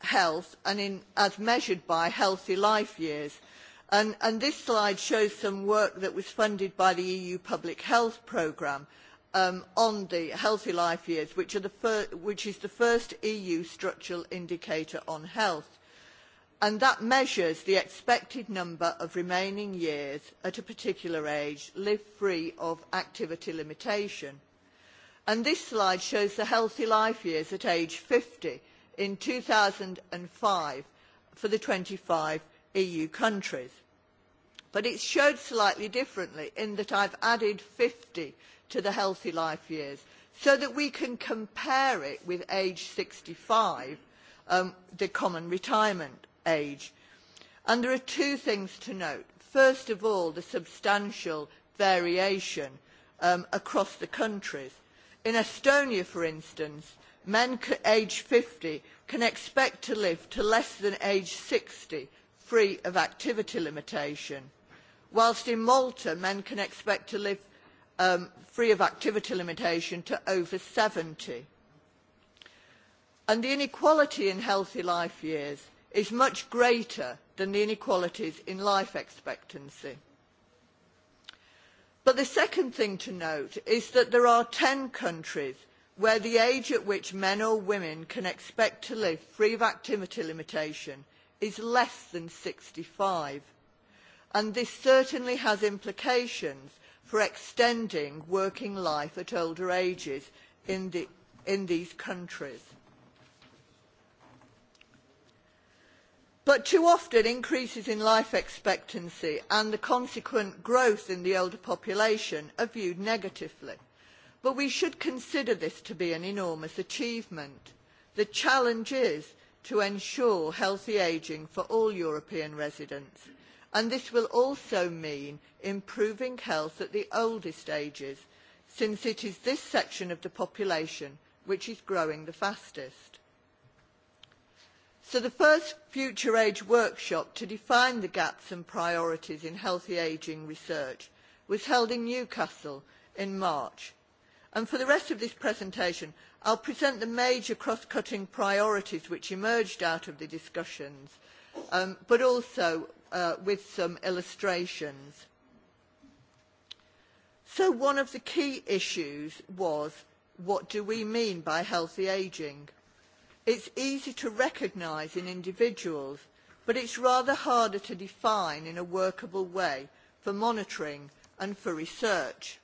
health and as measured by healthy life years. And this slide shows some work that was funded by the EU Public Health Programme on the healthy life years, which is the first EU structural indicator on health, and that measures the expected number of remaining years at a particular age live free of activity limitation. And this slide shows the healthy life years at age 50 in 2005 for the 25 EU countries. But it's showed slightly differently in that I've added 50 to the healthy life years so that we can compare it with age 65, the common retirement age. And there are two things to note. First of all, the substantial variation across the countries. In Estonia, for instance, men age 50 can expect to live to less than age 60, free of activity limitation, whilst in Malta men can expect to live free of activity limitation to over 70. And the inequality in healthy life years is much greater than the inequalities in life expectancy. But the second thing to note is that there are 10 countries where the age at which men or women can expect to live free of activity limitation is less than 65. And this certainly has implications for extending working life at older ages in these countries. But too often increases in life expectancy and the consequent growth in the older population are viewed negatively. But we should consider this to be an enormous achievement. The challenge is to ensure healthy ageing for all European residents and this will also mean improving health at the oldest ages since it is this section of the population which is growing the fastest. So the first Future Age workshop to define the gaps and priorities in healthy ageing research was held in Newcastle in March. And for the rest of this presentation, I'll present the major cross-cutting priorities which emerged out of the discussions, but also with some illustrations. So one of the key issues was what do we mean by healthy ageing? It's easy to recognise in individuals, but it's rather harder to define in a workable way for monitoring and for research.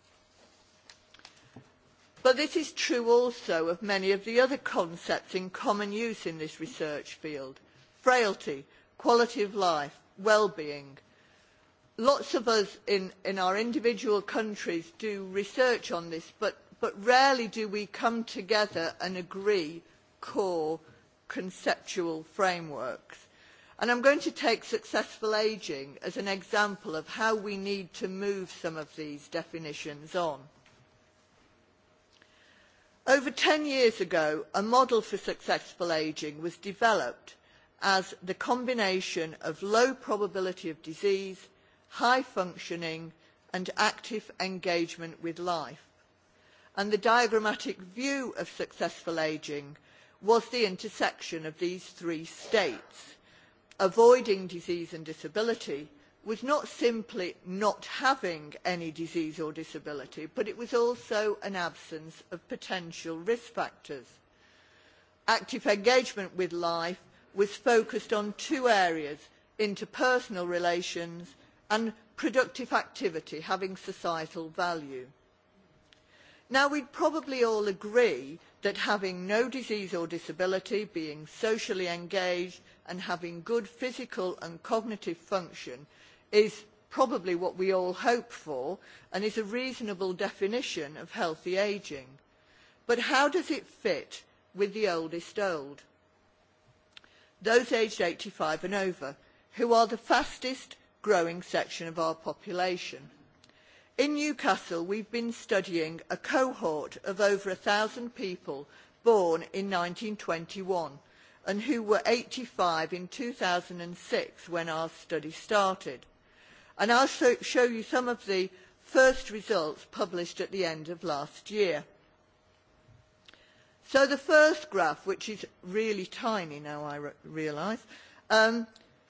But this is true also of many of the other concepts in common use in this research field frailty, quality of life, well-being. Lots of us in our individual countries do research on this, but rarely do we come together and agree core conceptual frameworks. And I'm going to take successful ageing as an example of how we need to move some of these definitions on. Over 10 years ago, a model for successful ageing was developed as the combination of low probability of disease, high functioning and active engagement with life. And the diagrammatic view of successful ageing was the intersection of these three states. Avoiding disease and disability was not simply not having any disease or disability, but it was also an absence of potential risk factors. Active engagement with life was focused on two areas interpersonal relations and productive activity having societal value. Now, we'd probably all agree that having no disease or disability, being socially engaged and having good physical and cognitive function is probably what we all hope for and is a reasonable definition of healthy ageing. But how does it fit with the oldest old? those aged 85 and over, who are the fastest growing section of our population. In Newcastle, we've been studying a cohort of over 1,000 people born in 1921 and who were 85 in 2006 when our study started. And I'll show you some of the first results published at the end of last year. So the first graph, which is really tiny now, I realise,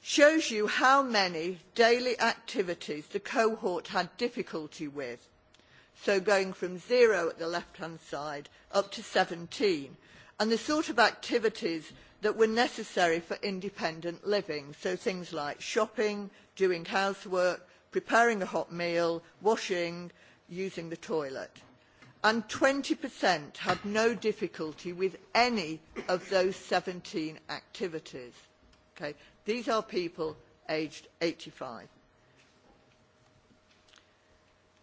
shows you how many daily activities the cohort had difficulty with. So going from zero at the left-hand side up to 17. And the sort of activities that were necessary for independent living. So things like shopping, doing housework, preparing a hot meal, washing, using the toilet and 20% had no difficulty with any of those 17 activities. These are people aged 85.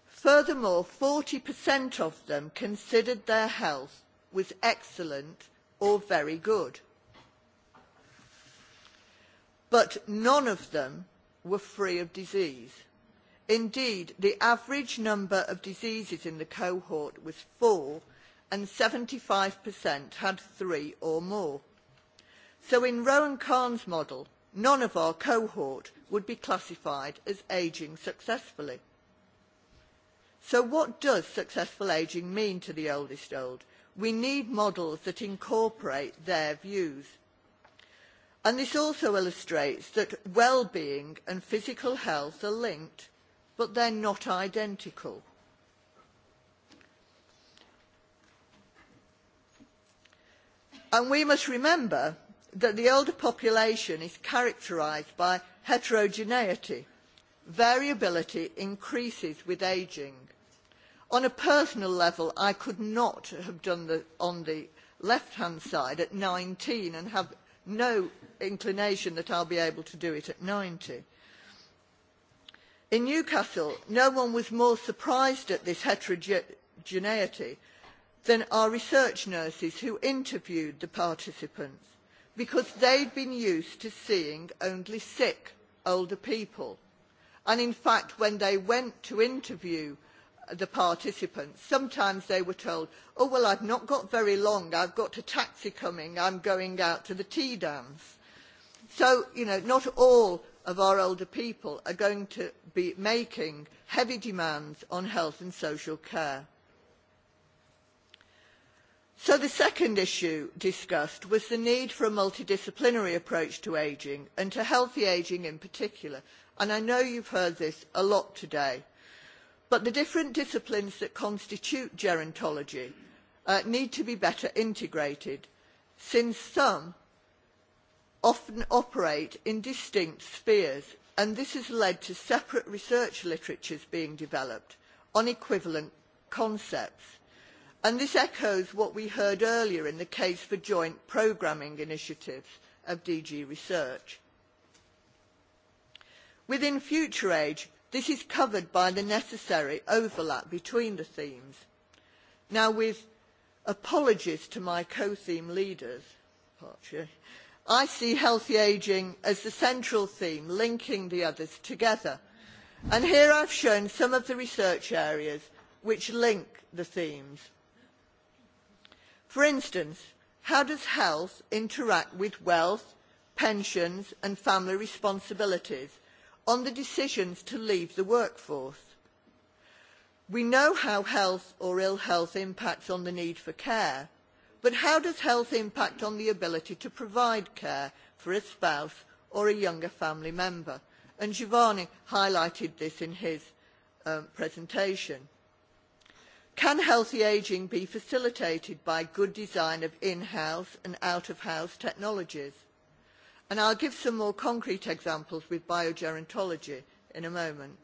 Furthermore, 40% of them considered their health was excellent or very good. But none of them were free of disease. Indeed, the average number of diseases in the cohort was four, and 75% had three or more. So in Rowan Kahn's model, none of our cohort would be classified as ageing successfully. So what does successful ageing mean to the oldest old? We need models that incorporate their views. And this also illustrates that well-being and physical health are linked but they are not identical. And we must remember that the older population is characterised by heterogeneity. Variability increases with ageing. On a personal level, I could not have done this on the left-hand side at 19 and have no inclination that I'll be able to do it at 90 in newcastle no one was more surprised at this heterogeneity than our research nurses who interviewed the participants because they had been used to seeing only sick older people and in fact when they went to interview the participants sometimes they were told oh well i've not got very long i've got a taxi coming i'm going out to the tea dance so you know not all of our older people are going to be making heavy demands on health and social care. So the second issue discussed was the need for a multidisciplinary approach to ageing and to healthy ageing in particular. And I know you've heard this a lot today. But the different disciplines that constitute gerontology need to be better integrated since some often operate in distinct spheres and this has led to separate research literatures being developed on equivalent concepts and this echoes what we heard earlier in the case for joint programming initiatives of dg research. within future age this is covered by the necessary overlap between the themes. now with apologies to my co theme leaders I see healthy ageing as the central theme, linking the others together. And here I have shown some of the research areas which link the themes. For instance, how does health interact with wealth, pensions and family responsibilities on the decisions to leave the workforce? We know how health or ill health impacts on the need for care but how does health impact on the ability to provide care for a spouse or a younger family member? And Giovanni highlighted this in his presentation. Can healthy ageing be facilitated by good design of in-house and out-of-house technologies? And I'll give some more concrete examples with biogerontology in a moment.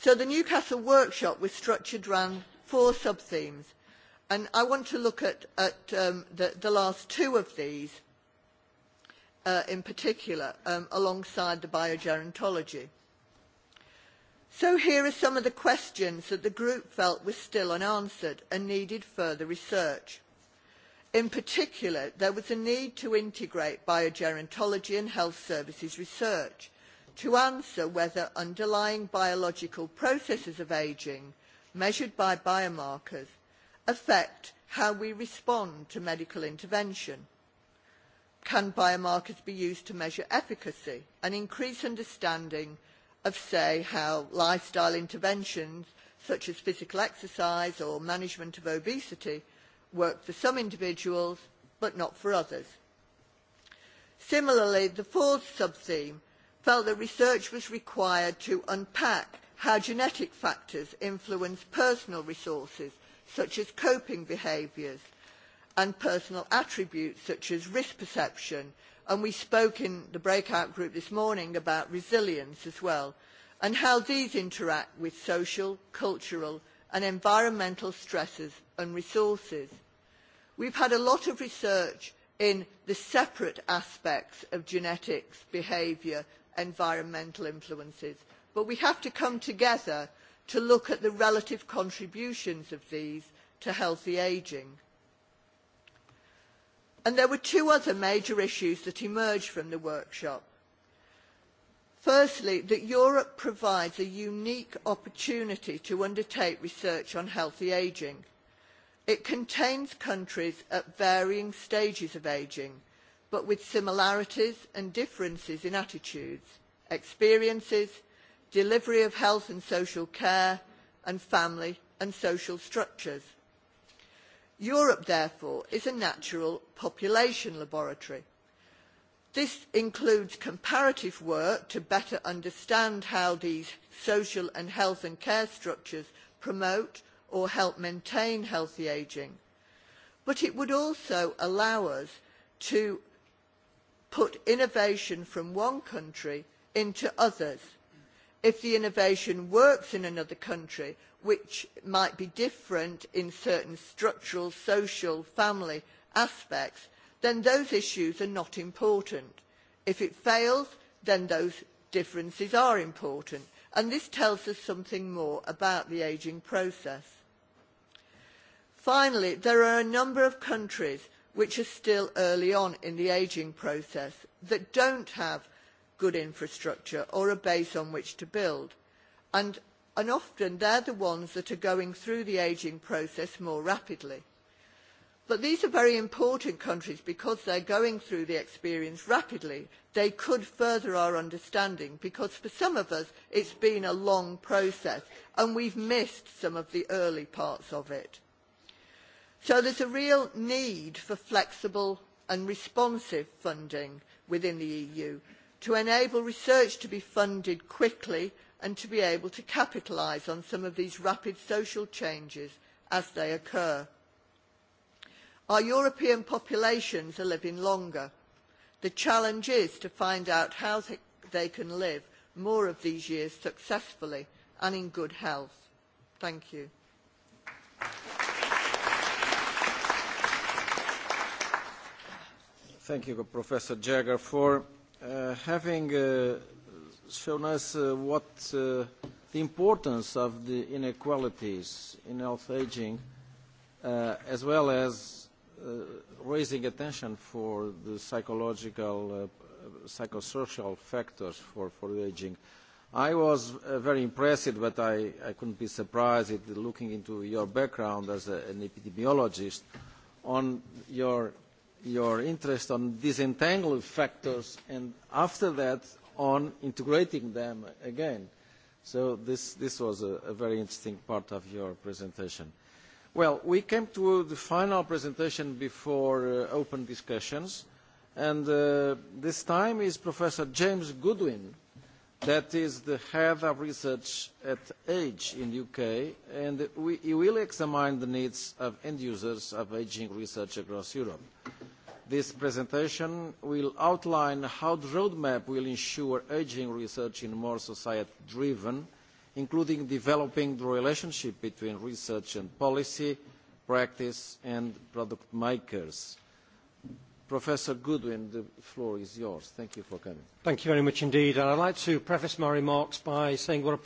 So the Newcastle workshop was structured around four sub-themes And I want to look at the last two of these in particular, alongside the biogerontology. So here are some of the questions that the group felt were still unanswered and needed further research. In particular, there was a need to integrate biogerontology and health services research to answer whether underlying biological processes of ageing, measured by biomarkers, affect how we respond to medical intervention? Can biomarkers be used to measure efficacy and increase understanding of, say, how lifestyle interventions such as physical exercise or management of obesity work for some individuals but not for others? Similarly, the fourth subtheme felt that research was required to unpack how genetic factors influence personal resources such as coping behaviours and personal attributes such as risk perception and we spoke in the breakout group this morning about resilience as well and how these interact with social cultural and environmental stresses and resources. we have had a lot of research in the separate aspects of genetics behaviour environmental influences but we have to come together to look at the relative contributions of these to healthy ageing. And there were two other major issues that emerged from the workshop. Firstly, that Europe provides a unique opportunity to undertake research on healthy ageing. It contains countries at varying stages of ageing, but with similarities and differences in attitudes, experiences, delivery of health and social care and family and social structures. Europe, therefore, is a natural population laboratory. This includes comparative work to better understand how these social and health and care structures promote or help maintain healthy ageing. But it would also allow us to put innovation from one country into others if the innovation works in another country which might be different in certain structural social family aspects then those issues are not important. if it fails then those differences are important and this tells us something more about the ageing process. finally there are a number of countries which are still early on in the ageing process that do not have good infrastructure or a base on which to build and often they are the ones that are going through the ageing process more rapidly. But these are very important countries because they are going through the experience rapidly. They could further our understanding because for some of us it's been a long process and we've missed some of the early parts of it. So there's a real need for flexible and responsive funding within the EU to enable research to be funded quickly and to be able to capitalise on some of these rapid social changes as they occur. Our European populations are living longer. The challenge is to find out how they can live more of these years successfully and in good health. Thank you. Thank you, Professor Jagger, for having shown us what the importance of the inequalities in health aging, as well as raising attention for the psychological, psychosocial factors for for aging. I was very impressed, but I couldn't be surprised looking into your background as an epidemiologist on your your interest on disentangling factors and after that on integrating them again. So this this was a very interesting part of your presentation. Well, we came to the final presentation before open discussions, and this time is Professor James Goodwin, that is the head of research at AGE in the UK, and he will examine the needs of end users of ageing research across Europe. This presentation will outline how the roadmap will ensure aging research in more society-driven, including developing the relationship between research and policy, practice and product makers. Professor Goodwin, the floor is yours. Thank you for coming. Thank you very much indeed. And I'd like to preface my remarks by saying what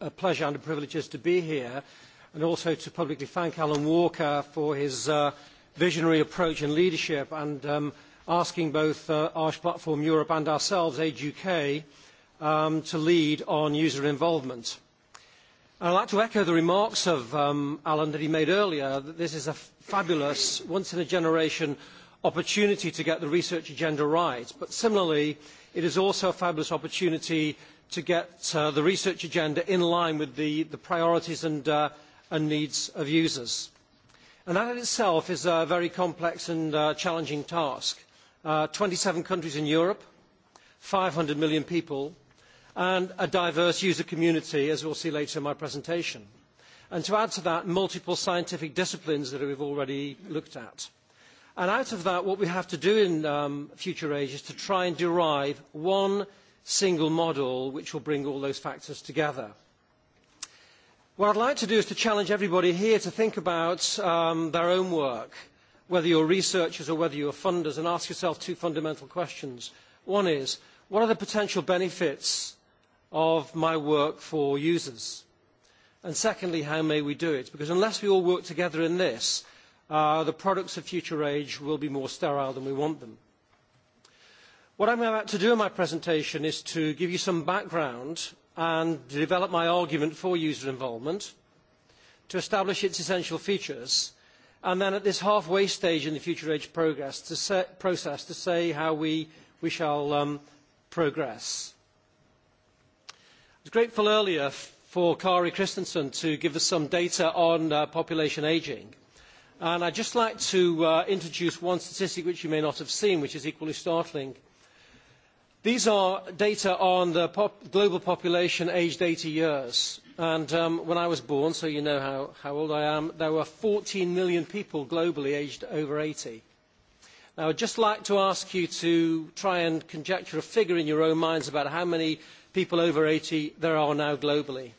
a pleasure and a privilege it is to be here, and also to publicly thank Alan Walker for his visionary approach and leadership and asking both Arch Platform Europe and ourselves, Age UK, to lead on user involvement. I'd like to echo the remarks of Alan that he made earlier that this is a fabulous, once-in-a-generation opportunity to get the research agenda right, but similarly it is also a fabulous opportunity to get the research agenda in line with the priorities and needs of users and that in itself is a very complex and challenging task. Twenty seven countries in Europe, 500 million people, and a diverse user community, as we'll see later in my presentation. And to add to that, multiple scientific disciplines that we've already looked at. And out of that, what we have to do in future age is to try and derive one single model which will bring all those factors together. What I'd like to do is to challenge everybody here to think about their own work, whether you're researchers or whether you're funders, and ask yourself two fundamental questions. One is, what are the potential benefits of my work for users? And secondly, how may we do it? Because unless we all work together in this, the products of future age will be more sterile than we want them. What I'm about to do in my presentation is to give you some background and develop my argument for user involvement to establish its essential features and then at this halfway stage in the future age process to say how we shall progress. I was grateful earlier for Kari Christensen to give us some data on population ageing and I'd just like to introduce one statistic which you may not have seen which is equally startling These are data on the global population aged 80 years. And when I was born, so you know how old I am, there were 14 million people globally aged over 80. Now, I'd just like to ask you to try and conjecture a figure in your own minds about how many people over 80 there are now globally.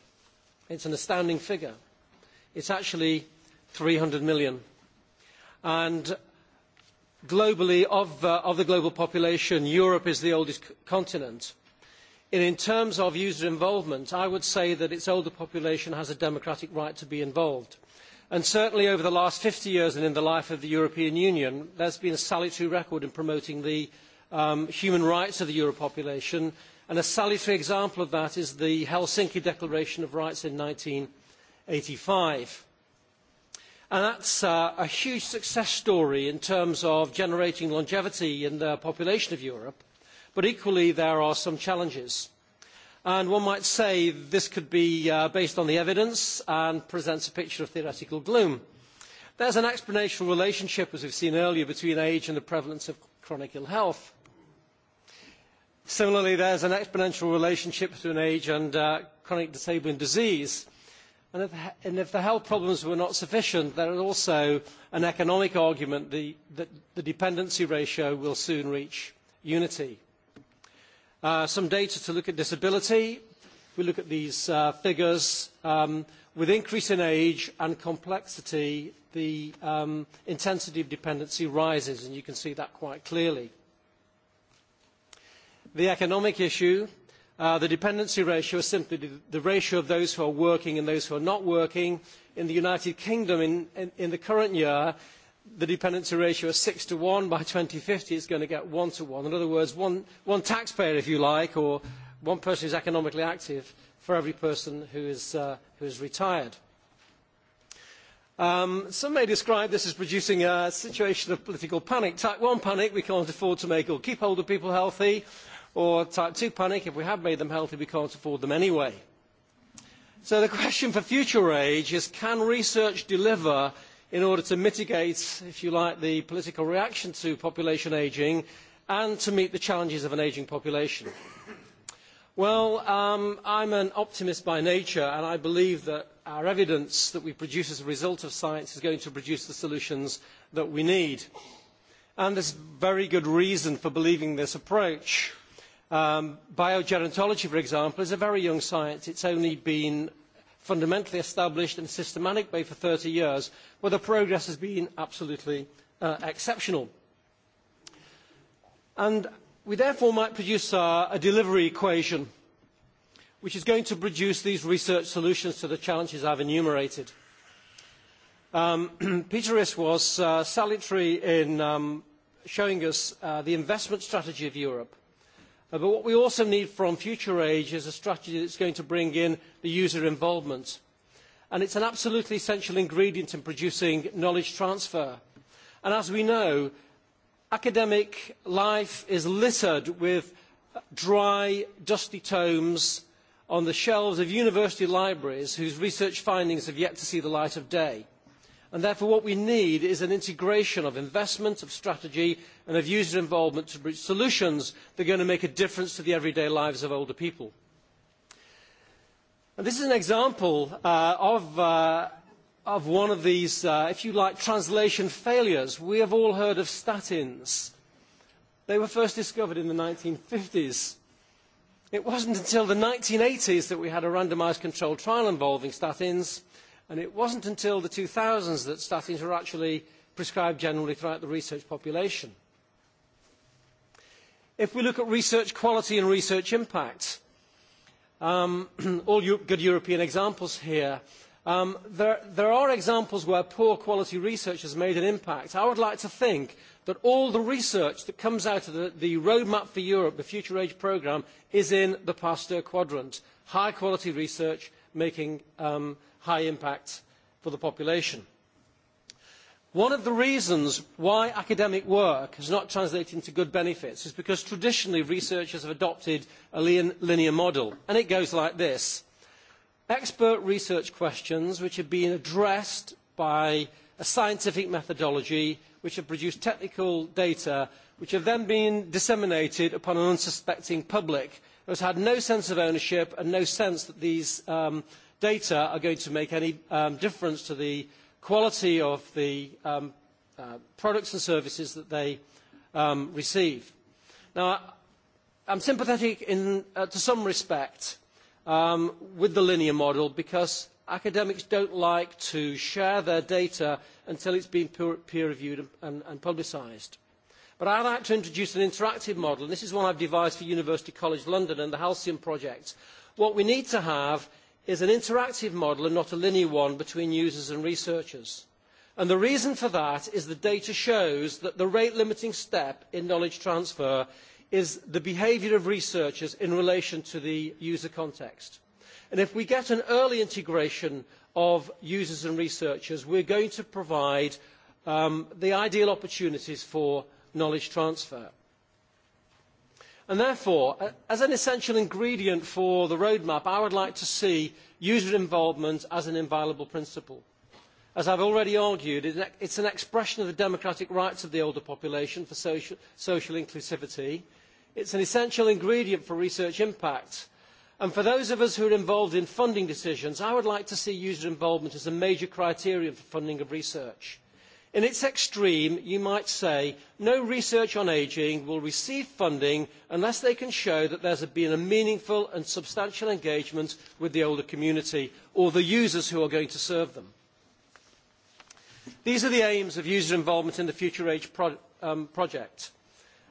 It's an astounding figure. It's actually 300 million. And globally of the global population europe is the oldest continent in terms of user involvement i would say that its older population has a democratic right to be involved certainly over the last fifty years and in the life of the european union there has been a salutary record in promoting the human rights of the euro population and a salutary example of that is the helsinki declaration of rights in eighty one thousand nine hundred and five and that is a huge success story in terms of generating longevity in the population of europe but equally there are some challenges and one might say this could be based on the evidence and presents a picture of theoretical gloom. there is an exponential relationship as we have seen earlier between age and the prevalence of chronic ill health. similarly there is an exponential relationship between age and chronic disabling disease And if the health problems were not sufficient, there is also an economic argument that the dependency ratio will soon reach unity. Some data to look at disability. We look at these figures. With increase in age and complexity, the intensity of dependency rises, and you can see that quite clearly. The economic issue The dependency ratio is simply the ratio of those who are working and those who are not working. In the United Kingdom, in the current year, the dependency ratio is 6 to 1. By 2050, it's going to get 1 to 1. In other words, one taxpayer, if you like, or one person who is economically active for every person who is retired. Some may describe this as producing a situation of political panic. Type 1 panic, we can't afford to make or keep older people healthy or type 2 panic, if we have made them healthy, we can't afford them anyway. So the question for future age is, can research deliver in order to mitigate, if you like, the political reaction to population ageing and to meet the challenges of an ageing population? Well, I am an optimist by nature, and I believe that our evidence that we produce as a result of science is going to produce the solutions that we need. And is very good reason for believing this approach. Biogerontology, for example, is a very young science. It's only been fundamentally established in a systematic way for 30 years, where the progress has been absolutely exceptional. And we therefore might produce a delivery equation which is going to produce these research solutions to the challenges I've enumerated. Peter Peteris was salutary in showing us the investment strategy of Europe But what we also need from Future Age is a strategy that's going to bring in the user involvement. And it's an absolutely essential ingredient in producing knowledge transfer. And as we know, academic life is littered with dry, dusty tomes on the shelves of university libraries whose research findings have yet to see the light of day. And therefore what we need is an integration of investment of strategy and of user involvement to reach solutions that are going to make a difference to the everyday lives of older people. this is an example of one of these if you like translation failures. we have all heard of statins. they were first discovered in the 1950s. it wasn't until the 1980s that we had a randomised controlled trial involving statins And it wasn't until the 2000s that statins were actually prescribed generally throughout the research population. If we look at research quality and research impact, all good European examples here, there are examples where poor quality research has made an impact. I would like to think that all the research that comes out of the Roadmap for Europe, the Future Age programme, is in the Pasteur quadrant. High quality research making high impact for the population. One of the reasons why academic work has not translated into good benefits is because traditionally researchers have adopted a linear model, and it goes like this. Expert research questions which have been addressed by a scientific methodology, which have produced technical data, which have then been disseminated upon an unsuspecting public who has had no sense of ownership and no sense that these data are going to make any difference to the quality of the products and services that they receive. Now, I'm sympathetic in to some respect with the linear model because academics don't like to share their data until it's been peer-reviewed and publicised. But I'd like to introduce an interactive model, and this is one I've devised for University College London and the Halcyon Project. What we need to have is an interactive model and not a linear one between users and researchers. The reason for that is the data shows that the rate limiting step in knowledge transfer is the behaviour of researchers in relation to the user context. If we get an early integration of users and researchers, we are going to provide the ideal opportunities for knowledge transfer. Therefore, as an essential ingredient for the roadmap, I would like to see user involvement as an inviolable principle. As I have already argued, it is an expression of the democratic rights of the older population for social inclusivity. It is an essential ingredient for research impact. And for those of us who are involved in funding decisions, I would like to see user involvement as a major criterion for funding of research in its extreme you might say no research on ageing will receive funding unless they can show that there has been a meaningful and substantial engagement with the older community or the users who are going to serve them. these are the aims of user involvement in the future age project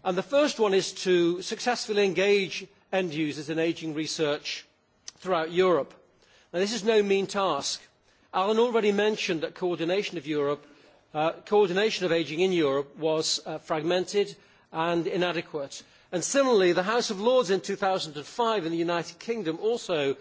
and the first one is to successfully engage end users in ageing research throughout europe. this is no mean task. alan already mentioned that coordination of europe coordination of ageing in Europe was fragmented and inadequate. similarly, the House of Lords in 2005 in the United Kingdom also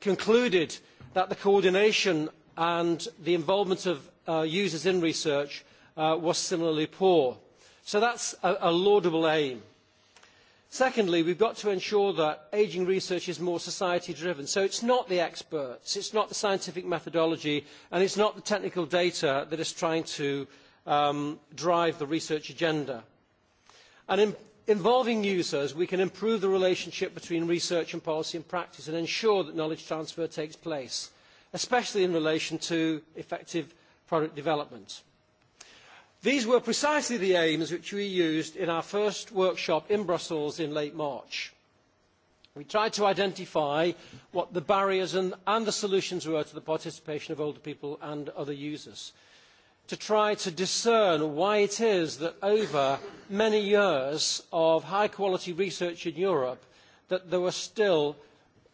concluded that the coordination and the involvement of users in research was similarly poor. So that is a laudable aim. Secondly, we've got to ensure that ageing research is more society-driven. So it's not the experts, it's not the scientific methodology, and it's not the technical data that is trying to drive the research agenda. And involving users, we can improve the relationship between research and policy and practice and ensure that knowledge transfer takes place, especially in relation to effective product development. These were precisely the aims which we used in our first workshop in Brussels in late March. We tried to identify what the barriers and the solutions were to the participation of older people and other users, to try to discern why it is that over many years of high-quality research in Europe there were still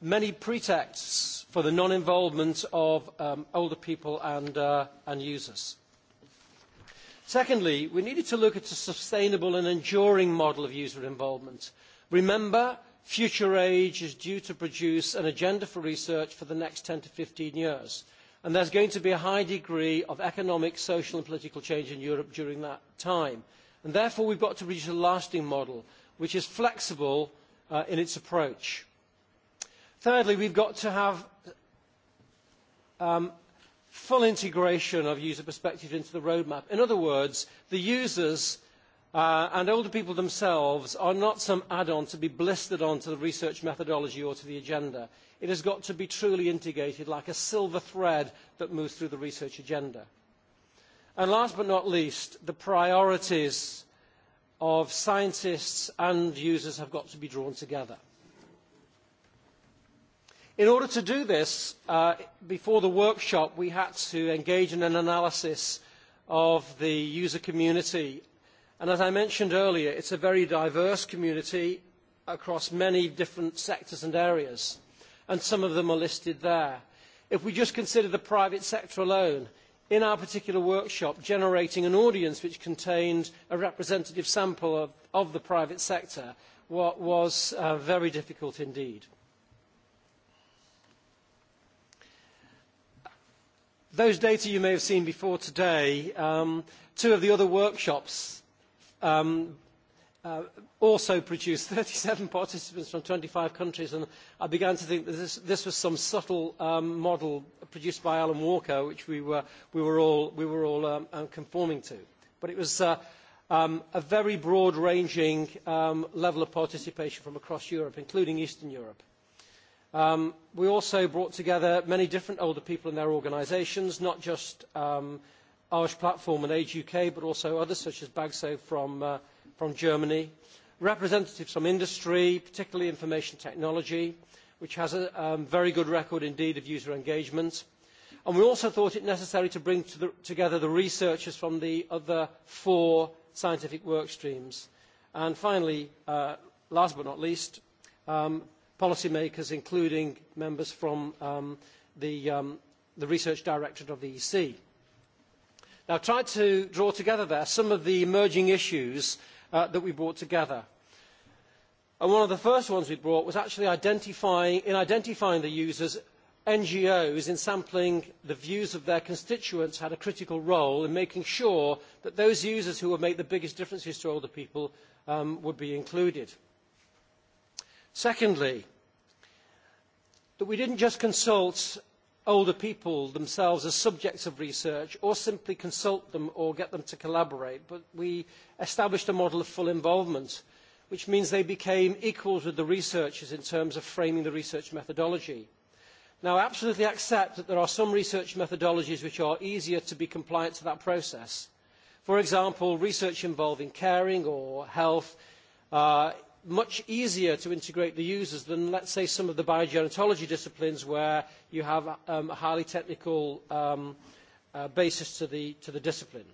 many pretexts for the non-involvement of older people and users. Secondly, we needed to look at a sustainable and enduring model of user involvement. Remember, Future Age is due to produce an agenda for research for the next 10 to 15 years, and there's going to be a high degree of economic, social and political change in Europe during that time. And therefore, we've got to reach a lasting model which is flexible in its approach. Thirdly, we've got to have full integration of user perspective into the roadmap. In other words, the users and older people themselves are not some add-on to be blistered onto the research methodology or to the agenda. It has got to be truly integrated like a silver thread that moves through the research agenda. And last but not least, the priorities of scientists and users have got to be drawn together. In order to do this, before the workshop, we had to engage in an analysis of the user community. And as I mentioned earlier, it's a very diverse community across many different sectors and areas, and some of them are listed there. If we just consider the private sector alone, in our particular workshop, generating an audience which contained a representative sample of the private sector was very difficult indeed. Those data you may have seen before today. Two of the other workshops also produced 37 participants from 25 countries, and I began to think that this was some subtle model produced by Alan Walker, which we were all conforming to. But it was a very broad-ranging level of participation from across Europe, including Eastern Europe. We also brought together many different older people in their organisations, not just Irish Platform and Age UK, but also others such as Bagso from Germany, representatives from industry, particularly information technology, which has a very good record indeed of user engagement. And we also thought it necessary to bring together the researchers from the other four scientific work streams. And finally, last but not least, policymakers, including members from the Research Directorate of the EC. I have tried to draw together there some of the emerging issues that we brought together. One of the first ones we brought was actually in identifying the users, NGOs in sampling the views of their constituents had a critical role in making sure that those users who would make the biggest differences to older people would be included. Secondly, that we didn't just consult older people themselves as subjects of research or simply consult them or get them to collaborate, but we established a model of full involvement, which means they became equals with the researchers in terms of framing the research methodology. Now, I absolutely accept that there are some research methodologies which are easier to be compliant to that process. For example, research involving caring or health much easier to integrate the users than, let's say, some of the biogerontology disciplines where you have a highly technical basis to the discipline.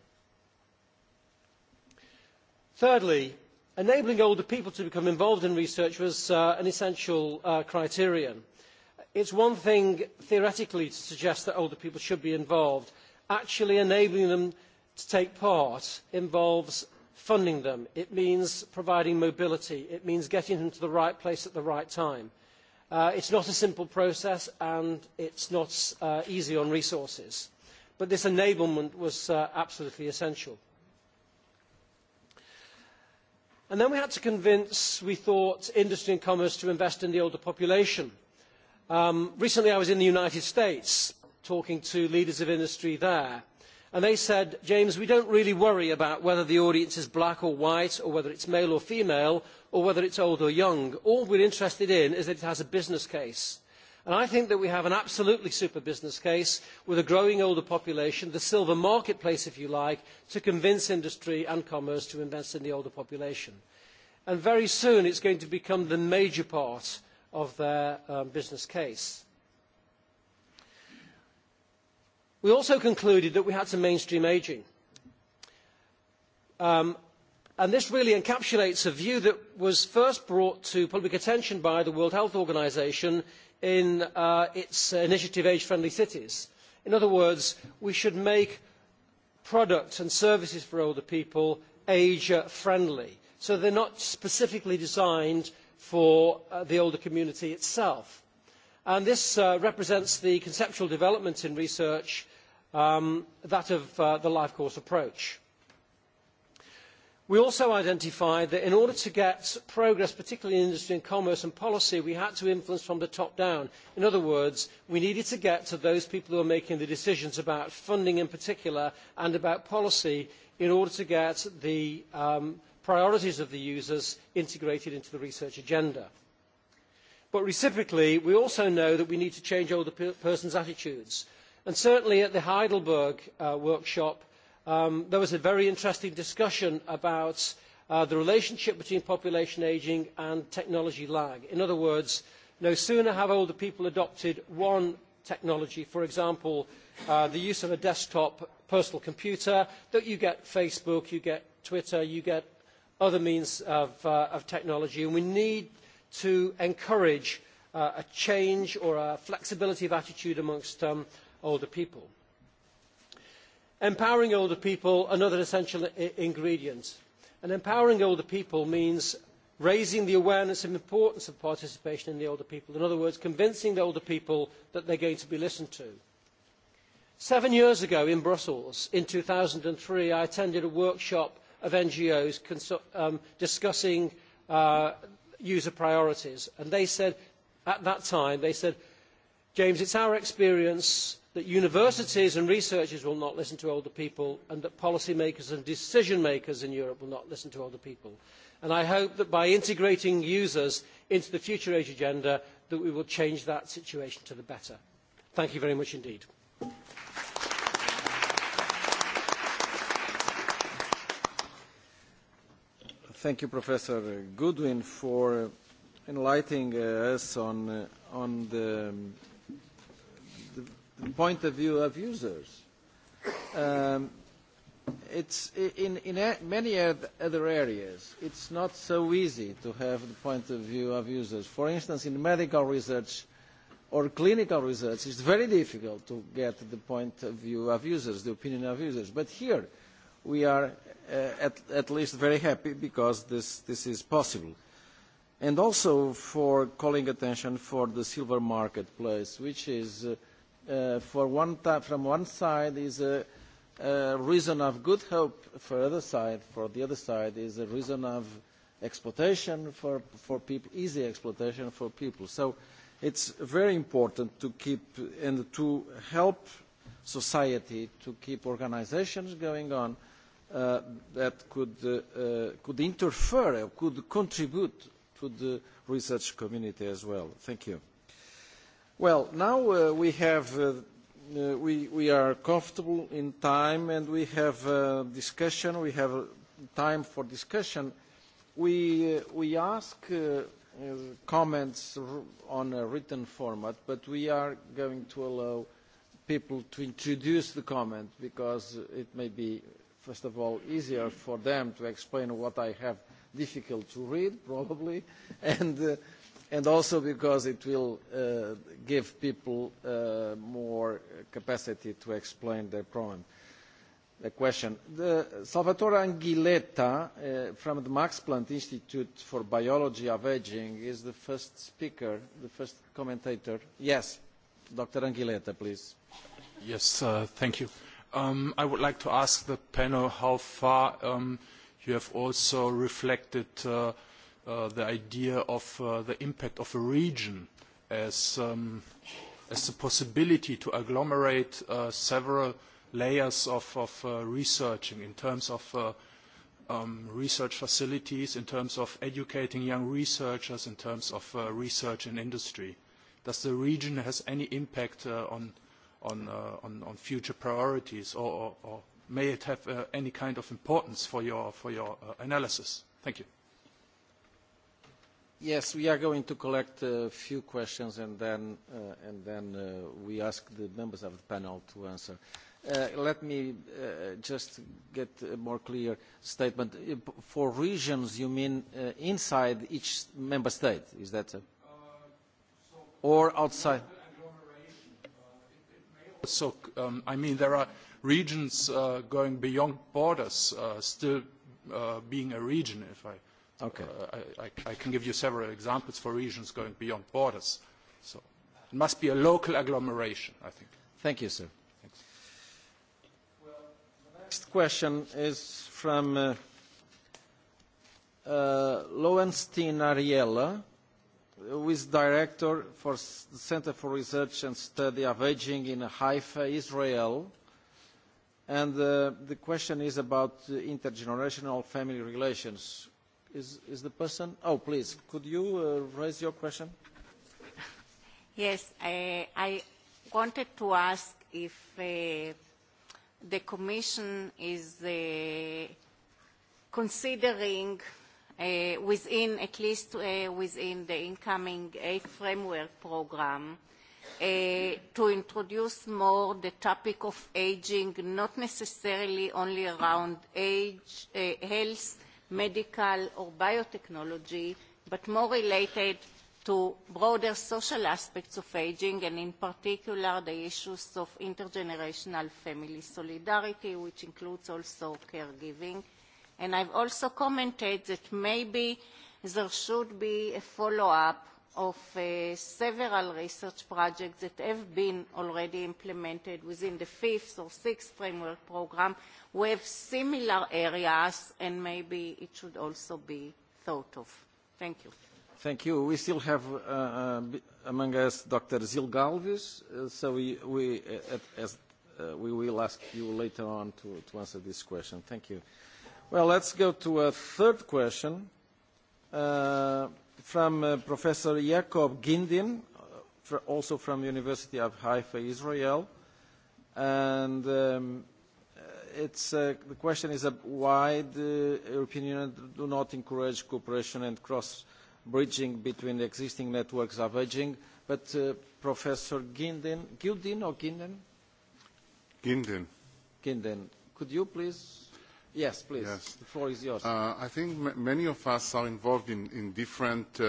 Thirdly, enabling older people to become involved in research was an essential criterion. It's one thing, theoretically, to suggest that older people should be involved. Actually enabling them to take part involves funding them. It means providing mobility. It means getting them to the right place at the right time. It's not a simple process and it's not easy on resources. But this enablement was absolutely essential. And then we had to convince, we thought, industry and commerce to invest in the older population. Recently I was in the United States talking to leaders of industry there They said, James, we do not really worry about whether the audience is black or white, or whether it is male or female, or whether it is old or young. All we are interested in is that it has a business case. I think that we have an absolutely super business case with a growing older population, the silver marketplace, if you like, to convince industry and commerce to invest in the older population. And very soon it is going to become the major part of their business case. We also concluded that we had to mainstream ageing. And this really encapsulates a view that was first brought to public attention by the World Health Organisation in its initiative Age Friendly Cities. In other words, we should make products and services for older people age friendly, so they are not specifically designed for the older community itself. This represents the conceptual development in research, that of the life course approach. We also identified that in order to get progress, particularly in industry and commerce and policy, we had to influence from the top down. In other words, we needed to get to those people who are making the decisions about funding in particular and about policy in order to get the priorities of the users integrated into the research agenda but reciprocally we also know that we need to change older persons' attitudes and certainly at the heidelberg workshop there was a very interesting discussion about the relationship between population ageing and technology lag. in other words no sooner have older people adopted one technology for example the use of a desktop personal computer that you get facebook you get twitter you get other means of technology and we need to encourage a change or a flexibility of attitude amongst older people. Empowering older people, another essential ingredient. And empowering older people means raising the awareness and importance of participation in the older people. In other words, convincing the older people that they are going to be listened to. Seven years ago in Brussels, in 2003, I attended a workshop of NGOs discussing user priorities. And they said, at that time, they said, James, it it's our experience that universities and researchers will not listen to older people and that policymakers and decision makers in Europe will not listen to older people. And I hope that by integrating users into the future age agenda, that we will change that situation to the better. Thank you very much indeed. Thank you, Professor Goodwin, for enlightening us on the point of view of users. It's in many other areas, it's not so easy to have the point of view of users. For instance, in medical research or clinical research, it's very difficult to get the point of view of users, the opinion of users. But here, we are at least very happy because this is possible. And also for calling attention for the silver marketplace, which is from one side is a reason of good hope for the other side, for the other side is a reason of exploitation for people, easy exploitation for people. So it's very important to keep and to help society to keep organizations going on that could interfere or could contribute to the research community as well. Thank you. Well, now we have we are comfortable in time and we have discussion. We have time for discussion. We we ask comments on a written format, but we are going to allow people to introduce the comment because it may be first of all, easier for them to explain what I have difficult to read, probably, and also because it will give people more capacity to explain their problem. The question. Salvatore Anguileta from the Max Planck Institute for Biology of Aging is the first speaker, the first commentator. Yes, Dr. Anguileta, please. Yes, thank you. I would like to ask the panel how far you have also reflected the idea of the impact of a region as the possibility to agglomerate several layers of researching in terms of research facilities, in terms of educating young researchers, in terms of research and industry. Does the region has any impact on on future priorities, or may it have any kind of importance for your analysis? Thank you. Yes, we are going to collect a few questions, and then we ask the members of the panel to answer. Let me just get a more clear statement. For regions, you mean inside each member state, is that or outside? So, I mean, there are regions going beyond borders still being a region. If I, I can give you several examples for regions going beyond borders. So, it must be a local agglomeration, I think. Thank you, sir. The next question is from Lowenstein Ariella is director for the Center for Research and Study of Aging in Haifa, Israel. And the question is about intergenerational family relations. Is the person? Oh, please, could you raise your question? Yes, I wanted to ask if the Commission is considering within, at least within the incoming A framework program, to introduce more the topic of aging, not necessarily only around age, health, medical or biotechnology, but more related to broader social aspects of aging and in particular the issues of intergenerational family solidarity, which includes also caregiving And I've also commented that maybe there should be a follow-up of several research projects that have been already implemented within the fifth or sixth framework program with similar areas, and maybe it should also be thought of. Thank you. Thank you. We still have among us Dr. Zil Galvis, so we will ask you later on to answer this question. Thank you. Well, let's go to a third question from Professor Jacob Gindin, also from University of Haifa, Israel. And it's, the question is why the European Union do not encourage cooperation and cross-bridging between the existing networks of aging. But Professor Gindin, Gildin or Gindin? Gindin. Gindin. Could you please Yes, please. The floor is yours. I think many of us are involved in different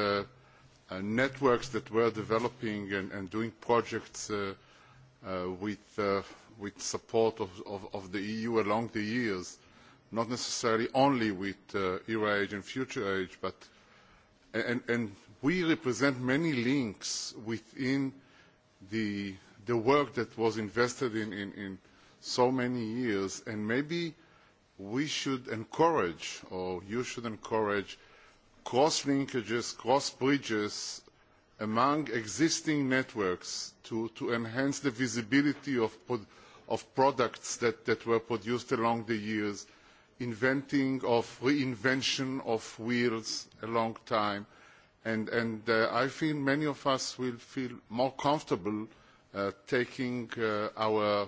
networks that were developing and doing projects with support of the EU along the years, not necessarily only with ERA-Age and Future-Age, but and we represent many links within the work that was invested in so many years, and maybe we should encourage, or you should encourage, cross-linkages, cross-bridges among existing networks to enhance the visibility of products that were produced along the years, inventing of reinvention of wheels a long time. And I feel many of us will feel more comfortable taking our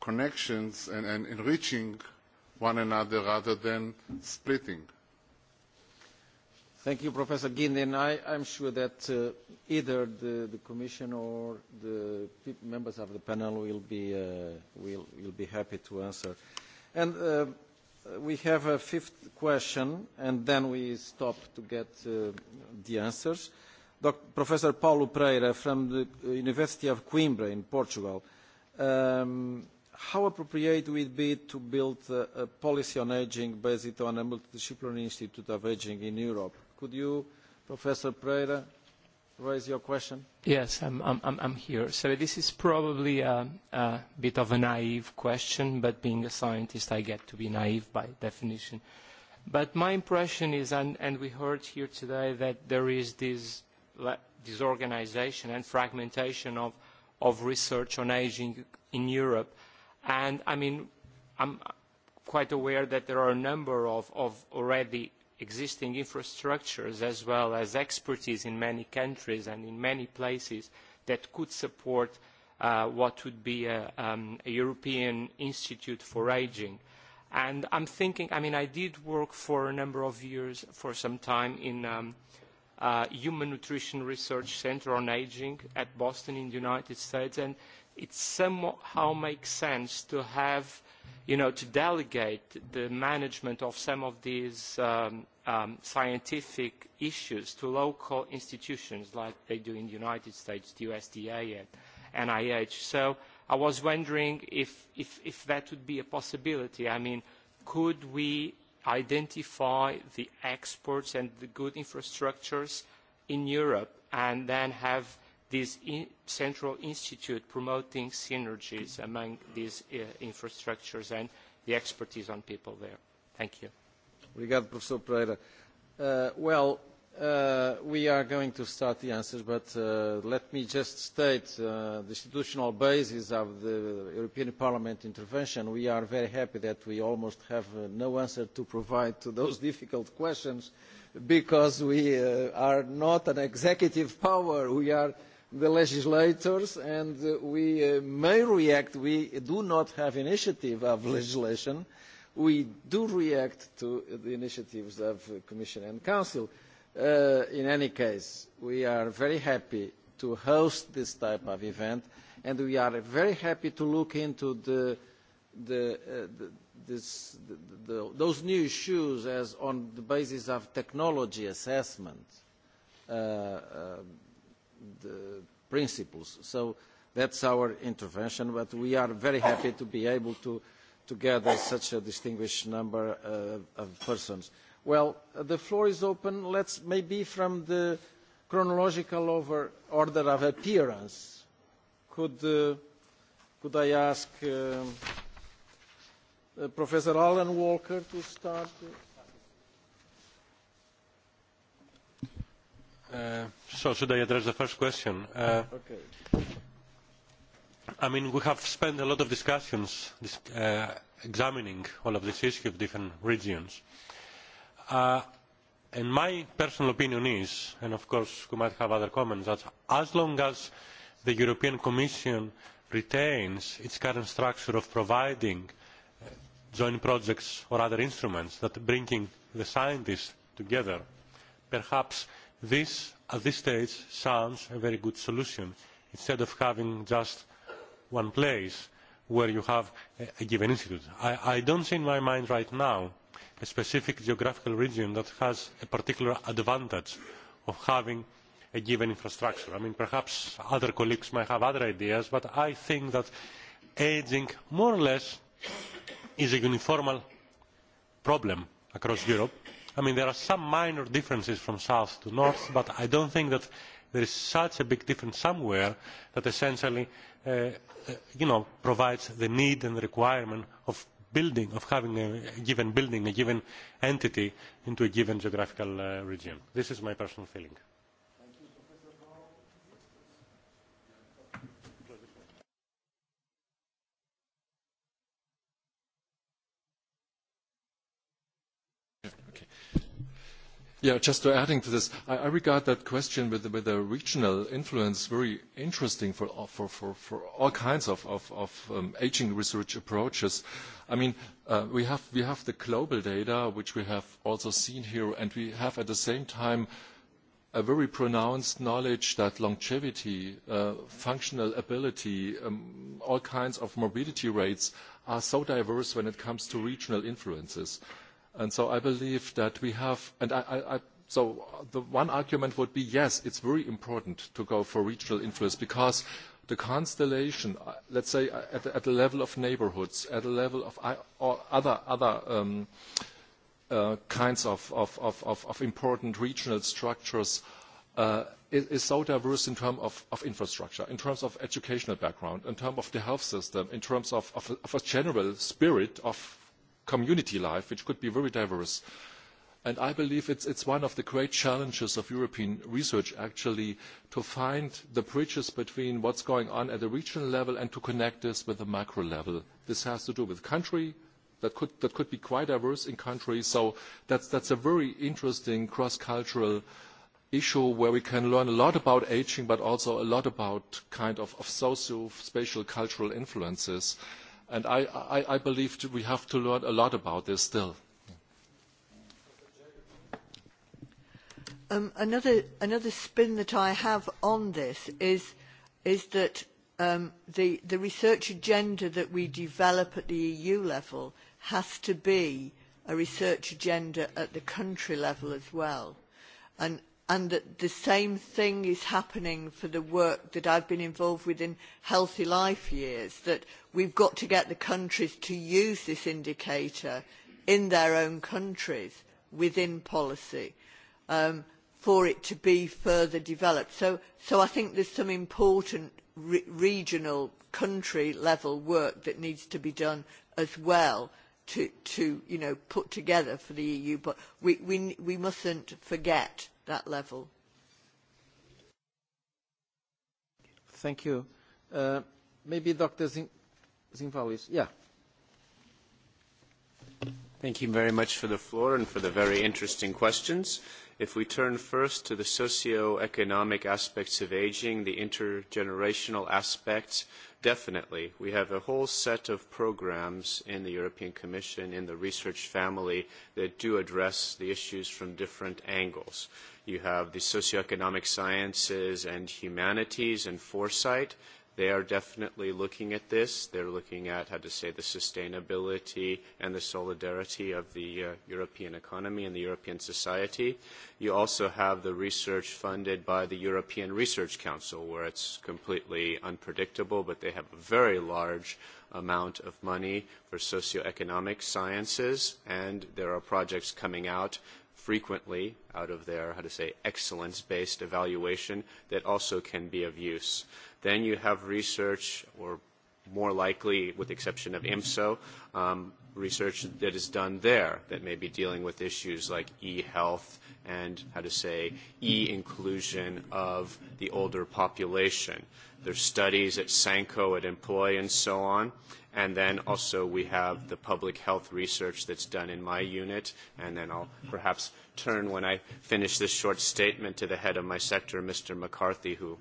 connections and enriching one another rather than splitting. Thank you, Professor Ginden. I am sure that either the Commission or the members of the panel will be happy to answer. And we have a fifth question, and then we stop to get the answers. Professor Paulo Pereira from the University of Coimbra in Portugal how appropriate would it be to build a policy on ageing based on a multidisciplinary institute of ageing in Europe? Could you, Professor Pereira, raise your question? Yes, I'm here. So this is probably a bit of a naive question, but being a scientist, I get to be naive by definition. But my impression is, and we heard here today, that there is this disorganisation and fragmentation of research on ageing in Europe I mean, I'm quite aware that there are a number of already existing infrastructures as well as expertise in many countries and in many places that could support what would be a European Institute for Aging. And I'm thinking, I mean, I did work for a number of years, for some time, in Human Nutrition Research Center on Aging at Boston in the United States, and it somehow makes sense to have, you know, to delegate the management of some of these scientific issues to local institutions like they do in the United States, the USDA and NIH. So I was wondering if that would be a possibility. I mean, could we identify the exports and the good infrastructures in Europe and then have this central institute promoting synergies among these infrastructures and the expertise on people there. Thank you. Obrigado, Professor Pereira. Well, We are going to start the answers, but let me just state the institutional basis of the European Parliament intervention. We are very happy that we almost have no answer to provide to those difficult questions, because we are not an executive power. We are the legislators, and we may react. We do not have initiative of legislation. We do react to the initiatives of Commission and Council In any case, we are very happy to host this type of event, and we are very happy to look into those new issues as on the basis of technology assessment principles. So that's our intervention, but we are very happy to be able to gather such a distinguished number of persons. Well, the floor is open. Let's maybe from the chronological order of appearance. Could I ask Professor Alan Walker to start? So should I address the first question? I mean, we have spent a lot of discussions examining all of this issue of different regions and my personal opinion is and of course we might have other comments that as long as the european commission retains its current structure of providing joint projects or other instruments that bringing the scientists together perhaps this at this stage sounds a very good solution instead of having just one place where you have a given institute. i do not see in my mind right now a specific geographical region that has a particular advantage of having a given infrastructure. I mean, perhaps other colleagues might have other ideas, but I think that ageing more or less is a uniform problem across Europe. I mean, there are some minor differences from south to north, but I don't think that there is such a big difference somewhere that essentially, provides the need and the requirement of building of having a given building a given entity into a given geographical region. this is my personal feeling. Yeah, just adding to this, I regard that question with the regional influence very interesting for all kinds of aging research approaches. I mean, we have the global data, which we have also seen here, and we have at the same time a very pronounced knowledge that longevity, functional ability, all kinds of morbidity rates are so diverse when it comes to regional influences. And so I believe that we have, and I, so the one argument would be, yes, it's very important to go for regional influence because the constellation, let's say at the level of neighborhoods, at the level of other other kinds of important regional structures, is so diverse in terms of infrastructure, in terms of educational background, in terms of the health system, in terms of a general spirit of community life, which could be very diverse. And I believe it's one of the great challenges of European research, actually, to find the bridges between what's going on at the regional level and to connect this with the macro level. This has to do with country. That could be quite diverse in countries. So that's a very interesting cross-cultural issue where we can learn a lot about ageing, but also a lot about kind of socio-spatial cultural influences. And I believe we have to learn a lot about this still. Another spin that I have on this is that the research agenda that we develop at the EU level has to be a research agenda at the country level as well. And and that the same thing is happening for the work that I've been involved with in Healthy Life years, that we've got to get the countries to use this indicator in their own countries within policy for it to be further developed. So I think there's some important regional country level work that needs to be done as well to put together for the EU, but we mustn't forget that level. Thank you. Maybe Dr. Zinvalis, Yeah. Thank you very much for the floor and for the very interesting questions. If we turn first to the socio-economic aspects of aging, the intergenerational aspects, definitely. We have a whole set of programs in the European Commission, in the research family, that do address the issues from different angles. You have the socioeconomic sciences and humanities and foresight. They are definitely looking at this. They're looking at how to say the sustainability and the solidarity of the European economy and the European society. You also have the research funded by the European Research Council, where it's completely unpredictable, but they have a very large amount of money for socioeconomic sciences, and there are projects coming out frequently out of their, how to say, excellence-based evaluation that also can be of use. Then you have research, or more likely, with the exception of IMSO, research that is done there that may be dealing with issues like e-health and, how to say, e-inclusion of the older population. There's studies at Sanko, at Employ, and so on. And then also we have the public health research that's done in my unit. And then I'll perhaps turn when I finish this short statement to the head of my sector, Mr. McCarthy, who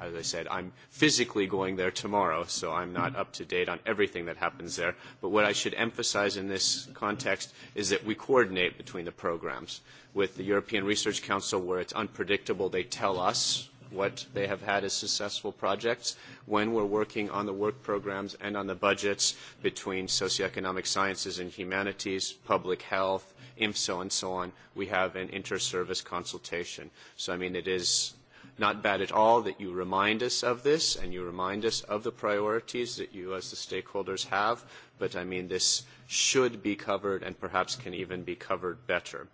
As I said, I'm physically going there tomorrow, so I'm not up to date on everything that happens there. But what I should emphasize in this context is that we coordinate between the programs. With the European Research Council, where it's unpredictable, they tell us what they have had as successful projects. When we're working on the work programs and on the budgets between socioeconomic sciences and humanities, public health, IMSO, and so on, we have an inter-service consultation. So, I mean, it is not bad at all that you remind us of this and you remind us of the priorities that you as the stakeholders have, but I mean this should be covered and perhaps can even be covered better.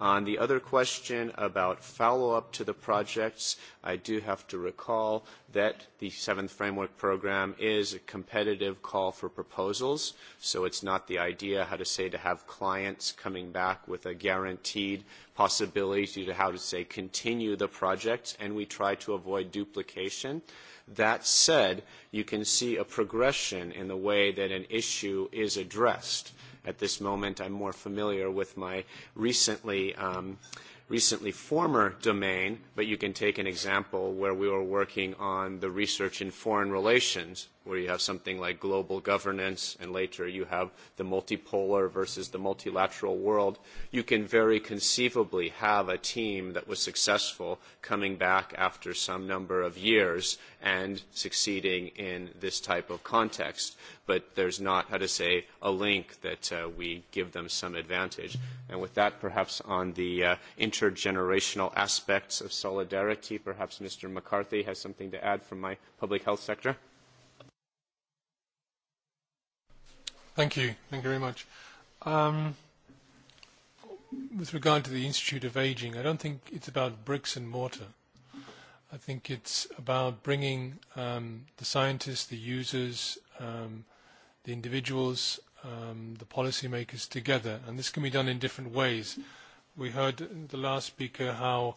On the other question about follow-up to the projects, I do have to recall that the Seventh Framework Program is a competitive call for proposals, so it's not the idea, how to say, to have clients coming back with a guaranteed possibility to, how to say, continue the project, and we try to avoid duplication. That said, you can see a progression in the way that an issue is addressed at this moment. I'm more familiar with my recently recently former domain, but you can take an example where we were working on the research in foreign relations where you have something like global governance and later you have the multipolar versus the multilateral world, you can very conceivably have a team that was successful coming back after some number of years and succeeding in this type of context. But there's not, how to say, a link that we give them some advantage. And with that, perhaps on the intergenerational aspects of solidarity, perhaps Mr. McCarthy has something to add from my public health sector. Thank you. Thank you very much. With regard to the Institute of Aging, I don't think it's about bricks and mortar. I think it's about bringing the scientists, the users, the individuals, the policymakers together. And this can be done in different ways. We heard the last speaker how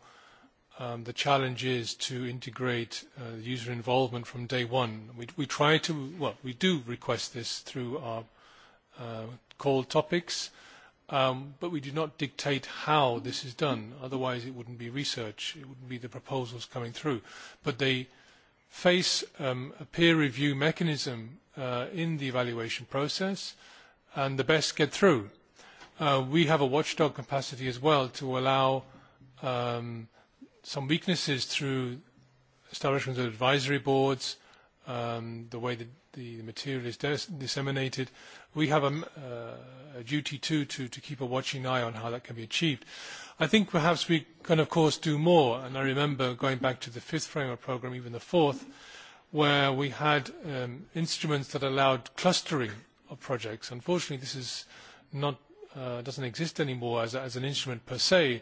the challenge is to integrate user involvement from day one. We try to, well, we do request this through our call topics, but we do not dictate how this is done. Otherwise, it wouldn't be research. It wouldn't be the proposals coming through. But they face a peer review mechanism in the evaluation process, and the best get through. We have a watchdog capacity as well to allow some weaknesses through establishments of advisory boards, the way that the material is disseminated. We have a duty too to keep a watching eye on how that can be achieved. I think perhaps we can of course do more, and I remember going back to the fifth framework programme, even the fourth, where we had instruments that allowed clustering of projects. Unfortunately, this is not doesn't exist anymore as an instrument per se,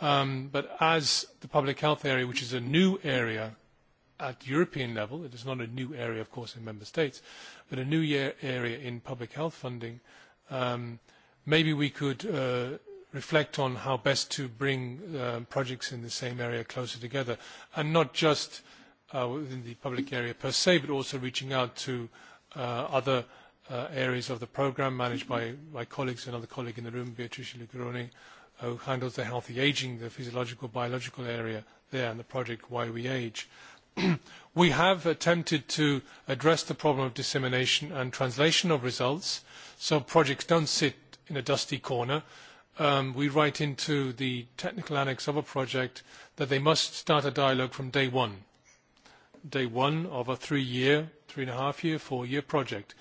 but as the public health area, which is a new area at European level. It is not a new area, of course, in member states, but a new area in public health funding. Maybe we could reflect on how best to bring projects in the same area closer together, and not just within the public area per se, but also reaching out to other areas of the programme managed by my colleagues, another colleague in the room, Beatrice Lugroni, who handles the healthy aging, the physiological, biological area there, and the project Why We Age We have attempted to address the problem of dissemination and translation of results, so projects don't sit in a dusty corner. We write into the technical annex of a project that they must start a dialogue from day one, day one of a three-year, three-and-a-half-year, four-year project.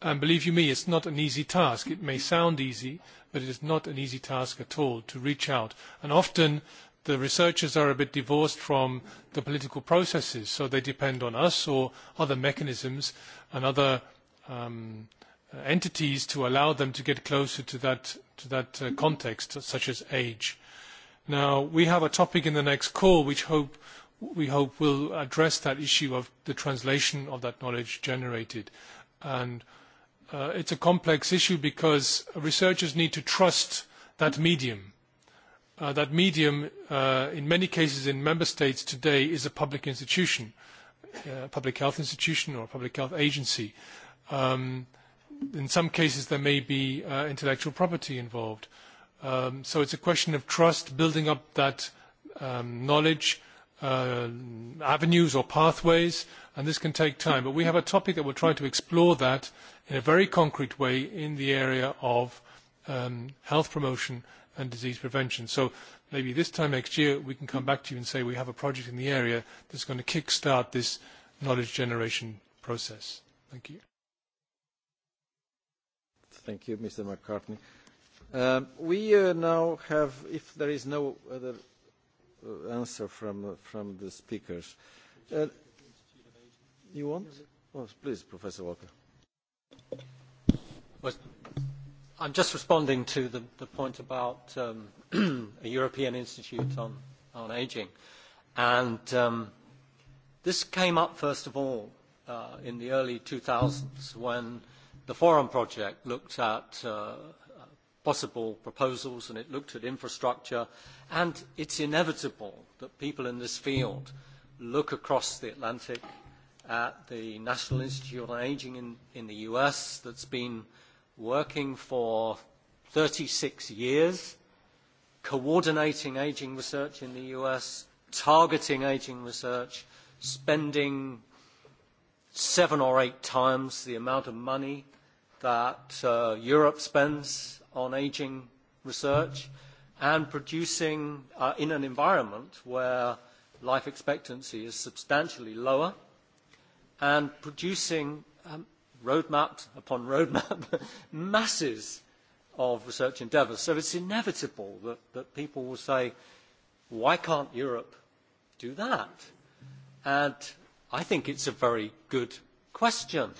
And believe you me, it's not an easy task. It may sound easy, but it is not an easy task at all to reach out. And often the researchers are a bit divorced from the political processes, so they depend on us or other mechanisms and other entities to allow them to get closer to that context, such as age. Now, we have a topic in the next call which we hope will address that issue of the translation of that knowledge generated. And it's a complex issue because researchers need to trust that medium that medium in many cases in member states today is a public institution a public health institution or a public health agency in some cases there may be intellectual property involved so it's a question of trust building up that knowledge avenues or pathways and this can take time but we have a topic that will trying to explore that in a very concrete way in the area of health promotion and disease prevention. So maybe this time next year we can come back to you and say we have a project in the area that's going to kick-start this knowledge generation process. Thank you. Thank you, Mr. McCartney. We now have, if there is no other answer from from the speakers, you want? Please, Professor Walker. I'm just responding to the point about a European Institute on Aging. And this came up, first of all, in the early 2000s when the Forum Project looked at possible proposals and it looked at infrastructure. And it's inevitable that people in this field look across the Atlantic at the National Institute on Aging in the US that's been working for 36 years, coordinating aging research in the US, targeting aging research, spending seven or eight times the amount of money that Europe spends on aging research, and producing in an environment where life expectancy is substantially lower, and producing roadmap upon roadmap, masses of research endeavours. So it's inevitable that people will say, why can't Europe do that? And I think it's a very good question.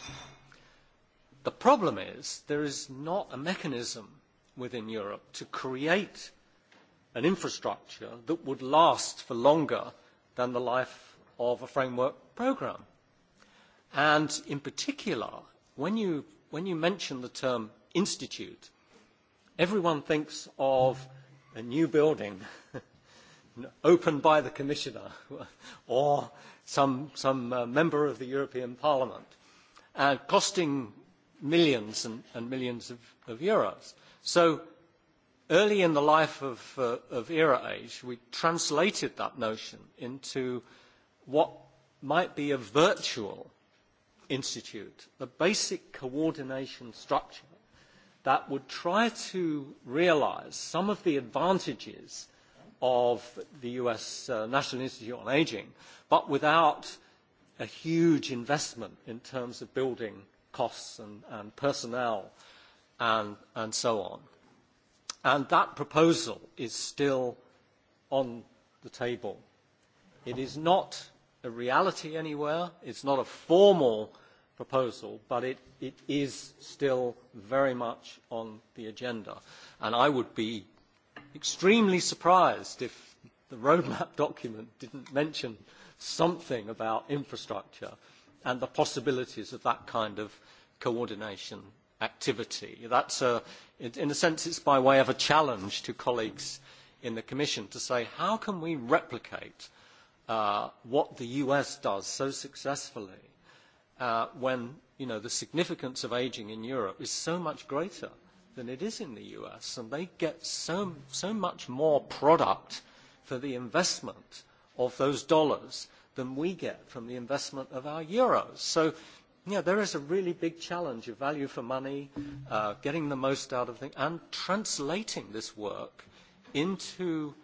The problem is there is not a mechanism within Europe to create an infrastructure that would last for longer than the life of a framework programme. And in particular, when you mention the term institute, everyone thinks of a new building opened by the commissioner or some member of the European Parliament and costing millions and millions of euros. So early in the life of ERA age, we translated that notion into what might be a virtual Institute, the basic coordination structure that would try to realize some of the advantages of the U.S. National Institute on Aging, but without a huge investment in terms of building costs and personnel and so on. And that proposal is still on the table. It is not the reality anywhere. It's not a formal proposal, but it is still very much on the agenda. And I would be extremely surprised if the roadmap document didn't mention something about infrastructure and the possibilities of that kind of coordination activity. That's a, in a sense, it's by way of a challenge to colleagues in the Commission to say, how can we replicate what the US does so successfully when you know, the significance of aging in Europe is so much greater than it is in the US, and they get so much more product for the investment of those dollars than we get from the investment of our euros. So there is a really big challenge of value for money, getting the most out of things, and translating this work into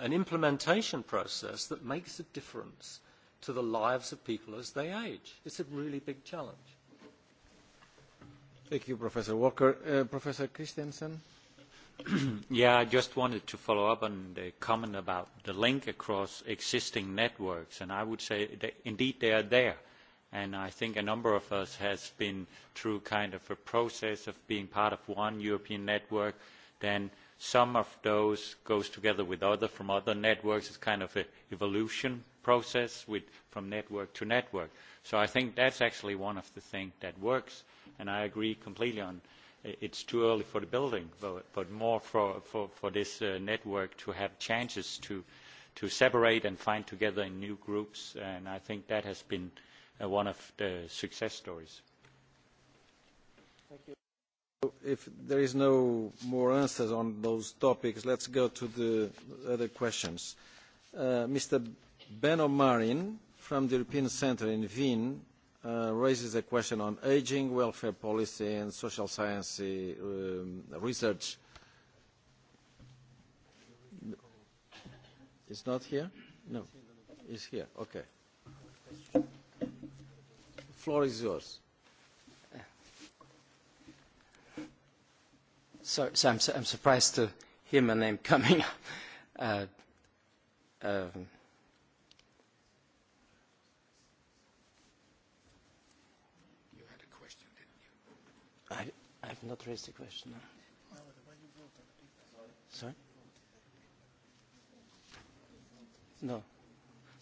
an implementation process that makes a difference to the lives of people as they age. It's a really big challenge. Thank you, Professor Walker. Professor Christensen? Yeah, I just wanted to follow up on the comment about the link across existing networks, and I would say indeed they are there. And I think a number of us has been through kind of a process of being part of one European network, then Some of those goes together with other from other networks. It's kind of an evolution process with from network to network. So I think that's actually one of the things that works, and I agree completely on it's too early for the building, but more for for this network to have chances to to separate and find together in new groups, and I think that has been one of the success stories. If there is no more answers on those topics, let's go to the other questions. Mr. Ben O'Marin from the European Centre in Wien raises a question on ageing, welfare policy and social science research. It's not here? No. It's here. Okay. floor is yours. So I'm surprised to hear my name coming up. You had a question, didn't you? I have not raised a question. Sorry? No.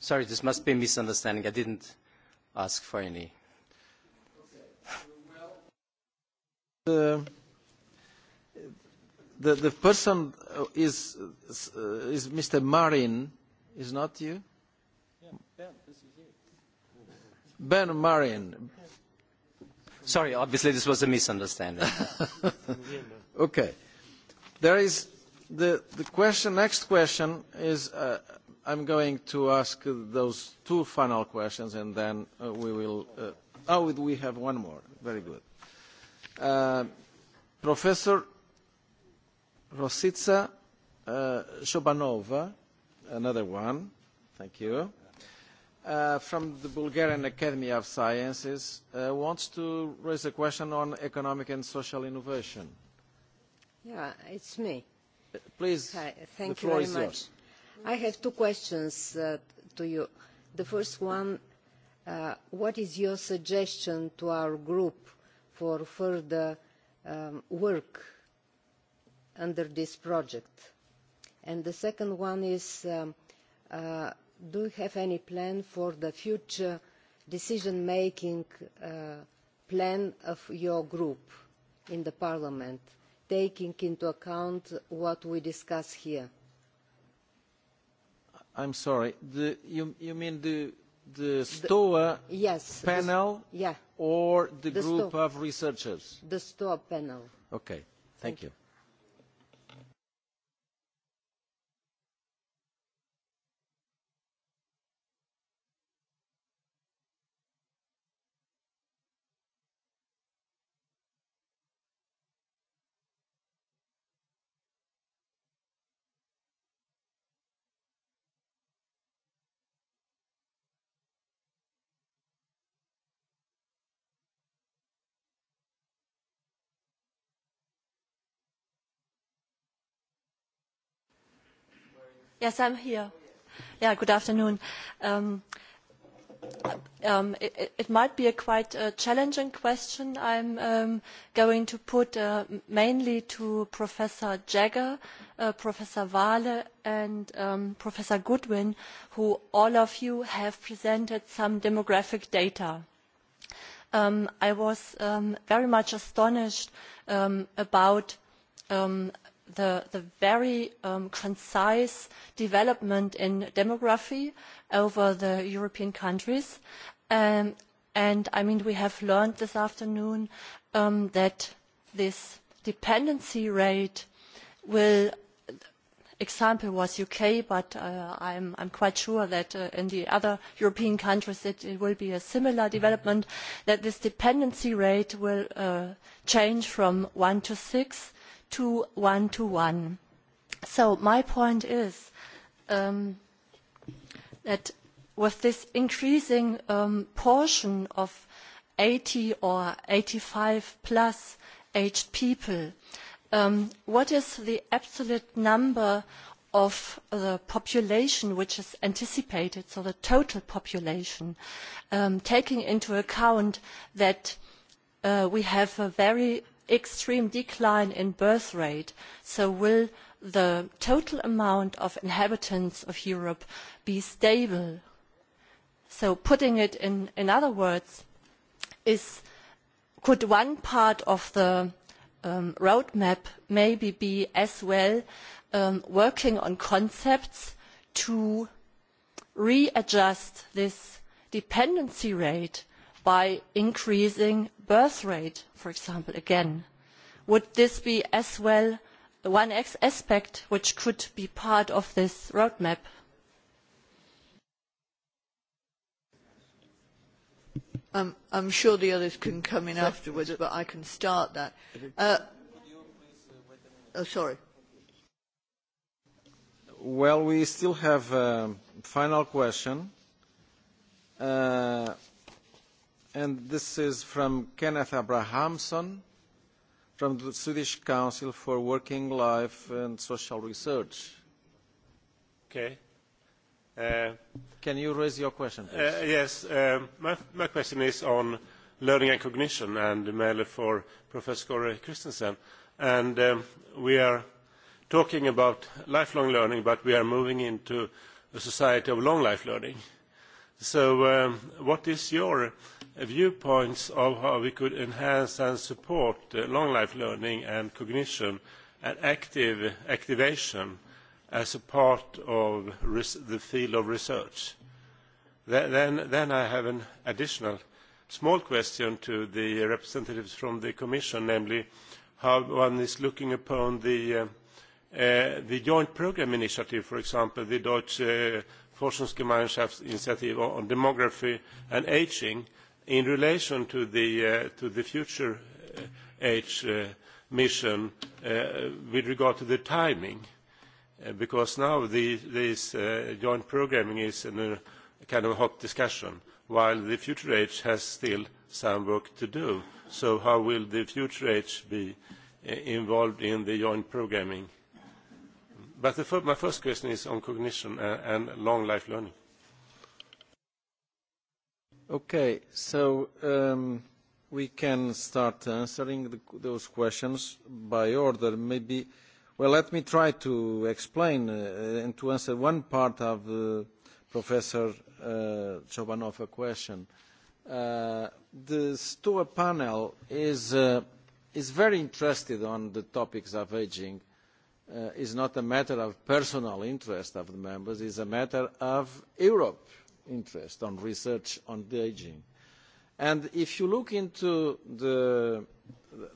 Sorry, this must be a misunderstanding. I didn't ask for any. The person is Mr. Marin, is not you? Ben Marin. Sorry, obviously this was a misunderstanding. Okay. There is the question. Next question is, I'm going to ask those two final questions and then we will. Oh, we have one more. Very good. Professor Rosica Shobanova, another one, thank you, from the Bulgarian Academy of Sciences, wants to raise a question on economic and social innovation. Yeah, it's me. Please, the floor is yours. I have two questions to you. The first one, what is your suggestion to our group for further work under this project? And the second one is, do you have any plan for the future decision-making plan of your group in the Parliament, taking into account what we discuss here? I'm sorry, you mean the the STOA panel or the group of researchers? The STOA panel. Okay, thank you. Yes, I'm here. Yeah, good afternoon. It might be a quite challenging question. I'm going to put mainly to Professor Jagger, Professor Wahle and Professor Goodwin, who all of you have presented some demographic data. I was very much astonished about the very concise development in demography over the European countries. And I mean, we have learned this afternoon that this dependency rate will, example was UK, but I'm quite sure that in the other European countries it will be a similar development, that this dependency rate will change from 1 to 6 to one to one. So my point is that with this increasing portion of 80 or 85 plus aged people, what is the absolute number of the population which is anticipated, so the total population, taking into account that we have a very extreme decline in birth rate, so will the total amount of inhabitants of Europe be stable? So putting it in other words, could one part of the roadmap maybe be as well working on concepts to readjust this dependency rate by increasing birth rate, for example, again, would this be as well one aspect which could be part of this roadmap? I'm sure the others can come in afterwards, but I can start that. Oh, sorry. Well, we still have a final question and this is from Kenneth Abrahamson from the Swedish Council for Working Life and Social Research. Okay. Can you raise your question, Yes. My question is on learning and cognition and mainly for Professor Gore Christensen. And we are talking about lifelong learning, but we are moving into a society of long life learning. So what is your viewpoints of how we could enhance and support long life learning and cognition and active activation as a part of the field of research. Then I have an additional small question to the representatives from the Commission, namely how one is looking upon the joint programme initiative, for example, the Deutsche initiative on demography and ageing In relation to the future age mission, with regard to the timing, because now this joint programming is in a kind of hot discussion, while the future age has still some work to do. So how will the future age be involved in the joint programming? But my first question is on cognition and long life learning. Okay, so we can start answering those questions by order. Maybe, well, let me try to explain and to answer one part of Professor Chobanova's question. The STOA panel is very interested on the topics of aging. It's not a matter of personal interest of the members. It's a matter of Europe interest on research on ageing, And if you look into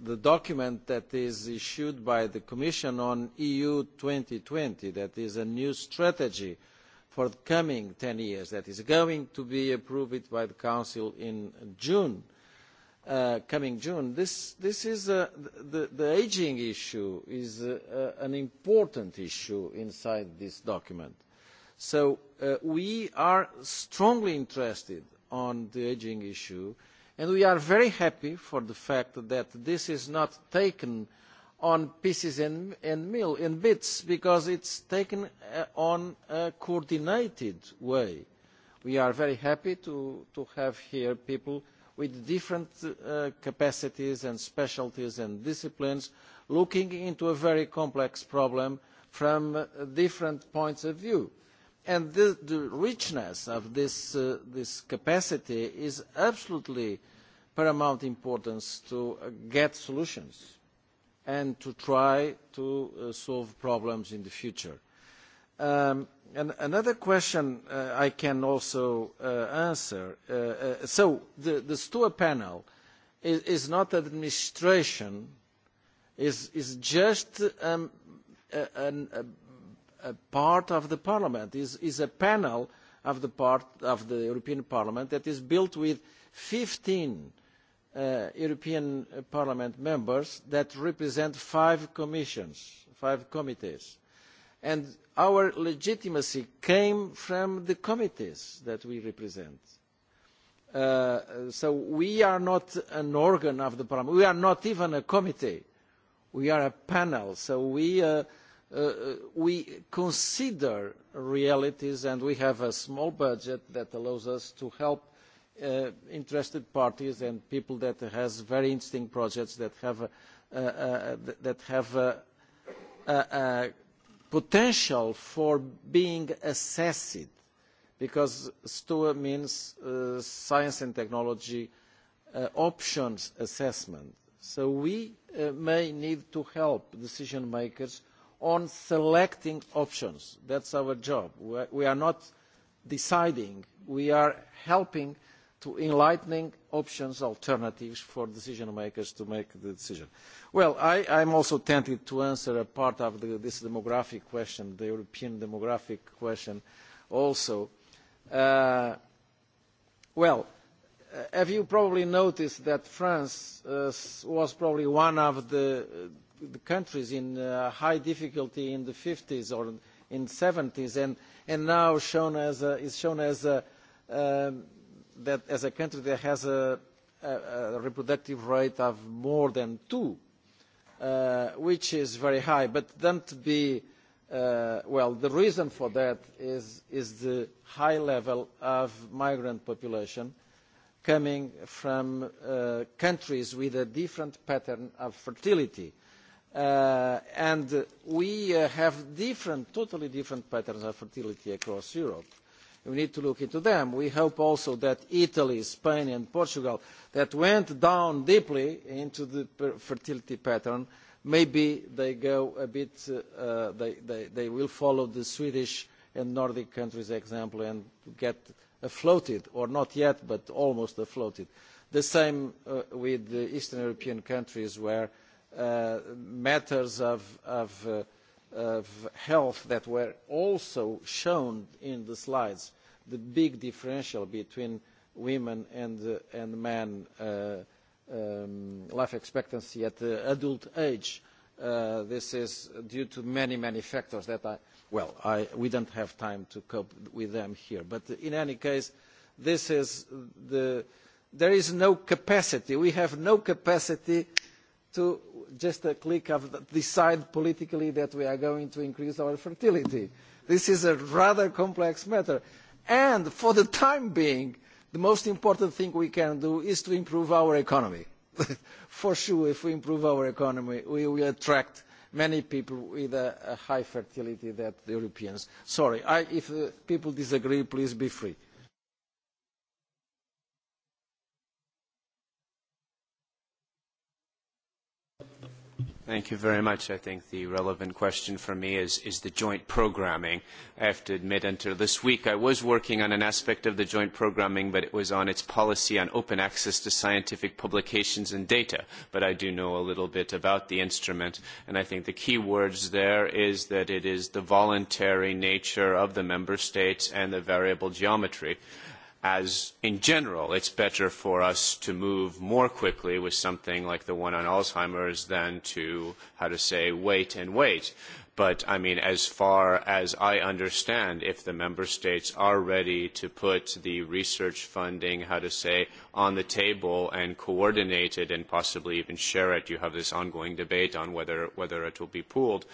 the document that is issued by the Commission on EU 2020, that is a new strategy for the coming 10 years, that is going to be approved by the Council in June, coming June, this is the ageing issue is an important issue inside this document So we are strongly interested on the ageing issue, and we are very happy for the fact that this is not taken on pieces and mill and bits, because it's taken on a coordinated way. We are very happy to have here people with different capacities and specialties and disciplines, looking into a very complex problem from different points of view. And the richness of this capacity is absolutely paramount importance to get solutions and to try to solve problems in the future. Another question I can also answer. So the STOA panel is not administration, is just a part of the Parliament, is a panel of the part of the European Parliament that is built with 15 European Parliament members that represent five commissions, five committees. And our legitimacy came from the committees that we represent. So we are not an organ of the Parliament. We are not even a committee. We are a panel. So we we consider realities and we have a small budget that allows us to help interested parties and people that have very interesting projects that have a potential for being assessed because STOA means science and technology options assessment. So we may need to help decision makers on selecting options. That's our job. We are not deciding. We are helping to enlightening options, alternatives for decision makers to make the decision. Well, I I'm also tempted to answer a part of this demographic question, the European demographic question also. Well, have you probably noticed that France was probably one of the the countries in high difficulty in the 50s or in 70s and now shown as is shown as that as a country that has a reproductive rate of more than two, which is very high. But don't be well. The reason for that is is the high level of migrant population coming from countries with a different pattern of fertility and we have different, totally different patterns of fertility across Europe. We need to look into them. We hope also that Italy, Spain and Portugal, that went down deeply into the fertility pattern, maybe they go a bit, they will follow the Swedish and Nordic countries example and get afloated, or not yet, but almost afloated. The same with the Eastern European countries where matters of health that were also shown in the slides, the big differential between women and men life expectancy at adult age. This is due to many, many factors that I, well, we don't have time to cope with them here. But in any case, this is the, there is no capacity. We have no capacity to just a click of decide politically that we are going to increase our fertility. This is a rather complex matter. And for the time being, the most important thing we can do is to improve our economy. For sure, if we improve our economy, we will attract many people with a high fertility than the Europeans. Sorry, if people disagree, please be free. Thank you very much. I think the relevant question for me is, is the joint programming. I have to admit, until this week, I was working on an aspect of the joint programming, but it was on its policy on open access to scientific publications and data. But I do know a little bit about the instrument, and I think the key words there is that it is the voluntary nature of the member states and the variable geometry as in general it's better for us to move more quickly with something like the one on Alzheimer's than to, how to say, wait and wait. But, I mean, as far as I understand, if the member states are ready to put the research funding, how to say, on the table and coordinate it and possibly even share it, you have this ongoing debate on whether whether it will be pooled.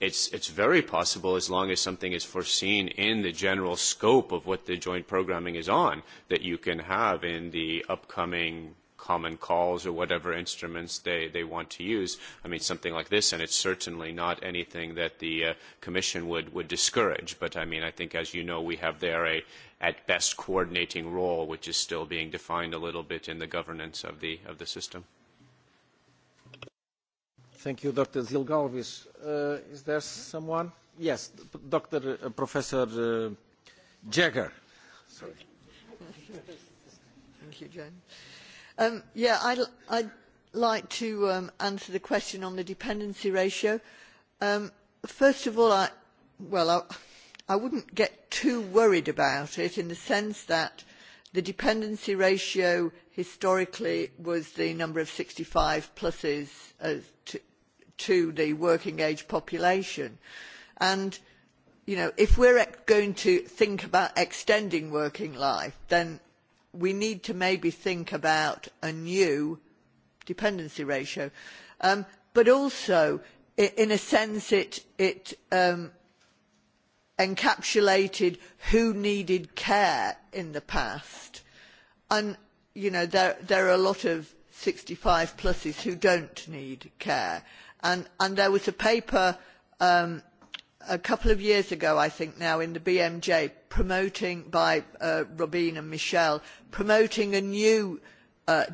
It's it's very possible, as long as something is foreseen in the general scope of what the joint programming is on, that you can have in the upcoming common calls or whatever instruments they they want to use. I mean something like this, and it's certainly not anything that the Commission would would discourage. But I mean I think as you know we have there a at best coordinating role which is still being defined a little bit in the governance of the of the system. Thank you, Dr. Zilgalvis. Is there someone? Yes, Dr. Professor Jagger. Sorry. Thank you, Yeah, I'd like to answer the question on the dependency ratio. First of all, I well, I wouldn't get too worried about it in the sense that the dependency ratio historically was the number of sixty five pluses to the working age population, and you know if we're going to think about extending working life, then we need to maybe think about a new dependency ratio. But also, in a sense, it encapsulated who needed care in the past. And, you know, there are a lot of 65-pluses who don't need care. And there was a paper a couple of years ago i think now in the bmj promoting by robin and michel promoting a new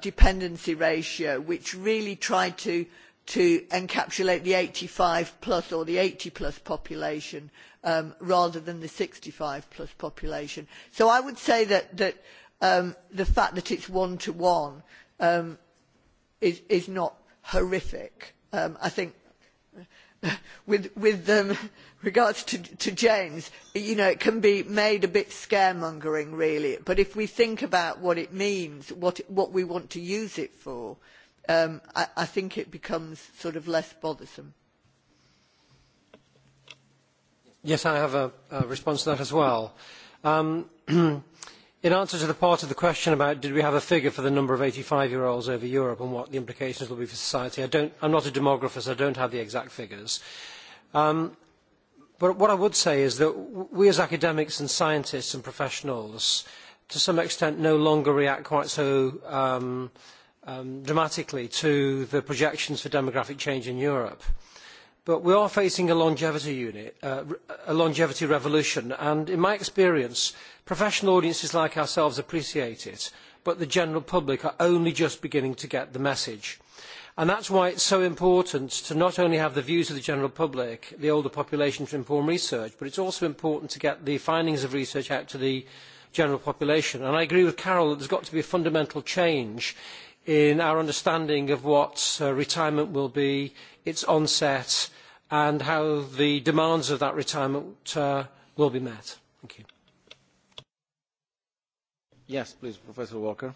dependency ratio which really tried to encapsulate the 85 plus or the 80 plus population rather than the 65 plus population. so i would say that the fact that it's one to one is not horrific. i think with regards to James, you know, it can be made a bit scaremongering, really. But if we think about what it means, what we want to use it for, I think it becomes sort of less bothersome. Yes, I have a response to that as well in answer to the part of the question about did we have a figure for the number of eighty five year olds over europe and what the implications will be for society i am not a demographer so i do not have the exact figures but what i would say is that we as academics and scientists and professionals to some extent no longer react quite so dramatically to the projections for demographic change in europe. But we are facing a longevity unit, a longevity revolution, and in my experience, professional audiences like ourselves appreciate it, but the general public are only just beginning to get the message. And that's why it's so important to not only have the views of the general public, the older population, to inform research, but it's also important to get the findings of research out to the general population. And I agree with Carol that there's got to be a fundamental change in our understanding of what retirement will be, its onset, and how the demands of that retirement will be met. Thank you. Yes, please, Professor Walker.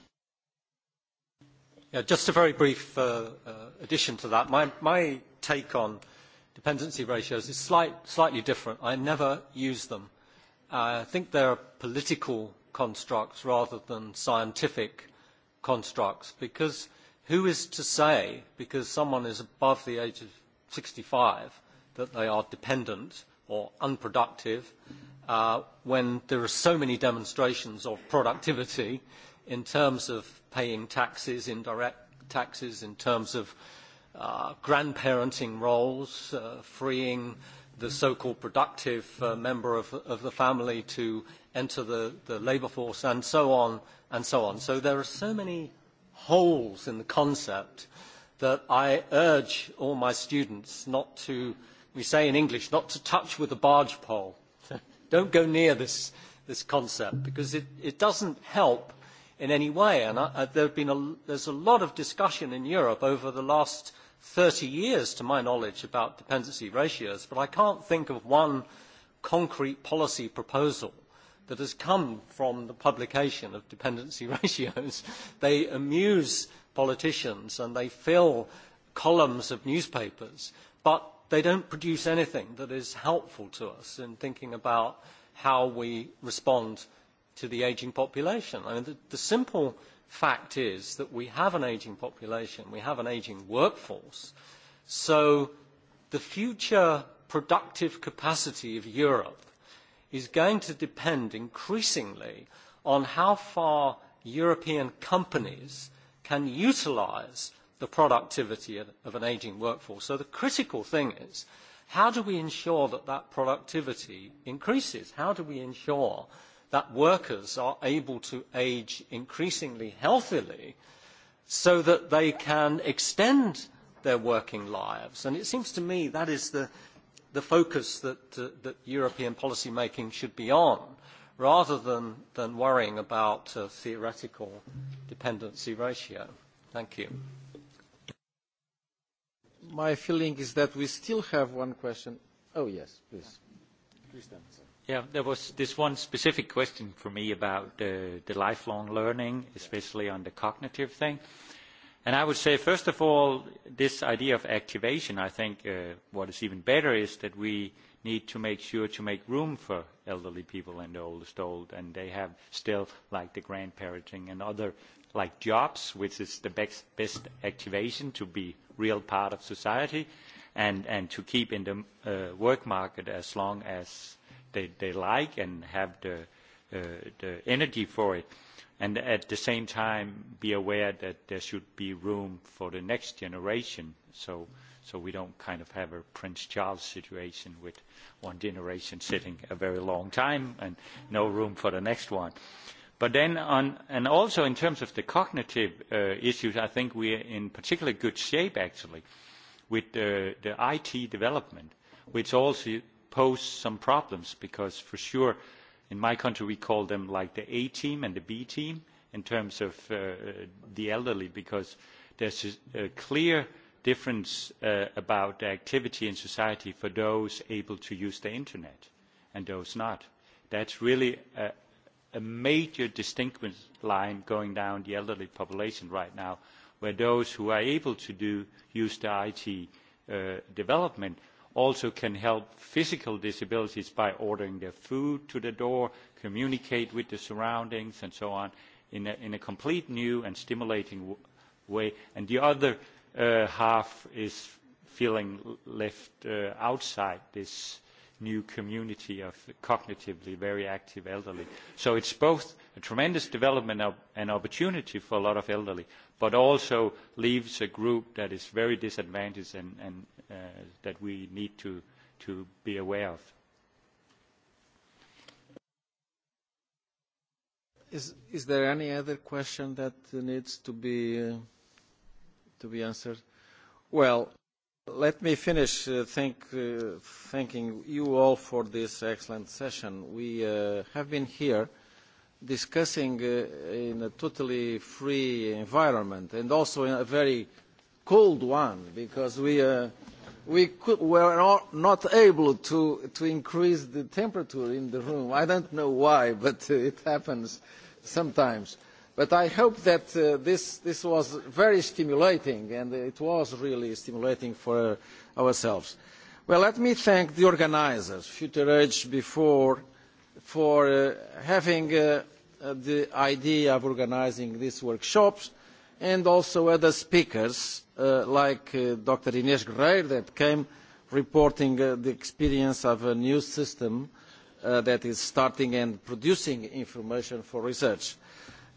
Just a very brief addition to that. My take on dependency ratios is slightly different. I never use them. I think they're political constructs rather than scientific constructs because who is to say because someone is above the age of 65 that they are dependent or unproductive when there are so many demonstrations of productivity in terms of paying taxes, indirect taxes, in terms of grandparenting roles, freeing the so-called productive member of the family to enter the labour force, and so on and so on. So there are so many holes in the concept that I urge all my students not to, we say in English, not to touch with a barge pole. Don't go near this concept because it doesn't help in any way. And there's a lot of discussion in Europe over the last 30 years, to my knowledge, about dependency ratios, but I can't think of one concrete policy proposal that has come from the publication of dependency ratios. They amuse politicians and they fill columns of newspapers, but they don't produce anything that is helpful to us in thinking about how we respond to the ageing population. I mean, the simple fact is that we have an ageing population, we have an ageing workforce, so the future productive capacity of Europe is going to depend increasingly on how far European companies can utilise the productivity of an aging workforce. So the critical thing is, how do we ensure that that productivity increases? How do we ensure that workers are able to age increasingly healthily so that they can extend their working lives? And it seems to me that is the the focus that European policy making should be on, rather than worrying about theoretical dependency ratio. Thank you. My feeling is that we still have one question. Oh, yes, please. Yeah, there was this one specific question for me about the lifelong learning, especially on the cognitive thing i would say first of all this idea of activation i think what is even better is that we need to make sure to make room for elderly people and the oldest old and they have still like the grandparenting and other like jobs which is the best best activation to be real part of society and and to keep in the work market as long as they they like and have the the energy for it and at the same time be aware that there should be room for the next generation so so we don't kind of have a Prince Charles situation with one generation sitting a very long time and no room for the next one. But then on and also in terms of the cognitive issues I think we are in particularly good shape actually with the IT development which also poses some problems because for sure in my country we call them like the a team and the b team in terms of the elderly because there is a clear difference about the activity in society for those able to use the internet and those not. That's really a major distinction line going down the elderly population right now, where those who are able to do use the IT development also can help physical disabilities by ordering their food to the door, communicate with the surroundings and so on in a complete new and stimulating way. And the other half is feeling left outside this new community of cognitively very active elderly. So it's both a tremendous development and opportunity for a lot of elderly, but also leaves a group that is very disadvantaged and that we need to be aware of. Is there any other question that needs to be answered? Well. Let me finish thanking you all for this excellent session. We have been here discussing in a totally free environment and also in a very cold one because we were not able to increase the temperature in the room. I don't know why, but it happens sometimes. But I hope that this was very stimulating, and it was really stimulating for ourselves. Well, let me thank the organisers, Future Age, before, for having the idea of organising these workshops, and also other speakers like Dr. Inés Guerreiro, that came reporting the experience of a new system that is starting and producing information for research.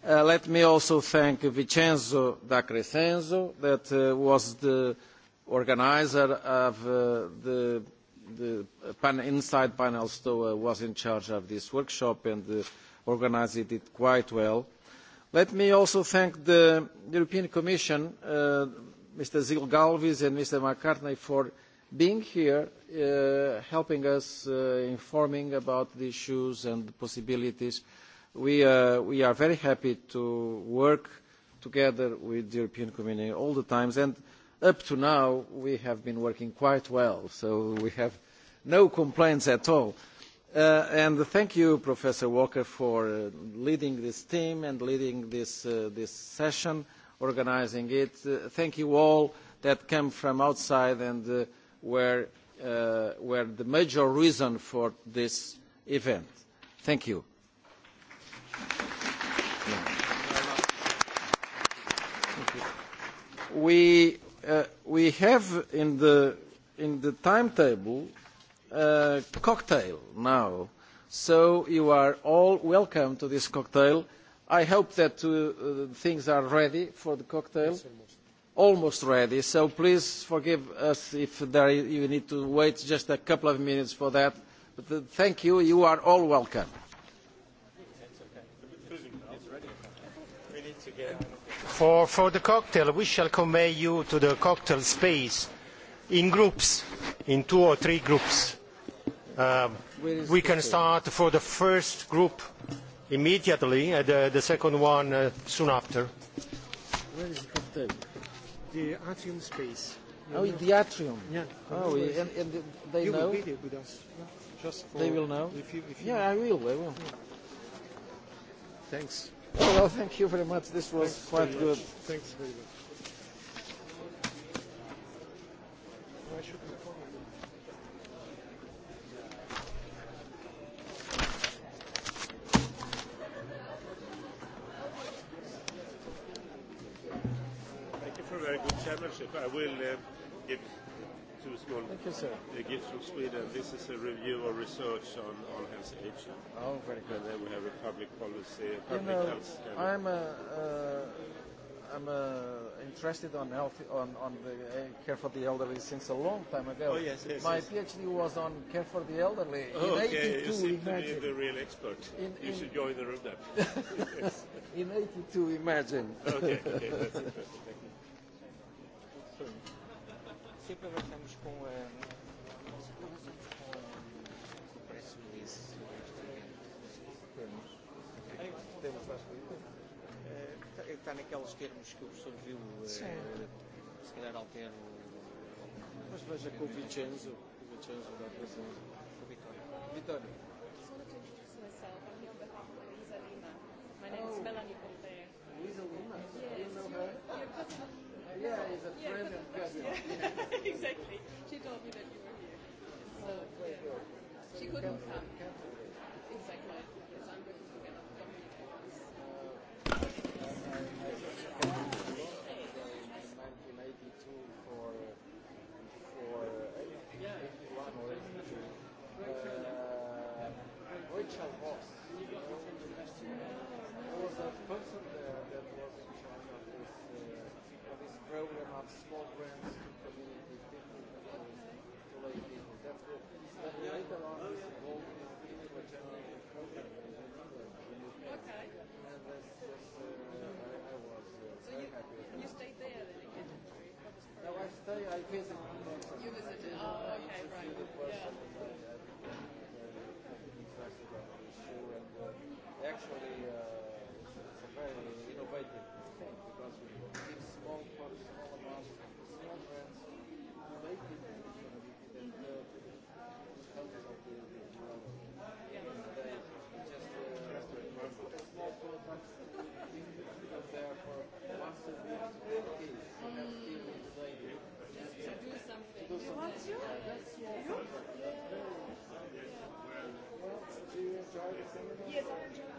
Let me also thank Vincenzo da Crescenzo, that was the organizer of the Inside Panel Stoa, was in charge of this workshop and organised it quite well. Let me also thank the European Commission, Mr. Zilgalvis and Mr. McCartney, for being here, helping us, informing about the issues and the possibilities we are very happy to work together with the European Community all the time. And up to now, we have been working quite well, so we have no complaints at all. And thank you, Professor Walker, for leading this team and leading this session, organising it. Thank you all that came from outside and were the major reason for this event. Thank you. We we have in the in the timetable a cocktail now, so you are all welcome to this cocktail. I hope that things are ready for the cocktail, almost ready. So please forgive us if there you need to wait just a couple of minutes for that. But thank you. You are all welcome. For, for the cocktail, we shall convey you to the cocktail space in groups, in two or three groups. We can start for the first group immediately, and the second one soon after. Where is the cocktail? The atrium space. Oh, the atrium. Yeah. Oh, and they know. You will be there with us. Just for. They will know. Yeah, I will. They will. Thanks. Well, thank you very much. This was quite good. Thanks very much. Thank you for a very good chairmanship. I will School. Thank you, sir. They gift from Sweden. This is a review or research on, on health aging. Oh, very good. And then we have a public policy, a public you know, health. I'm a, uh, I'm a interested on health, on, on the care for the elderly since a long time ago. Oh, yes, yes. My yes. PhD was on care for the elderly oh, in okay. 82. You seem imagine. to be the real expert. In, you in, should join the room then. in 82, imagine. Okay, okay, that's interesting. Thank you. Supervisor Está naqueles termos que o professor viu, se calhar altero. Mas veja com o o da Vitória. Melanie She couldn't come. Exactly. Yes, I